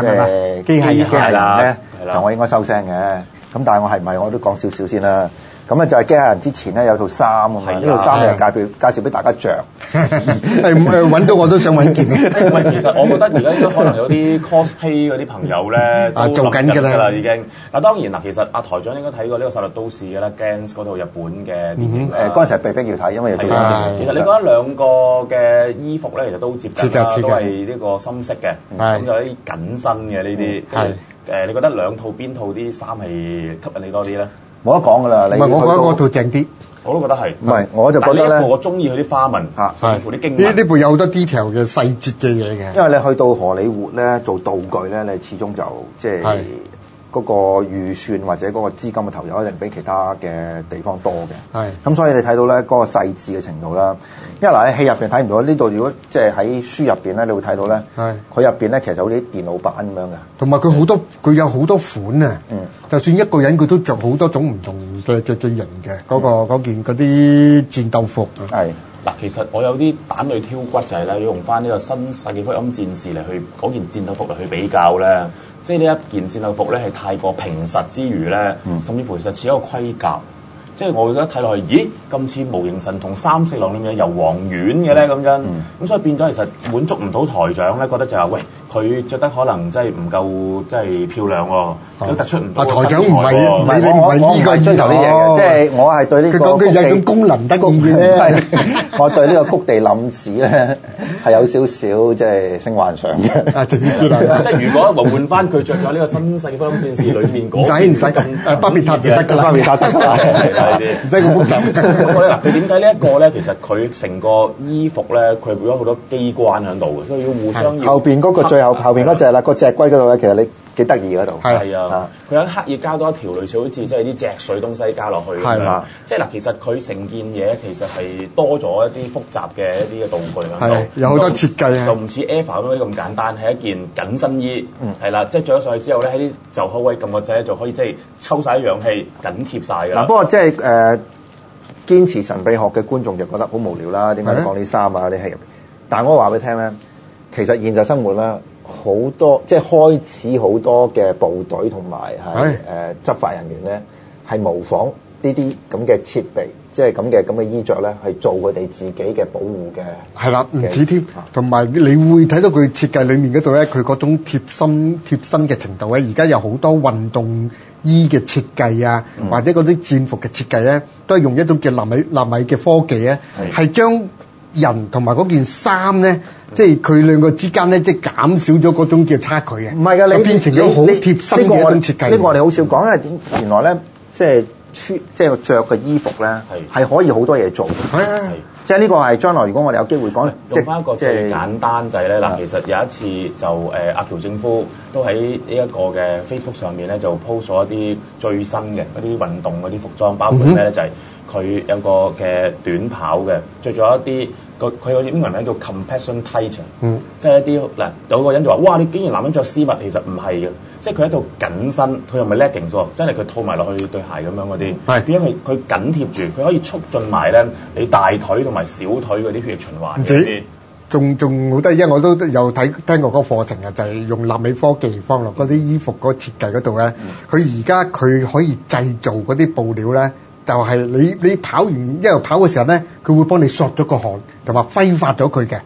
即係機械人咧，就我應該收聲嘅。咁的但係我係唔係我都講少少先啦。咁啊，就係《驚嚇人》之前咧有套衫啊嘛，呢套衫又介紹介紹俾大家著，係誒揾到我都想揾件。其實我覺得而家應該可能有啲 cosplay 嗰啲朋友咧，做緊㗎啦已經。嗱當然嗱，其實阿台長應該睇過呢個《殺戮都市》㗎啦，Gantz 嗰套日本嘅，誒嗰陣時被迫要睇，因為都。其實你覺得兩個嘅衣服咧，其實都好接近，都係呢個深色嘅，咁有啲緊身嘅呢啲。係誒，你覺得兩套邊套啲衫係吸引你多啲咧？冇得講噶啦，是你唔係我覺得嗰套正啲，我都覺得係。唔係是我就覺得咧，我中意佢啲花紋嚇，包括啲經。呢呢部有好多 detail 嘅細節嘅嘢嘅，因為你去到荷里活咧做道具咧，你始終就即係。就是嗰個預算或者嗰個資金嘅投入一定比其他嘅地方多嘅，係咁是所以你睇到咧嗰、那個細緻嘅程度啦。因為嗱喺戲入邊睇唔到，呢度如果即係喺書入邊咧，你會睇到咧，係佢入邊咧其實有啲電腦版咁樣嘅，同埋佢好多佢是有好多款啊。嗯，就算一個人佢都着好多種唔同嘅著住人嘅嗰、那個、嗯、件嗰啲戰鬥服。係嗱、嗯，是其實我有啲蛋去挑骨就係、是、咧，要用翻呢個新世紀福音戰士嚟去嗰件戰鬥服嚟去比較咧。即係呢一件戰鬥服咧，係太過平實之餘咧，嗯、甚至乎其實似一個盔甲。即係我而家睇落去，咦？今次模型神同三四浪咁嘅，又黃軟嘅咧，咁樣。咁、嗯嗯、所以變咗，其實滿足唔到台長咧，覺得就係、是、喂。佢著得可能真係唔夠，真係漂亮喎！佢突出唔到喎。台長唔係，唔係呢個意頭啲嘢嘅，即係我係對呢個有種功能的意見咧。我對呢個曲地冧士咧係有少少即係性幻想嘅。啊，直接見啦！即係如果話換翻佢著咗呢個新世軍戰士裏面嗰仔，唔使咁北面塔就得㗎啦。北面塔得㗎，唔使咁複雜。嗱，佢點解呢一個咧？其實佢成個衣服咧，佢有好多機關喺度嘅，所以要互相後邊嗰個最。後後邊嗰隻啦，嗰隻龜嗰度咧，其實你幾得意嗰度。係啊，佢刻意加多一條，類似好似即係啲脊水東西加落去啊嘛。係啊，即係嗱，其實佢成件嘢其實係多咗一啲複雜嘅一啲嘅道具啦。係，有好多設計啊。就唔似 Eva 咁簡單，係一件緊身衣。嗯，係啦，即係着咗上去之後咧，喺啲袖口位撳個掣咧，就可以即係抽晒啲氧氣緊貼晒㗎。嗱，不過即係誒，堅持神秘學嘅觀眾就覺得好無聊啦。點解放啲衫啊啲喺入邊？但係我話俾你聽咧。其實現實生活咧，好多即係開始好多嘅部隊同埋係誒執法人員咧，係模仿呢啲咁嘅設備，即係咁嘅咁嘅衣著咧，係做佢哋自己嘅保護嘅。係啦，唔止添，同埋你會睇到佢設計裡面嗰度咧，佢嗰種貼心貼身嘅程度咧。而家有好多運動衣嘅設計啊，或者嗰啲戰服嘅設計咧，都係用一種叫納米納米嘅科技咧，係將人同埋嗰件衫咧，即係佢兩個之間咧，即係減少咗嗰種叫差距啊，唔係㗎，你變成咗好貼心嘅一種設計。呢、這個我哋好、這個、少講，因為點原來咧即係穿即係着嘅衣服咧，係是可以好多嘢做嘅。啊、是即係呢個係將來如果我哋有機會講，做翻一個即係簡單就係、是、咧。嗱、就是，其實有一次就誒阿喬靖夫都喺呢一個嘅 Facebook 上面咧，就 po 咗一啲最新嘅嗰啲運動嗰啲服裝，包括咧、嗯、就係佢有個嘅短跑嘅着咗一啲。個佢有英文名叫 compassion tight、嗯，即係一啲嗱，有個人就話：哇！你竟然男人着絲襪，其實唔係嘅，即係佢喺度緊身，佢又唔係 legging，真係佢套埋落去對鞋咁樣嗰啲，係，因為佢佢緊貼住，佢可以促進埋咧你大腿同埋小腿嗰啲血液循環。仲仲好得意，因為我都有睇聽過嗰個課程啊，就係、是、用納米科技方落嗰啲衣服嗰設計嗰度咧，佢而家佢可以製造嗰啲布料咧。就係你你跑完一路跑嘅時候咧，佢會幫你索咗個汗同埋揮發咗佢嘅，係、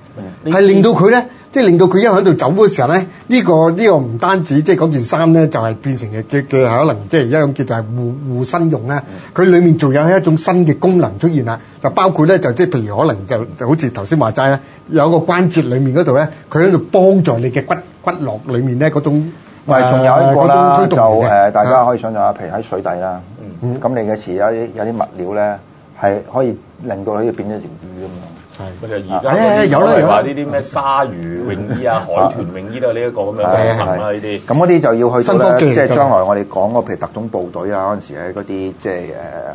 嗯、令到佢咧，即、就、係、是、令到佢一喺度走嘅時候咧，呢、這個呢、這個唔單止即係嗰件衫咧，就係、是就是、變成嘅嘅嘅，可能即係而家咁叫就係護護身用啦。佢、嗯、裡面仲有一種新嘅功能出現啦，就包括咧就即、是、係譬如可能就就好似頭先話齋啦，有個關節裡面嗰度咧，佢喺度幫助你嘅骨、嗯、骨骼裡面咧嗰種，唔仲、嗯、有一個啦，啊、動就誒大家可以想象下，譬如喺水底啦。咁、嗯、你嘅池有啲有啲物料咧，係可以令到可以變咗條魚咁咯。係，我而家有啦、哎，有呢啲咩鯊魚泳衣啊、海豚泳衣都係呢一個咁樣嘅型呢啲。咁嗰啲就要去到咧，即係將來我哋講嗰譬如特種部隊啊嗰陣時喺嗰啲即係誒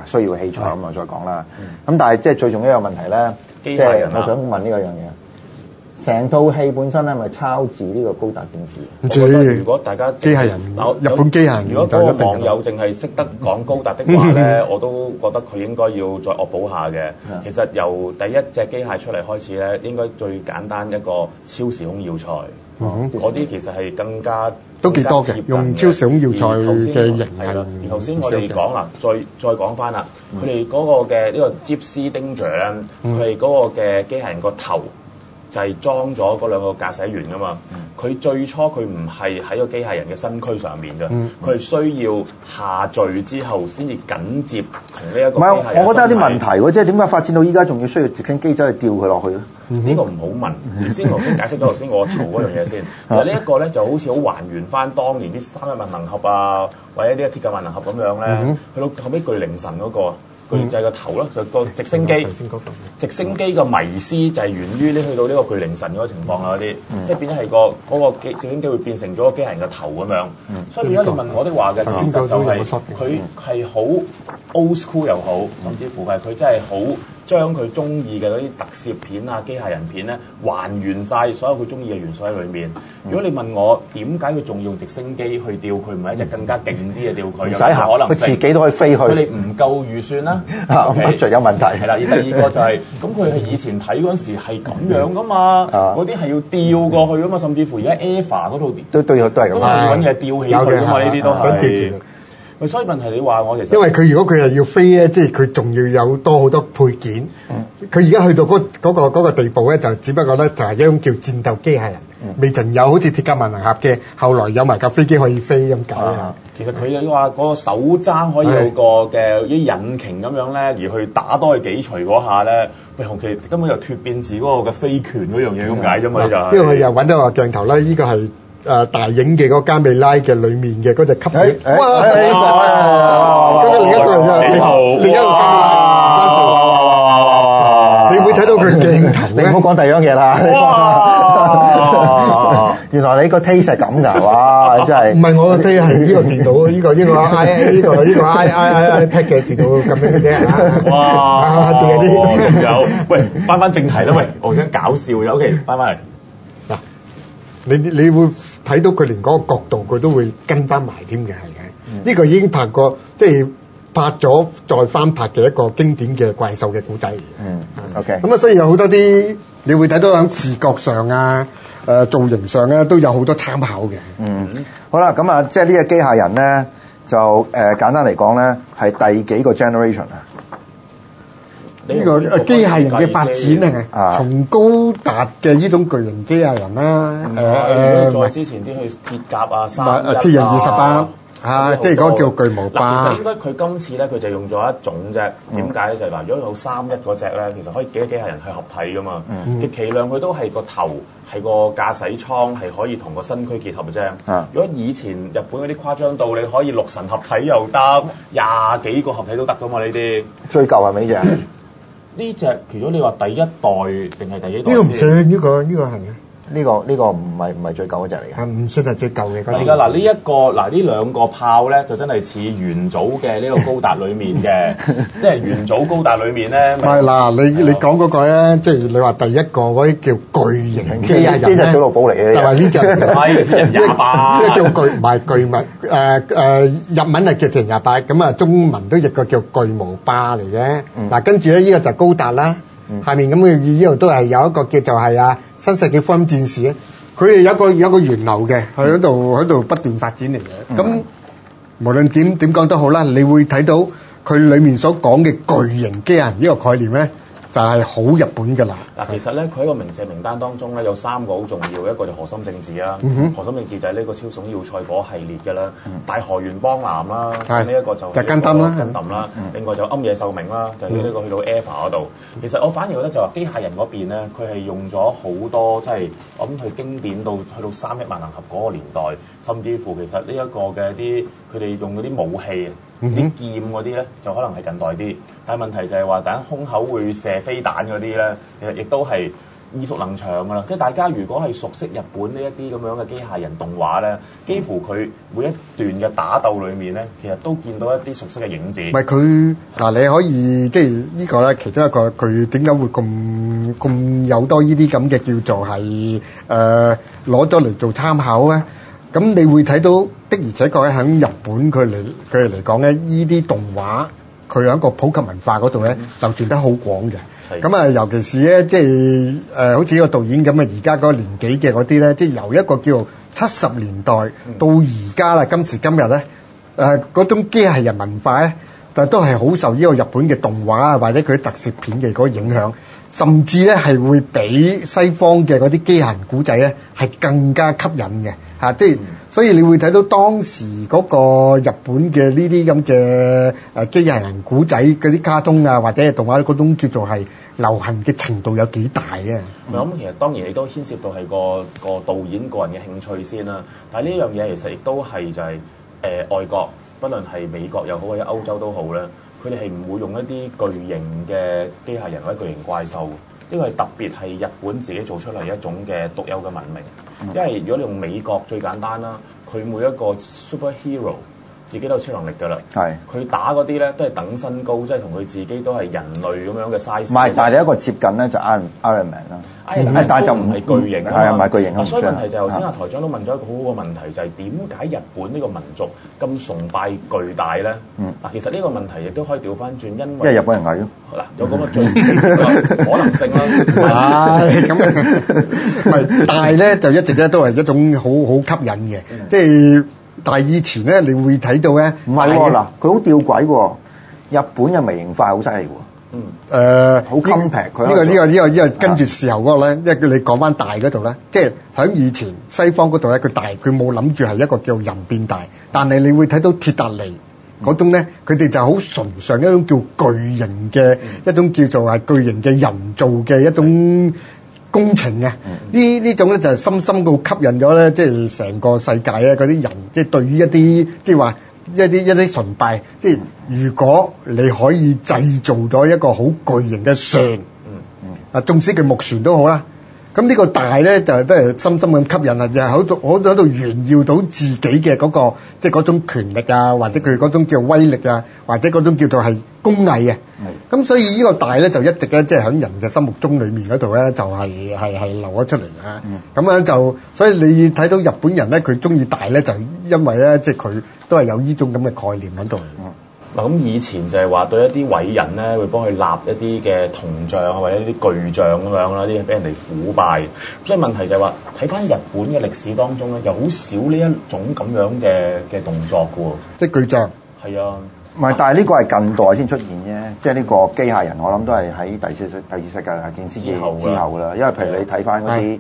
需要嘅器材咁啊，再講啦。咁、嗯、但係即係最重要一個問題咧，機械人，我想問呢個樣嘢。成套戲本身咧，咪抄自呢個《高達戰士》。我覺得如果大家機械人，嗱日本機械人，如果嗰個網友淨係識得講高達的話咧，我都覺得佢應該要再惡補下嘅。其實由第一隻機械出嚟開始咧，應該最簡單一個超時空要塞，嗰啲其實係更加都幾多嘅，用超時空要塞嘅型態。而頭先我哋講啦，再再講翻啦，佢哋嗰個嘅呢個 Gipsy Danger，佢哋嗰個嘅機械人個頭。就係裝咗嗰兩個駕駛員㗎嘛，佢最初佢唔係喺個機械人嘅身軀上面㗎，佢、嗯嗯、需要下墜之後先至緊接同呢一個。唔係，我覺得有啲問題喎，即係點解發展到依家仲要需要直升機走去吊佢落去咧？呢、嗯嗯、個唔好問。先頭先解釋咗頭先我調嗰樣嘢先。嗱、嗯、呢一個咧就好似好還原翻當年啲三一萬能俠啊，或者呢啲鐵甲萬能俠咁樣咧，嗯、去到後尾，巨靈神嗰、那個。佢、嗯、就係個頭咯，就個、是、直升機。直升機個迷思就係源於你去到呢、這個巨、這個、靈神嗰個情況啊嗰啲，嗯、即係變咗係、那個嗰、那個機直升機會變成咗個機械人個頭咁樣。嗯、所以點解你問我的話嘅，其實就係佢係好 old school 又好，嗯、甚至乎係佢真係好。將佢中意嘅嗰啲特攝片啊、機械人片咧，還原晒所有佢中意嘅元素喺裡面。如果你問我點解佢仲要用直升機去吊佢，唔係一隻更加勁啲嘅吊佢，唔使行，佢自己都可以飛去。佢哋唔夠預算啦 budget 有問題。係啦，第二個就係，咁佢係以前睇嗰陣時係咁樣噶嘛，嗰啲係要吊過去噶嘛，甚至乎而家 Eva 嗰套片都都有都係咁啊，都揾嘢吊起佢噶嘛，呢啲都係。所以問題，你話我其實因為佢如果佢係要飛咧，即係佢仲要有多好多配件。佢而家去到嗰、嗰、嗰、個嗰個地步咧，就只不過咧就係一種叫戰鬥機械人，嗯、未曾有好似鐵甲萬能俠嘅。後來有埋架飛機可以飛咁、嗯、解。其實佢話嗰手踭可以有個嘅啲引擎咁樣咧，而去打多幾錘嗰下咧，喂！熊奇根本就脫變自嗰個嘅飛拳嗰樣嘢咁解啫嘛。就呢佢又揾咗個鏡頭咧，呢、呢個係。誒大影嘅嗰個加美拉嘅裏面嘅嗰隻吸血，哇！咁另一個人真係你好，另一個加美拉，哇！你會睇到佢鏡頭，你唔好講第二樣嘢啦！哇！原來你個 taste 係咁㗎，哇！真係唔係我個 taste 係呢個電腦，呢個呢個 i 呢個呢個 i i i pad 嘅電腦咁樣嘅啫，哇！仲有啲，仲有，喂，翻返正題啦，喂，我想搞笑又 OK，返返嚟。嗱，你你會。睇到佢連個角度佢都會跟翻埋添嘅，係嘅、嗯。呢個已經拍過，即係拍咗再翻拍嘅一個經典嘅怪獸嘅古仔嚟嘅。嗯，OK。咁啊，所以有好多啲你會睇到響視覺上啊、誒、呃、造型上咧、啊、都有好多參考嘅。嗯，好啦，咁啊，即係呢個機械人咧，就誒、呃、簡單嚟講咧，係第幾個 generation 啊？呢個誒機械人嘅發展啊，從高達嘅呢種巨型機械人啦，誒誒，再之前啲去鐵甲啊，三誒鐵人二十八，啊，即係嗰個叫巨無霸。其實應該佢今次咧，佢就用咗一種啫。點解就係話，如果用三一嗰隻咧，其實可以幾多機械人去合體噶嘛？極其量佢都係個頭係個駕駛艙，係可以同個身軀結合嘅啫。如果以前日本嗰啲誇張到你可以六神合體又得，廿幾個合體都得噶嘛？呢啲追究係咪嘢？呢隻，如果你話第一代定係第一代先？呢個唔算，呢、這個呢、這個係呢、這個呢、這個唔係唔係最舊嗰隻嚟嘅，係唔算係最舊嘅嗰啲嗱呢一個，嗱呢兩個炮咧，就真係似元祖嘅呢個高達裡面嘅，即係元祖高達裡面咧。唔係嗱，你的你講嗰、那個咧，即係你話第一個嗰啲叫巨型機械人咧，呢隻小露寶嚟嘅，就係呢隻。即係叫巨唔係巨物，誒、uh, 誒、uh, 日文係叫鐵人廿八，咁啊中文都譯個叫巨無霸嚟嘅。嗱、嗯、跟住咧，呢個就高達啦。下面咁嘅依度，都係有一個叫做係啊新世紀福音戰士。佢有一個有一個源流嘅，喺度喺度不斷發展嚟嘅。咁、嗯、無論點點講都好啦，你會睇到佢裡面所講嘅巨型機人呢個概念咧。但係好日本㗎啦！嗱，其實咧，佢喺個名錶名單當中咧，有三個好重要，一個就河森正治啦。嗯、哼河森正治就係呢個超時空要塞系列㗎啦。嗯、大河原邦男啦，呢一、嗯嗯、個就就 Gundam 啦，Gundam 啦。另外就庵野秀明啦、嗯，就呢一個去到 EVA 嗰度。其實我反而覺得就機械人嗰邊咧，佢係用咗好多，即、就、係、是、我諗佢經典到去到三億萬能俠嗰個年代，甚至乎其實呢一個嘅啲佢哋用嗰啲武器啊。啲劍嗰啲咧就可能係近代啲，但係問題就係話，等胸口會射飛彈嗰啲咧，其實亦都係耳熟能詳噶啦。即係大家如果係熟悉日本呢一啲咁樣嘅機械人動畫咧，幾乎佢每一段嘅打鬥裡面咧，其實都見到一啲熟悉嘅影子。唔係佢嗱，你可以即係呢個咧，其中一個佢點解會咁咁有多呢啲咁嘅叫做係誒攞咗嚟做參考咧？咁你會睇到的而且確咧，喺日本佢嚟佢哋嚟講咧，依啲動畫佢有一個普及文化嗰度咧，流傳得好廣嘅。咁是的 啊，尤其是咧，即係誒，好、呃、似個導演咁啊，而家嗰個年紀嘅嗰啲咧，即係由一個叫做七十年代到而家啦，嗯、今時今日咧，誒、呃、嗰種機械人文化咧，但都係好受呢個日本嘅動畫啊，或者佢特攝片嘅嗰個影響。嗯。甚至咧，係會比西方嘅嗰啲機械人古仔，咧係更加吸引嘅嚇，即係所以你會睇到當時嗰個日本嘅呢啲咁嘅誒機械人古仔嗰啲卡通啊或者動畫嗰種叫做係流行嘅程度有幾大嘅。咁其實當然你都牽涉到係個個導演個人嘅興趣先啦，但係呢樣嘢其實亦都係就係誒外國，不論係美國又好或者歐洲都好啦。佢哋係唔會用一啲巨型嘅機械人或者巨型怪獸，呢個係特別係日本自己做出嚟一種嘅獨有嘅文明。因為如果你用美國，最簡單啦，佢每一個 superhero，自己都有超能力㗎啦，係佢打嗰啲咧都係等身高，即係同佢自己都係人類咁樣嘅 size。唔係，但係第一個接近咧就 Iron Man 啦，但係就唔係巨型，係啊，唔係巨型咁樣。所以問題就頭先阿台長都問咗一個好好嘅問題，就係點解日本呢個民族咁崇拜巨大咧？嗱，其實呢個問題亦都可以調翻轉，因為日本人矮咯。嗱，有咁嘅可能性啦。唔係咁，唔係大咧就一直咧都係一種好好吸引嘅，即係。但係以前咧，你會睇到咧，唔係喎嗱，佢好、啊、吊詭喎。日本嘅微型化好犀利喎。嗯，誒、呃，好 compact。佢呢、這個呢、這個呢、這個呢個跟住時候嗰、那個咧，因為的你講返大嗰度咧，即係喺以前西方嗰度咧，佢大佢冇諗住係一個叫人變大，但係你會睇到鐵達尼嗰種咧，佢哋、嗯、就好純常一種叫巨型嘅、嗯、一種叫做係巨型嘅人造嘅一種。嗯嗯工程嘅呢呢種咧就係深深嘅吸引咗咧，即係成個世界咧啲人，即係對於一啲即係話一啲一啲崇拜，即係如果你可以製造咗一個好巨型嘅船，啊，縱使佢木船都好啦。咁呢個大咧就都、係、係深深咁吸引啊！又喺度，喺度炫耀到自己嘅嗰、嗰個即係嗰種權力啊，或者佢嗰種叫威力啊，或者嗰種叫做係工藝啊。咁的所以呢個大咧就一直咧即係喺人嘅心目中裏面嗰度咧就係係係流咗出嚟啊！咁樣的、嗯、就所以你睇到日本人咧，佢中意大咧就因為咧即係佢都係有呢種咁嘅概念喺度。嗯。咁以前就係話對一啲偉人咧，會幫佢立一啲嘅銅像或者一啲巨像咁樣啦，啲俾人哋腐敗。所以問題就係、是、話，睇翻日本嘅歷史當中咧，又好少呢一種咁樣嘅嘅動作嘅喎。即係巨像。係啊。唔係，但係呢個係近代先出現啫。即係呢個機械人，我諗都係喺第二次世界大戰先至之後啦。因為譬如你睇翻嗰啲，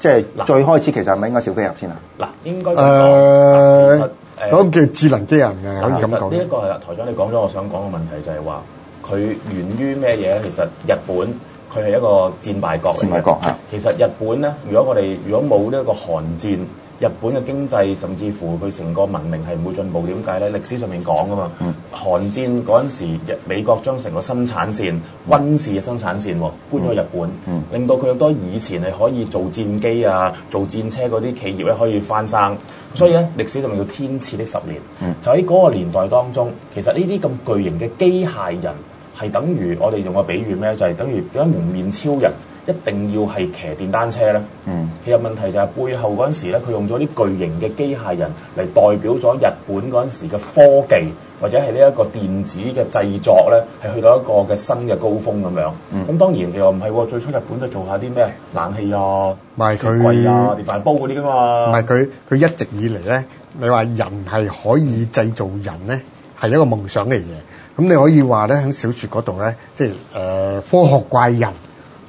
即係、啊、最開始其實係咪應該小飛俠先啊？嗱，應該講。呃講叫智能機人嘅，嗯、其實可以咁講，呢一個係啦，台長你講咗，我想講嘅問題就係話，佢源於咩嘢咧？其實日本佢係一個戰敗國嚟嘅，戰敗國，其實日本咧，如果我哋如果冇呢一個韓戰。日本嘅經濟甚至乎佢成個文明係唔會進步，點解呢？歷史上面講㗎嘛，韓、嗯、戰嗰陣時，日美國將成個生產線、嗯、軍事嘅生產線搬咗去日本，嗯嗯、令到佢好多以前係可以做戰機啊、做戰車嗰啲企業咧可以翻生。嗯、所以咧，歷史上面叫天賜的十年。嗯、就喺嗰個年代當中，其實呢啲咁巨型嘅機械人係等於我哋用個比喻咩？就係、是、等於一蒙面超人。一定要係騎電單車咧，嗯、其實問題就係背後嗰陣時咧，佢用咗啲巨型嘅機械人嚟代表咗日本嗰陣時嘅科技，或者係呢一個電子嘅製作咧，係去到一個嘅新嘅高峰咁樣。咁、嗯、當然又唔係喎，最初日本都做下啲咩冷氣啊、唔係佢啊、電飯煲啲噶嘛，唔係佢，佢一直以嚟咧，你話人係可以製造人咧，係一個夢想嚟嘅嘢。咁你可以話咧，喺小説嗰度咧，即係誒、呃、科學怪人。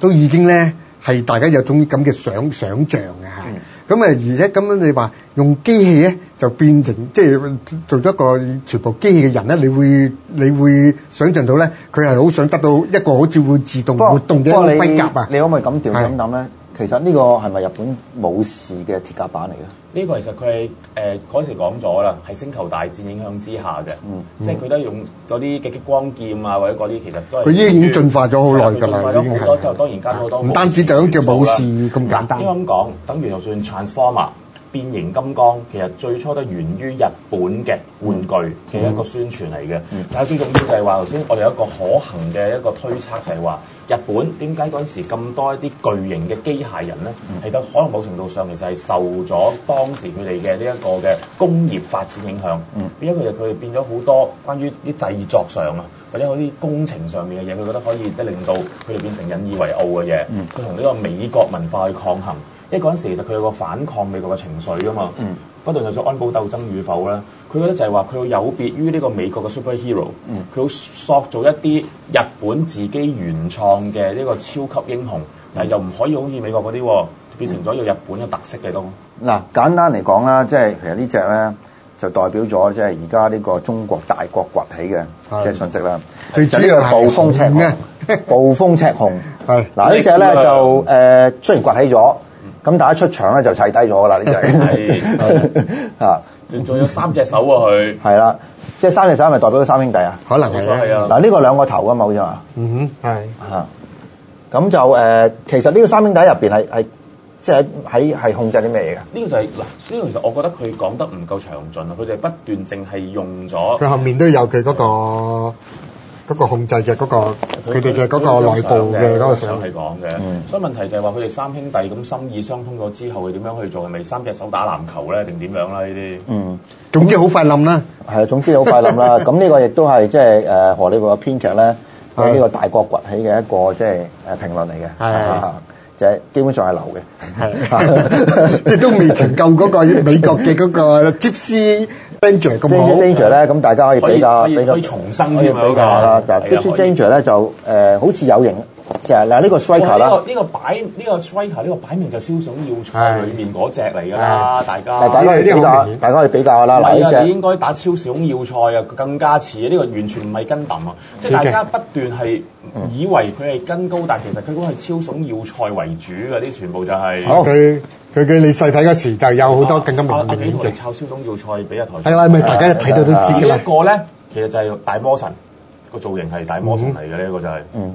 都已經咧，係大家有種咁嘅想想像嘅嚇。咁啊，而且咁樣你話用機器咧，就變成即係做咗一個全部機器嘅人咧，你會你會想像到咧，佢係好想得到一個好似會自動活動嘅一個盔甲啊！你可唔可以咁點諗咧？其實呢個係咪日本武士嘅鐵甲板嚟嘅？呢個其實佢係誒嗰時講咗啦，係星球大戰影響之下嘅，嗯、即係佢都用嗰啲嘅激光劍啊，或者嗰啲其實都係。佢已經已經進化咗好耐㗎喇，好、啊、多之後當然加好多唔、嗯、單止就叫武士咁簡單。因為咁講，等於就算 Transformer 變形金剛，其實最初都源於日本嘅玩具其實一個宣傳嚟嘅。嗯、但係最重要就係話頭先，剛剛我哋有一個可行嘅一個推測就係話。日本點解嗰陣時咁多一啲巨型嘅機械人咧？係得、嗯、可能某程度上其實係受咗當時佢哋嘅呢一個嘅工業發展影響。嗯，因為其實佢哋變咗好多關於啲製作上啊，或者嗰啲工程上面嘅嘢，佢覺得可以即係令到佢哋變成引以為傲嘅嘢。佢同呢個美國文化去抗衡，因為嗰陣時其實佢有個反抗美國嘅情緒㗎嘛。嗯。不斷就做安保鬥爭與否咧，佢覺得就係話佢要有別於呢個美國嘅 Superhero，佢要塑造一啲日本自己原創嘅呢個超級英雄，但係又唔可以好似美國嗰啲，變成咗要日本嘅特色嘅東。嗱、嗯，簡單嚟講啦，即係其實隻呢隻咧就代表咗即係而家呢個中國大國崛起嘅的即係信息啦。呢個暴風赤紅，暴風赤紅。係。嗱呢隻咧就誒，雖然崛起咗。咁大家出場咧就砌低咗啦，呢隻係啊！仲仲 [LAUGHS] 有三隻手喎、啊、佢。係啦， [LAUGHS] 即係三隻手係咪代表咗三兄弟啊？可能係啊。嗱的，呢的個兩個頭嘛，好似話。嗯哼，係啊。咁就誒、呃，其實呢個三兄弟入邊係係即係喺係控制啲咩嘢㗎？呢個就係、是、嗱，呢、這、然、個、其實我覺得佢講得唔夠詳盡啊，佢哋不斷淨係用咗佢後面都有佢嗰、那個。嗰個控制嘅嗰個，佢哋嘅嗰個內部嘅嗰個想係講嘅，所以問題就係話佢哋三兄弟咁心意相通咗之後，佢點樣去做？係咪三隻手打籃球咧，定點樣啦？呢啲嗯，總之好快冧啦。係啊，總之好快冧啦。咁呢個亦都係即係誒荷里活嘅編劇咧佢呢個大國崛起嘅一個即係誒評論嚟嘅，係啊，就係基本上係流嘅，係亦都未曾夠嗰個美國嘅嗰個接師。Danger 咁 Danger 咧，咁大家可以比較比較重生啲嘛嗰個啦，Danger 咧就誒好似有型，就嗱呢個 Striker 啦，呢個擺呢個 Striker 呢個擺明就超重要塞裏面嗰隻嚟噶啦，大家大家可以比較下啦，嗱呢隻應該打超重要塞啊，更加似呢個完全唔係跟抌啊，即係大家不斷係以為佢係跟高，但其實佢嗰個係超重要塞為主嘅，啲全部就係好。佢嘅你細睇嗰時就有好多更加明顯嘅，超時空要塞俾一台。係啦，咪大家睇到都知嘅啦。呢一個咧，其實就係大魔神個造型係大魔神嚟嘅呢個就係。嗯，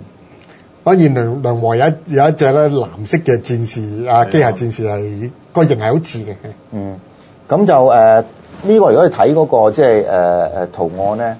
反而另另外有一有一隻咧藍色嘅戰士啊，機械戰士係個型係好似嘅。嗯，咁就誒呢個如果你睇嗰個即係誒誒圖案咧，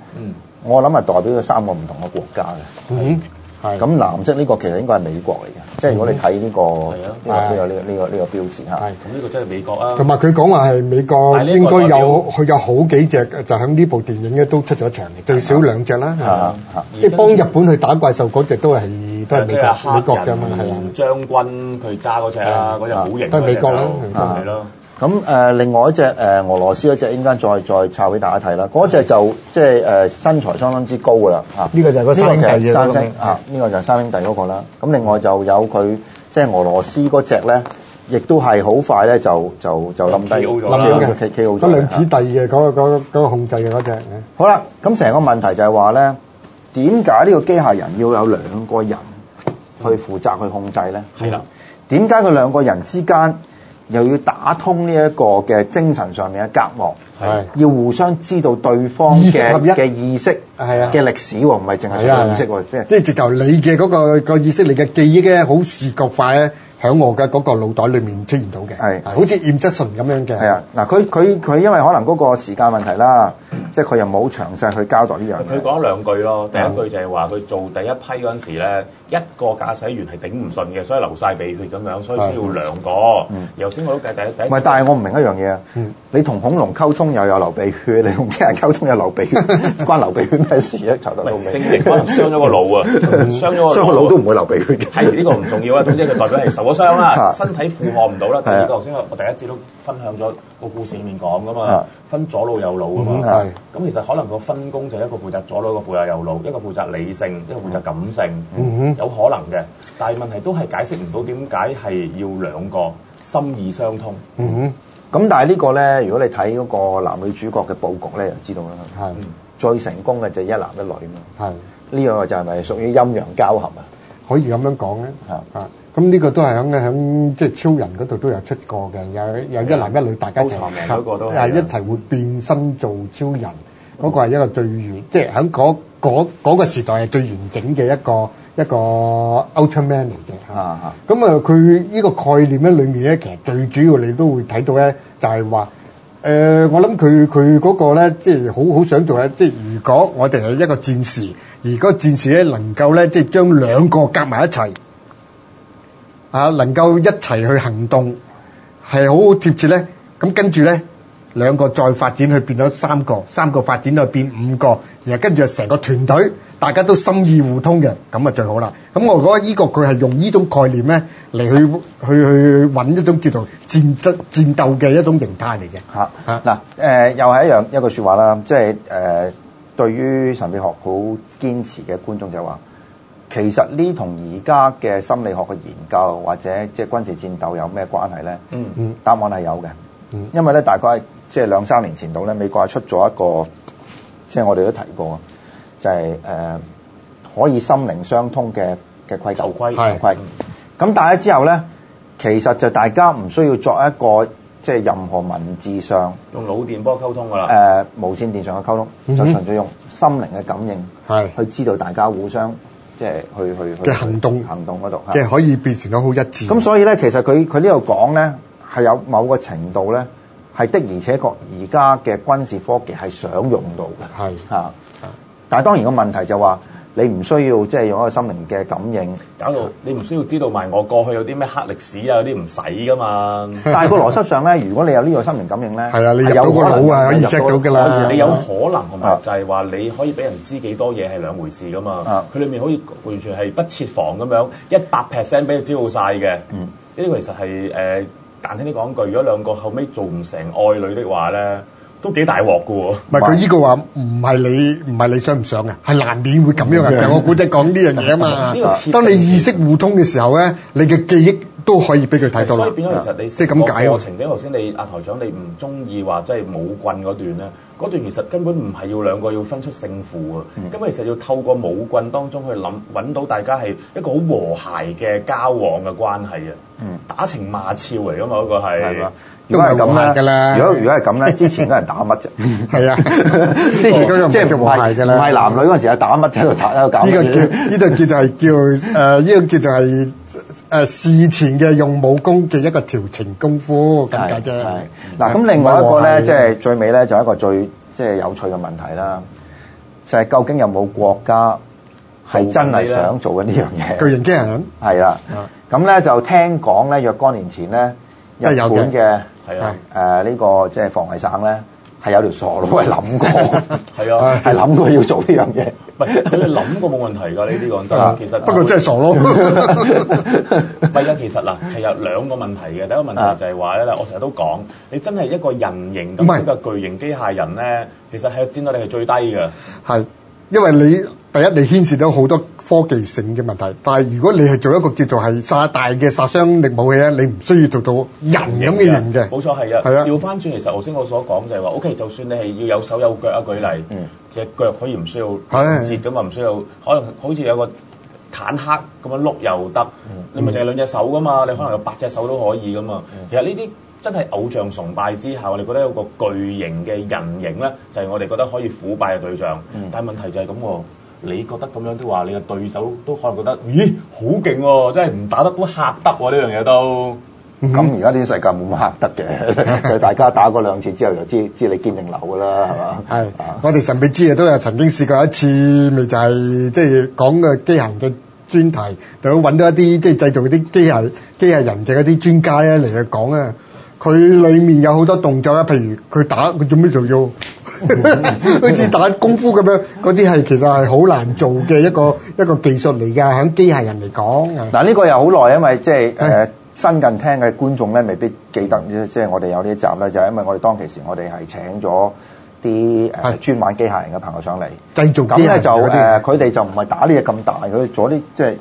我諗係代表咗三個唔同嘅國家嘅。嗯，咁藍色呢個其實應該係美國嚟嘅。即係如果你睇呢個，呢個呢個呢個標誌嚇，咁呢個真係美國啊！同埋佢講話係美國應該有，佢有好幾隻就喺呢部電影咧都出咗場，最少兩隻啦，即係幫日本去打怪獸嗰隻都係都係美國美國㗎嘛，係啦，將軍佢揸嗰隻啊，嗰隻好型，都係美國啦，係咯。咁誒，另外一隻誒，俄羅斯嗰隻應該再再插俾大家睇啦。嗰隻就即係誒身材相當之高噶啦，嚇。呢個就係個三兄弟嘅，啊，呢個就係三兄弟嗰個啦。咁另外就有佢即係俄羅斯嗰隻咧，亦都係好快咧就就就冧低，冧住嗰個兩子弟嘅嗰個嗰個嗰個控制嘅嗰隻。好啦，咁成個問題就係話咧，點解呢個機械人要有兩個人去負責去控制咧？係啦，點解佢兩個人之間？又要打通呢一個嘅精神上面嘅隔膜，係啊，要互相知道對方嘅嘅意，意識，嘅係啊歷史喎，唔係淨係意識喎，即係即係直頭你嘅嗰、嗰個嗰個意識，你嘅記憶咧，好視覺化咧，喺我嘅嗰個腦袋裡面出現到嘅，係好似染色信咁樣嘅。係啊係啊，嗱，佢佢佢因為可能嗰個時間問題啦，即係佢又冇詳細去交代呢樣。佢講兩句咯，第一句就係話佢做第一批嗰陣時咧。一個駕駛員係頂唔順嘅，所以流曬鼻血咁樣，所以需要兩個。頭先我都計第一第一。唔係，但係我唔明一樣嘢啊！你同恐龍溝通又有流鼻血，你同人溝通又流鼻血，關流鼻血咩事啊？就得你？可能傷咗個腦啊！傷咗傷個腦都唔會流鼻血嘅。係呢個唔重要啦，總之佢代表係受咗傷啦，身體負荷唔到啦。第二個頭先我我第一次都分享咗。個故事裏面講㗎嘛，分左腦右腦㗎嘛，咁其實可能個分工就係一個負責左腦，一個負責右腦，一個負責理性，一個負責感性，有可能嘅。但係問題都係解釋唔到點解係要兩個心意相通。咁但係呢個咧，如果你睇嗰個男女主角嘅佈局咧，就知道啦。係，最成功嘅就係一男一女嘛。係，呢個就係咪屬於陰陽交合啊？可以咁樣講咧。啊啊！咁呢個都係響嘅，即係超人嗰度都有出過嘅，有有一男一女大家一齊，係 [NOISE] 一齊會變身做超人。嗰 [NOISE] 個係一個最完，即係響嗰嗰個時代係最完整嘅一個一個 Ultraman 嚟嘅。咁 [NOISE] 啊，佢、啊、呢個概念咧，裏面咧其實最主要你都會睇到咧，就係話誒，我諗佢佢嗰個咧，即係好好想做咧，即係如果我哋係一個戰士，而個戰士咧能夠咧，即係將兩個夾埋一齊。啊，能夠一齊去行動，係好好切咧。咁跟住咧，兩個再發展去變咗三個，三個發展去變五個，然後跟住成個團隊，大家都心意互通嘅，咁啊最好啦。咁、嗯、我覺得呢、這個佢係用呢種概念咧嚟去去去揾一種叫做戰爭戰鬥嘅一種形態嚟嘅。嚇嗱、啊，誒、啊呃、又係一樣一個説話啦，即係誒對於神碧學好堅持嘅觀眾就話、是。其實呢同而家嘅心理學嘅研究或者即係軍事戰鬥有咩關係咧、嗯？嗯嗯，答案係有嘅，因為咧大概即係兩三年前度咧，美國係出咗一個，即、就、係、是、我哋都提過，就係、是、誒、呃、可以心靈相通嘅嘅規條規條咁是但係之後咧，其實就大家唔需要作一個即係、就是、任何文字上用腦電波溝通噶啦，誒、呃、無線電上嘅溝通，嗯、哼就純粹用心靈嘅感應係是去知道大家互相。即係去去去嘅行動，行動嗰度，即係可以變成咗好一致。咁所以咧，其實佢佢呢度講咧，係有某個程度咧，係的而且確而家嘅軍事科技係想用到嘅，係吓的的。但係當然個問題就話。你唔需要即係用一個心靈嘅感應，搞到你唔需要知道埋我過去有啲咩黑歷史啊，有啲唔使噶嘛。 [LAUGHS] 但係個邏輯上咧，如果你有呢個心靈感應咧，係啊， [LAUGHS] 你入到個腦啊，有可以入到嘅啦。的你有可能同埋就係話你可以俾人知幾多嘢係兩回事噶嘛。佢裡面可以完全係不設防咁樣，一百 percent 俾佢知道晒嘅。呢、嗯、個其實係誒，簡單啲講句，如果兩個後尾做唔成愛侶的話咧。都幾大鑊嘅喎！唔係佢依個話，唔係你，唔係你想唔想嘅，係難免會咁樣嘅。其實的我故仔講呢樣嘢啊嘛。的當你意識互通嘅時候咧，你嘅記憶都可以俾佢睇到咯。所以變咗其實你即係咁解喎。過的程咧，頭先你阿台長你唔中意話即係武棍嗰段咧，嗰段其實根本唔係要兩個要分出勝負啊。嗯、根本其實要透過武棍當中去諗揾，到大家係一個好和諧嘅交往嘅關係啊！嗯、打情罵俏嚟嘅嘛嗰個係。都係咁嘅啦。如果如果係咁咧， [LAUGHS] 之前嗰人打乜啫？係啊，之前嗰又即係唔係嘅啦。唔係男女嗰陣時啊，打乜喺度打喺度搞。呢個叫呢個叫就係叫誒呢個叫做係誒、呃這個、事前嘅用武功嘅一個調情功夫咁解啫。嗱咁另外一個咧，即係的最尾咧，就一個最即係有趣嘅問題啦，就係、是、究竟有冇國家係真係想做緊呢樣嘢？巨型機器人係啦。咁咧就聽講咧，若干年前咧，日本嘅。係啊，誒、呃這個就是、呢個即係防衞省咧，係有條傻佬係諗過，係 [LAUGHS] 啊，係諗過要做呢樣嘢。唔係，你諗過冇問題㗎，呢啲講，其實不過真係傻咯。唔係啊，其實嗱係有兩個問題嘅。第一個問題就係話咧，啊、我成日都講，你真係一個人形咁樣嘅巨型機械人咧，是其實係戰力係最低㗎。係，因為你。第一，你牽涉到好多科技性嘅問題。但係，如果你係做一個叫做係殺大嘅殺傷力武器咧，你唔需要做到人咁嘅形嘅。冇錯，係啊。係啊的。調返轉，其實頭先我所講就係話，OK，就算你係要有手有腳啊，舉例，嗯、其實腳可以唔需要折嘅嘛，唔的需要可能好似有個坦克咁樣碌又得。嗯、你咪就係兩隻手㗎嘛，嗯、你可能有八隻手都可以㗎嘛。嗯、其實呢啲真係偶像崇拜之下，我哋覺得有個巨型嘅人形咧，就係、是、我哋覺得可以腐敗嘅對象。但係問題就係咁喎。嗯你覺得咁樣都話你嘅對手都可能覺得，咦，好勁喎！真係唔打得都嚇得喎，呢樣嘢都。咁而家呢啲世界冇乜嚇得嘅， [LAUGHS] 大家打過兩次之後又知 [LAUGHS] 你知你堅定流噶啦，係嘛？係，我哋神秘之夜，都有曾經試過一次，咪就係即係講嘅機械人嘅專題，就揾到一啲即係製造啲機械機械人嘅嗰啲專家咧嚟去講啊。佢裏面有好多動作啊，譬如佢打佢做咩就要。好似打功夫咁樣，嗰啲係其實係好難做嘅一個一個技術嚟噶，喺機械人嚟講。嗱呢個又好耐，因為即係誒新近聽嘅觀眾咧，未必記得，即係我哋有呢一集咧，就係因為我哋當其時我哋係請咗啲誒專玩機械人嘅朋友上嚟，製造啲咧就誒，佢哋就唔係打呢隻咁大，佢哋做啲即係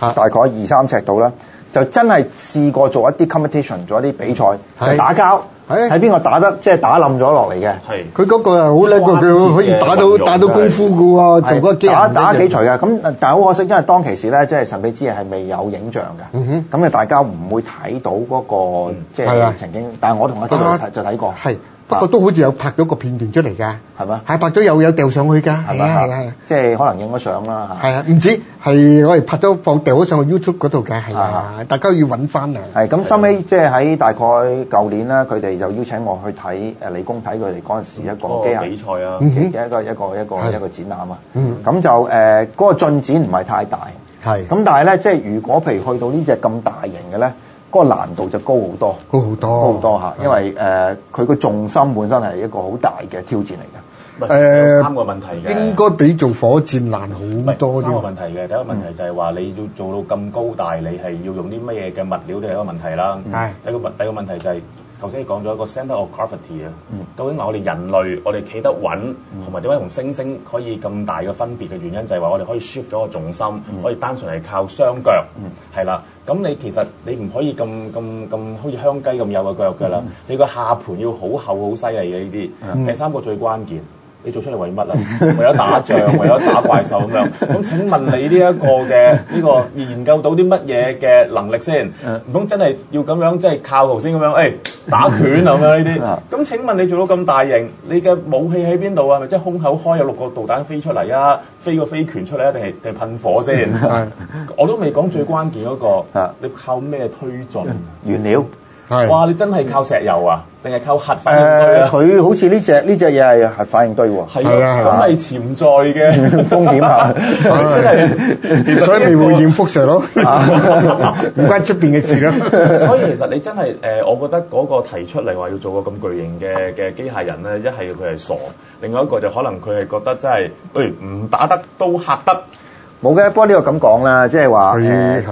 大概二三尺度啦，就真係試過做一啲 competition，做一啲比賽，就打交。喺喺邊個打得，即係打冧咗落嚟嘅？係佢嗰個好叻嘅，佢可以打到用打到功夫嘅喎，的做嗰幾打打幾錘嘅。咁但係好可惜，因為當其時咧，即係神秘之夜係未有影像嘅。嗯、哼，咁啊，大家唔會睇到嗰、那個、嗯、即係情景。的但係我同阿基就睇就睇過，個都好似有拍咗個片段出嚟㗎，係嘛？係拍咗又有掉上去㗎。係啊係啊，即係可能影咗相啦嚇。係啊，唔止係我哋拍咗放掉上去 YouTube 嗰度嘅，係大家要揾翻嚟，係咁收尾，即係喺大概舊年啦，佢哋又邀請我去睇誒理工睇佢哋嗰陣時一個機械比賽啊，一個一個一個一個展覽啊。咁就誒嗰個進展唔係太大。係咁，但係咧，即係如果譬如去到呢隻咁大型嘅咧。個難度就高好多，高好多，高好多嚇！因為誒，佢個是的、呃、重心本身係一個好大嘅挑戰嚟嘅。誒，三個問題嘅、呃，應該比做火箭難好多。呢個問題嘅，第一個問題就係話、嗯、你要做到咁高大，你係要用啲乜嘢嘅物料都係一個問題啦。係，第二個問第二個問題就係、是。頭先講咗一個 center of gravity 啊、嗯，究竟話我哋人類我哋企得穩，同埋點解同猩猩可以咁大嘅分別嘅原因，就係話我哋可以 shift 咗個重心，嗯、可以單純係靠雙腳，係啦、嗯。咁你其實你唔可以咁咁咁好似香雞咁有個腳噶啦，嗯、你個下盤要好厚好犀利嘅呢啲，嗯、第三個最關鍵。你做出嚟為乜啊？為咗打仗，為咗打怪獸咁樣。咁請問你呢一個嘅呢個研究到啲乜嘢嘅能力先？唔通真係要咁樣即係靠頭先咁樣？誒打拳咁樣呢啲？咁請問你做到咁大型，你嘅武器喺邊度啊？係咪即係胸口開有六個導彈飛出嚟啊？飛個飛拳出嚟啊？定係定係噴火先？我都未講最關鍵嗰個，你靠咩推進？燃料。哇！你真係靠石油啊？定係靠核啊？佢好似呢隻呢隻嘢係核反應堆喎，啊、呃，咁係的的潛在嘅風險啊， [LAUGHS] 其實這個、所以咪會染輻射咯，唔關出邊嘅事咯。 [LAUGHS] 所以其實你真係誒，我覺得嗰個提出嚟話要做個咁巨型嘅嘅機械人咧，一係佢係傻，另外一個就可能佢係覺得真係，誒唔打得都嚇得。冇嘅，不過呢個咁講啦，即係話，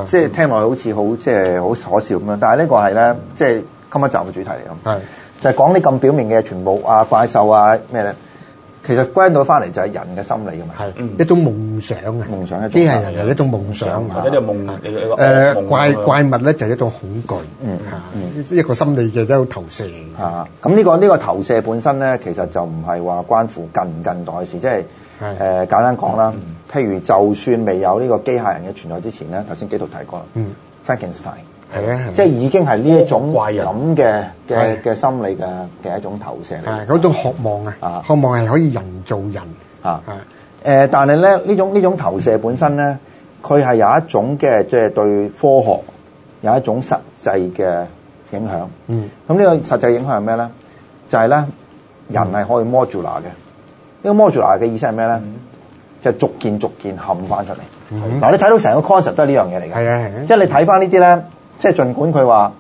即係聽落好似好即係好可笑咁樣。但係呢個係咧，即係今日集嘅主題嚟咁，就係講啲咁表面嘅全部啊怪獸啊咩咧，其實歸到翻嚟就係人嘅心理㗎嘛，一種夢想嘅夢想，啲係人係一種夢想啊，誒怪怪物咧就係一種恐懼，一個心理嘅一種投射。咁呢個呢個投射本身咧，其實就唔係話關乎近唔近代事，即係誒簡單講啦。譬如就算未有呢個機械人嘅存在之前咧，頭先幾度提過啦。嗯。Frankenstein 係咧，即係已經係呢一種咁嘅嘅嘅心理嘅嘅一種投射。係嗰種渴望啊！啊，渴望係可以人造人啊！誒的的、呃，但係咧呢種呢種投射本身咧，佢係有一種嘅即係對科學有一種實際嘅影響。嗯。咁呢個實際影響係咩咧？就係咧，人係可以 modular 嘅。呢、呢個 modular 嘅意思係咩咧？嗯就逐件逐件冚翻出嚟嗱，你睇到成個 concept 都係呢樣嘢嚟嘅。即係你睇翻呢啲咧，即係儘管佢話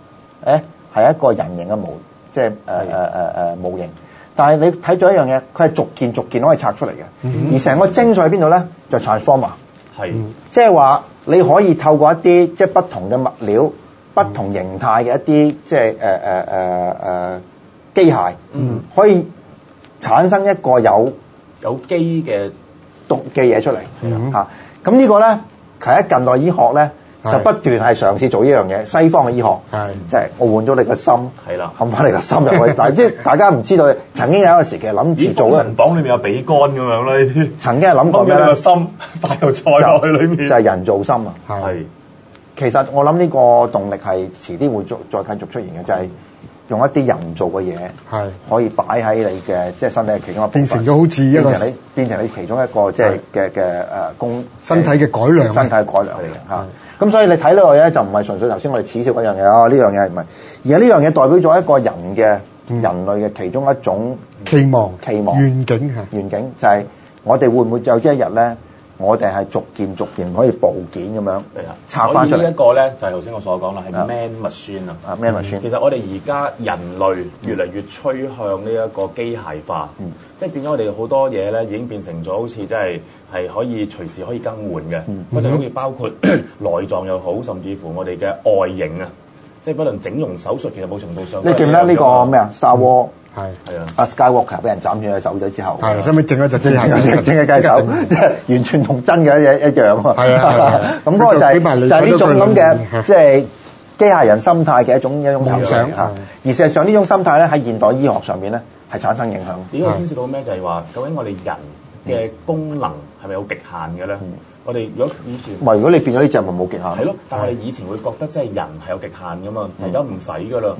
誒係一個人形嘅模，即係誒誒誒誒模型，但係你睇咗一樣嘢，佢係逐件逐件可以拆出嚟嘅，而成個精髓喺邊度咧？就 transformer，係即係話你可以透過一啲即係不同嘅物料、不同形態嘅一啲即係誒誒誒誒機械，嗯，可以產生一個有有機嘅。嘅嘢出嚟嚇，咁呢個咧其實喺近代醫學咧就不斷係嘗試做呢樣嘢，西方嘅醫學，即係我換咗你個心，係啦，冚翻你個心入去，但係即係大家唔知道曾經有一個時期諗住做咧，封神榜裏面有比干咁樣啦，呢啲曾經係諗過咩咧？個心，擺入菜入去裏面，就係人造心啊！係，其實我諗呢個動力係遲啲會再再繼續出現嘅，就係。用一啲人造嘅嘢，係可以擺喺你嘅即係身體嘅其中一變成咗好似一個人，變成你其中一個即係嘅嘅誒工身體嘅改良，身體嘅改良嚟嘅嚇。咁所以你睇落咧就唔係純粹頭先我哋恥笑嗰、哦、樣嘢啊，呢樣嘢唔係，而係呢樣嘢代表咗一個人嘅、嗯、人類嘅其中一種期望、期望、願景啊，願景，願景就係、是、我哋會唔會有朝一日咧？我哋係逐件逐件可以部件咁樣拆翻出呢一個咧，就係頭先我所講啦、yeah, man 嗯，係 Man Machine 啊！啊，Man Machine 其實我哋而家人類越嚟越趨向呢一個機械化，嗯、即係變咗我哋好多嘢咧已經變成咗好似真係可以隨時可以更換嘅。我哋好似包括內臟又好，甚至乎我哋嘅外形。啊，即係不論整容手術，其實某程度上你記唔記得呢個咩啊？Star Wars、嗯。係係啊！啊 Skywalker 俾人斬斷隻手咗之後，係啦，使唔使整一隻機械人整嘅介手，即係完全同真嘅一一樣啊！係啊，咁嗰個就係就係呢種咁嘅即係機械人心態嘅一種一種夢想嚇。而事實上呢種心態咧喺現代醫學上面咧係產生影響。點解牽涉到咩？就係話究竟我哋人嘅功能係咪有極限嘅咧？我哋如果以前唔係，如果你變咗呢隻咪冇極限。係咯，但係以前會覺得即係人係有極限噶嘛，係而家唔使噶啦。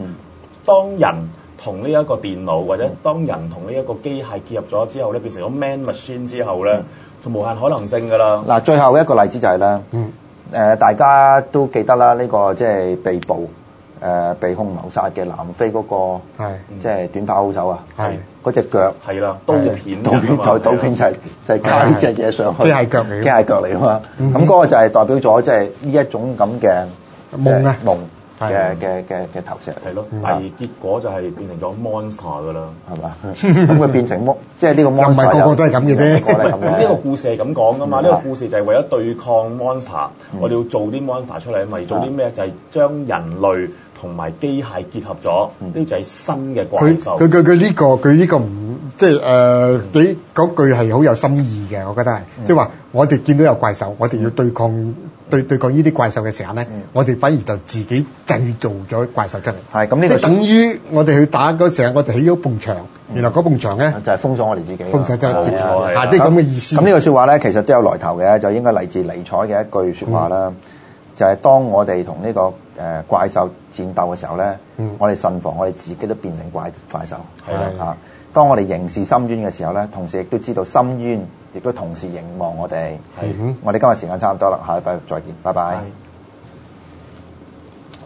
當人同呢一個電腦，或者當人同呢一個機械結合咗之後咧，變成咗 man machine 之後咧，就無限可能性㗎喇。嗱，最後一個例子就係咧，誒大家都記得啦，呢個即係被捕誒被控謀殺嘅南非嗰個，即係短跑好手啊，嗰隻腳，刀片、刀片再刀片，就係就加呢隻嘢上去，機械腳嚟，機械腳嚟啊嘛。咁嗰個就係代表咗即係呢一種咁嘅夢啊夢。嘅嘅嘅嘅投射，係咯。但係結果就係變成咗 monster 噶啦，係嘛？咁佢變成 m 即係呢個 monster 唔係個個都係咁嘅啫。咁呢個故事係咁講噶嘛？呢個故事就係為咗對抗 monster、嗯、我哋要做啲 monster 出嚟，因為做啲咩就係、是、將人類同埋機械結合咗，呢啲就係新嘅怪獸。佢佢佢呢個佢呢個唔即係誒？你、就、嗰、是呃嗯、句係好有深意嘅，我覺得係。即係話我哋見到有怪獸，我哋要對抗。對對抗呢啲怪獸嘅時候咧，我哋反而就自己製造咗怪獸出嚟。係咁，呢個即等於我哋去打嗰時候，我哋起咗一埲牆。原來嗰埲牆咧，就係封鎖我哋自己。封鎖即係正確，係咁嘅意思。咁呢個説話咧，其實都有來頭嘅，就應該嚟自尼采嘅一句説話啦。就係當我哋同呢個誒怪獸戰鬥嘅時候咧，我哋慎防我哋自己都變成怪怪獸。係啊。當我哋凝視深淵嘅時候咧，同時亦都知道深淵亦都同時凝望我哋。的我哋今日時間差唔多啦，下禮拜再見，拜拜。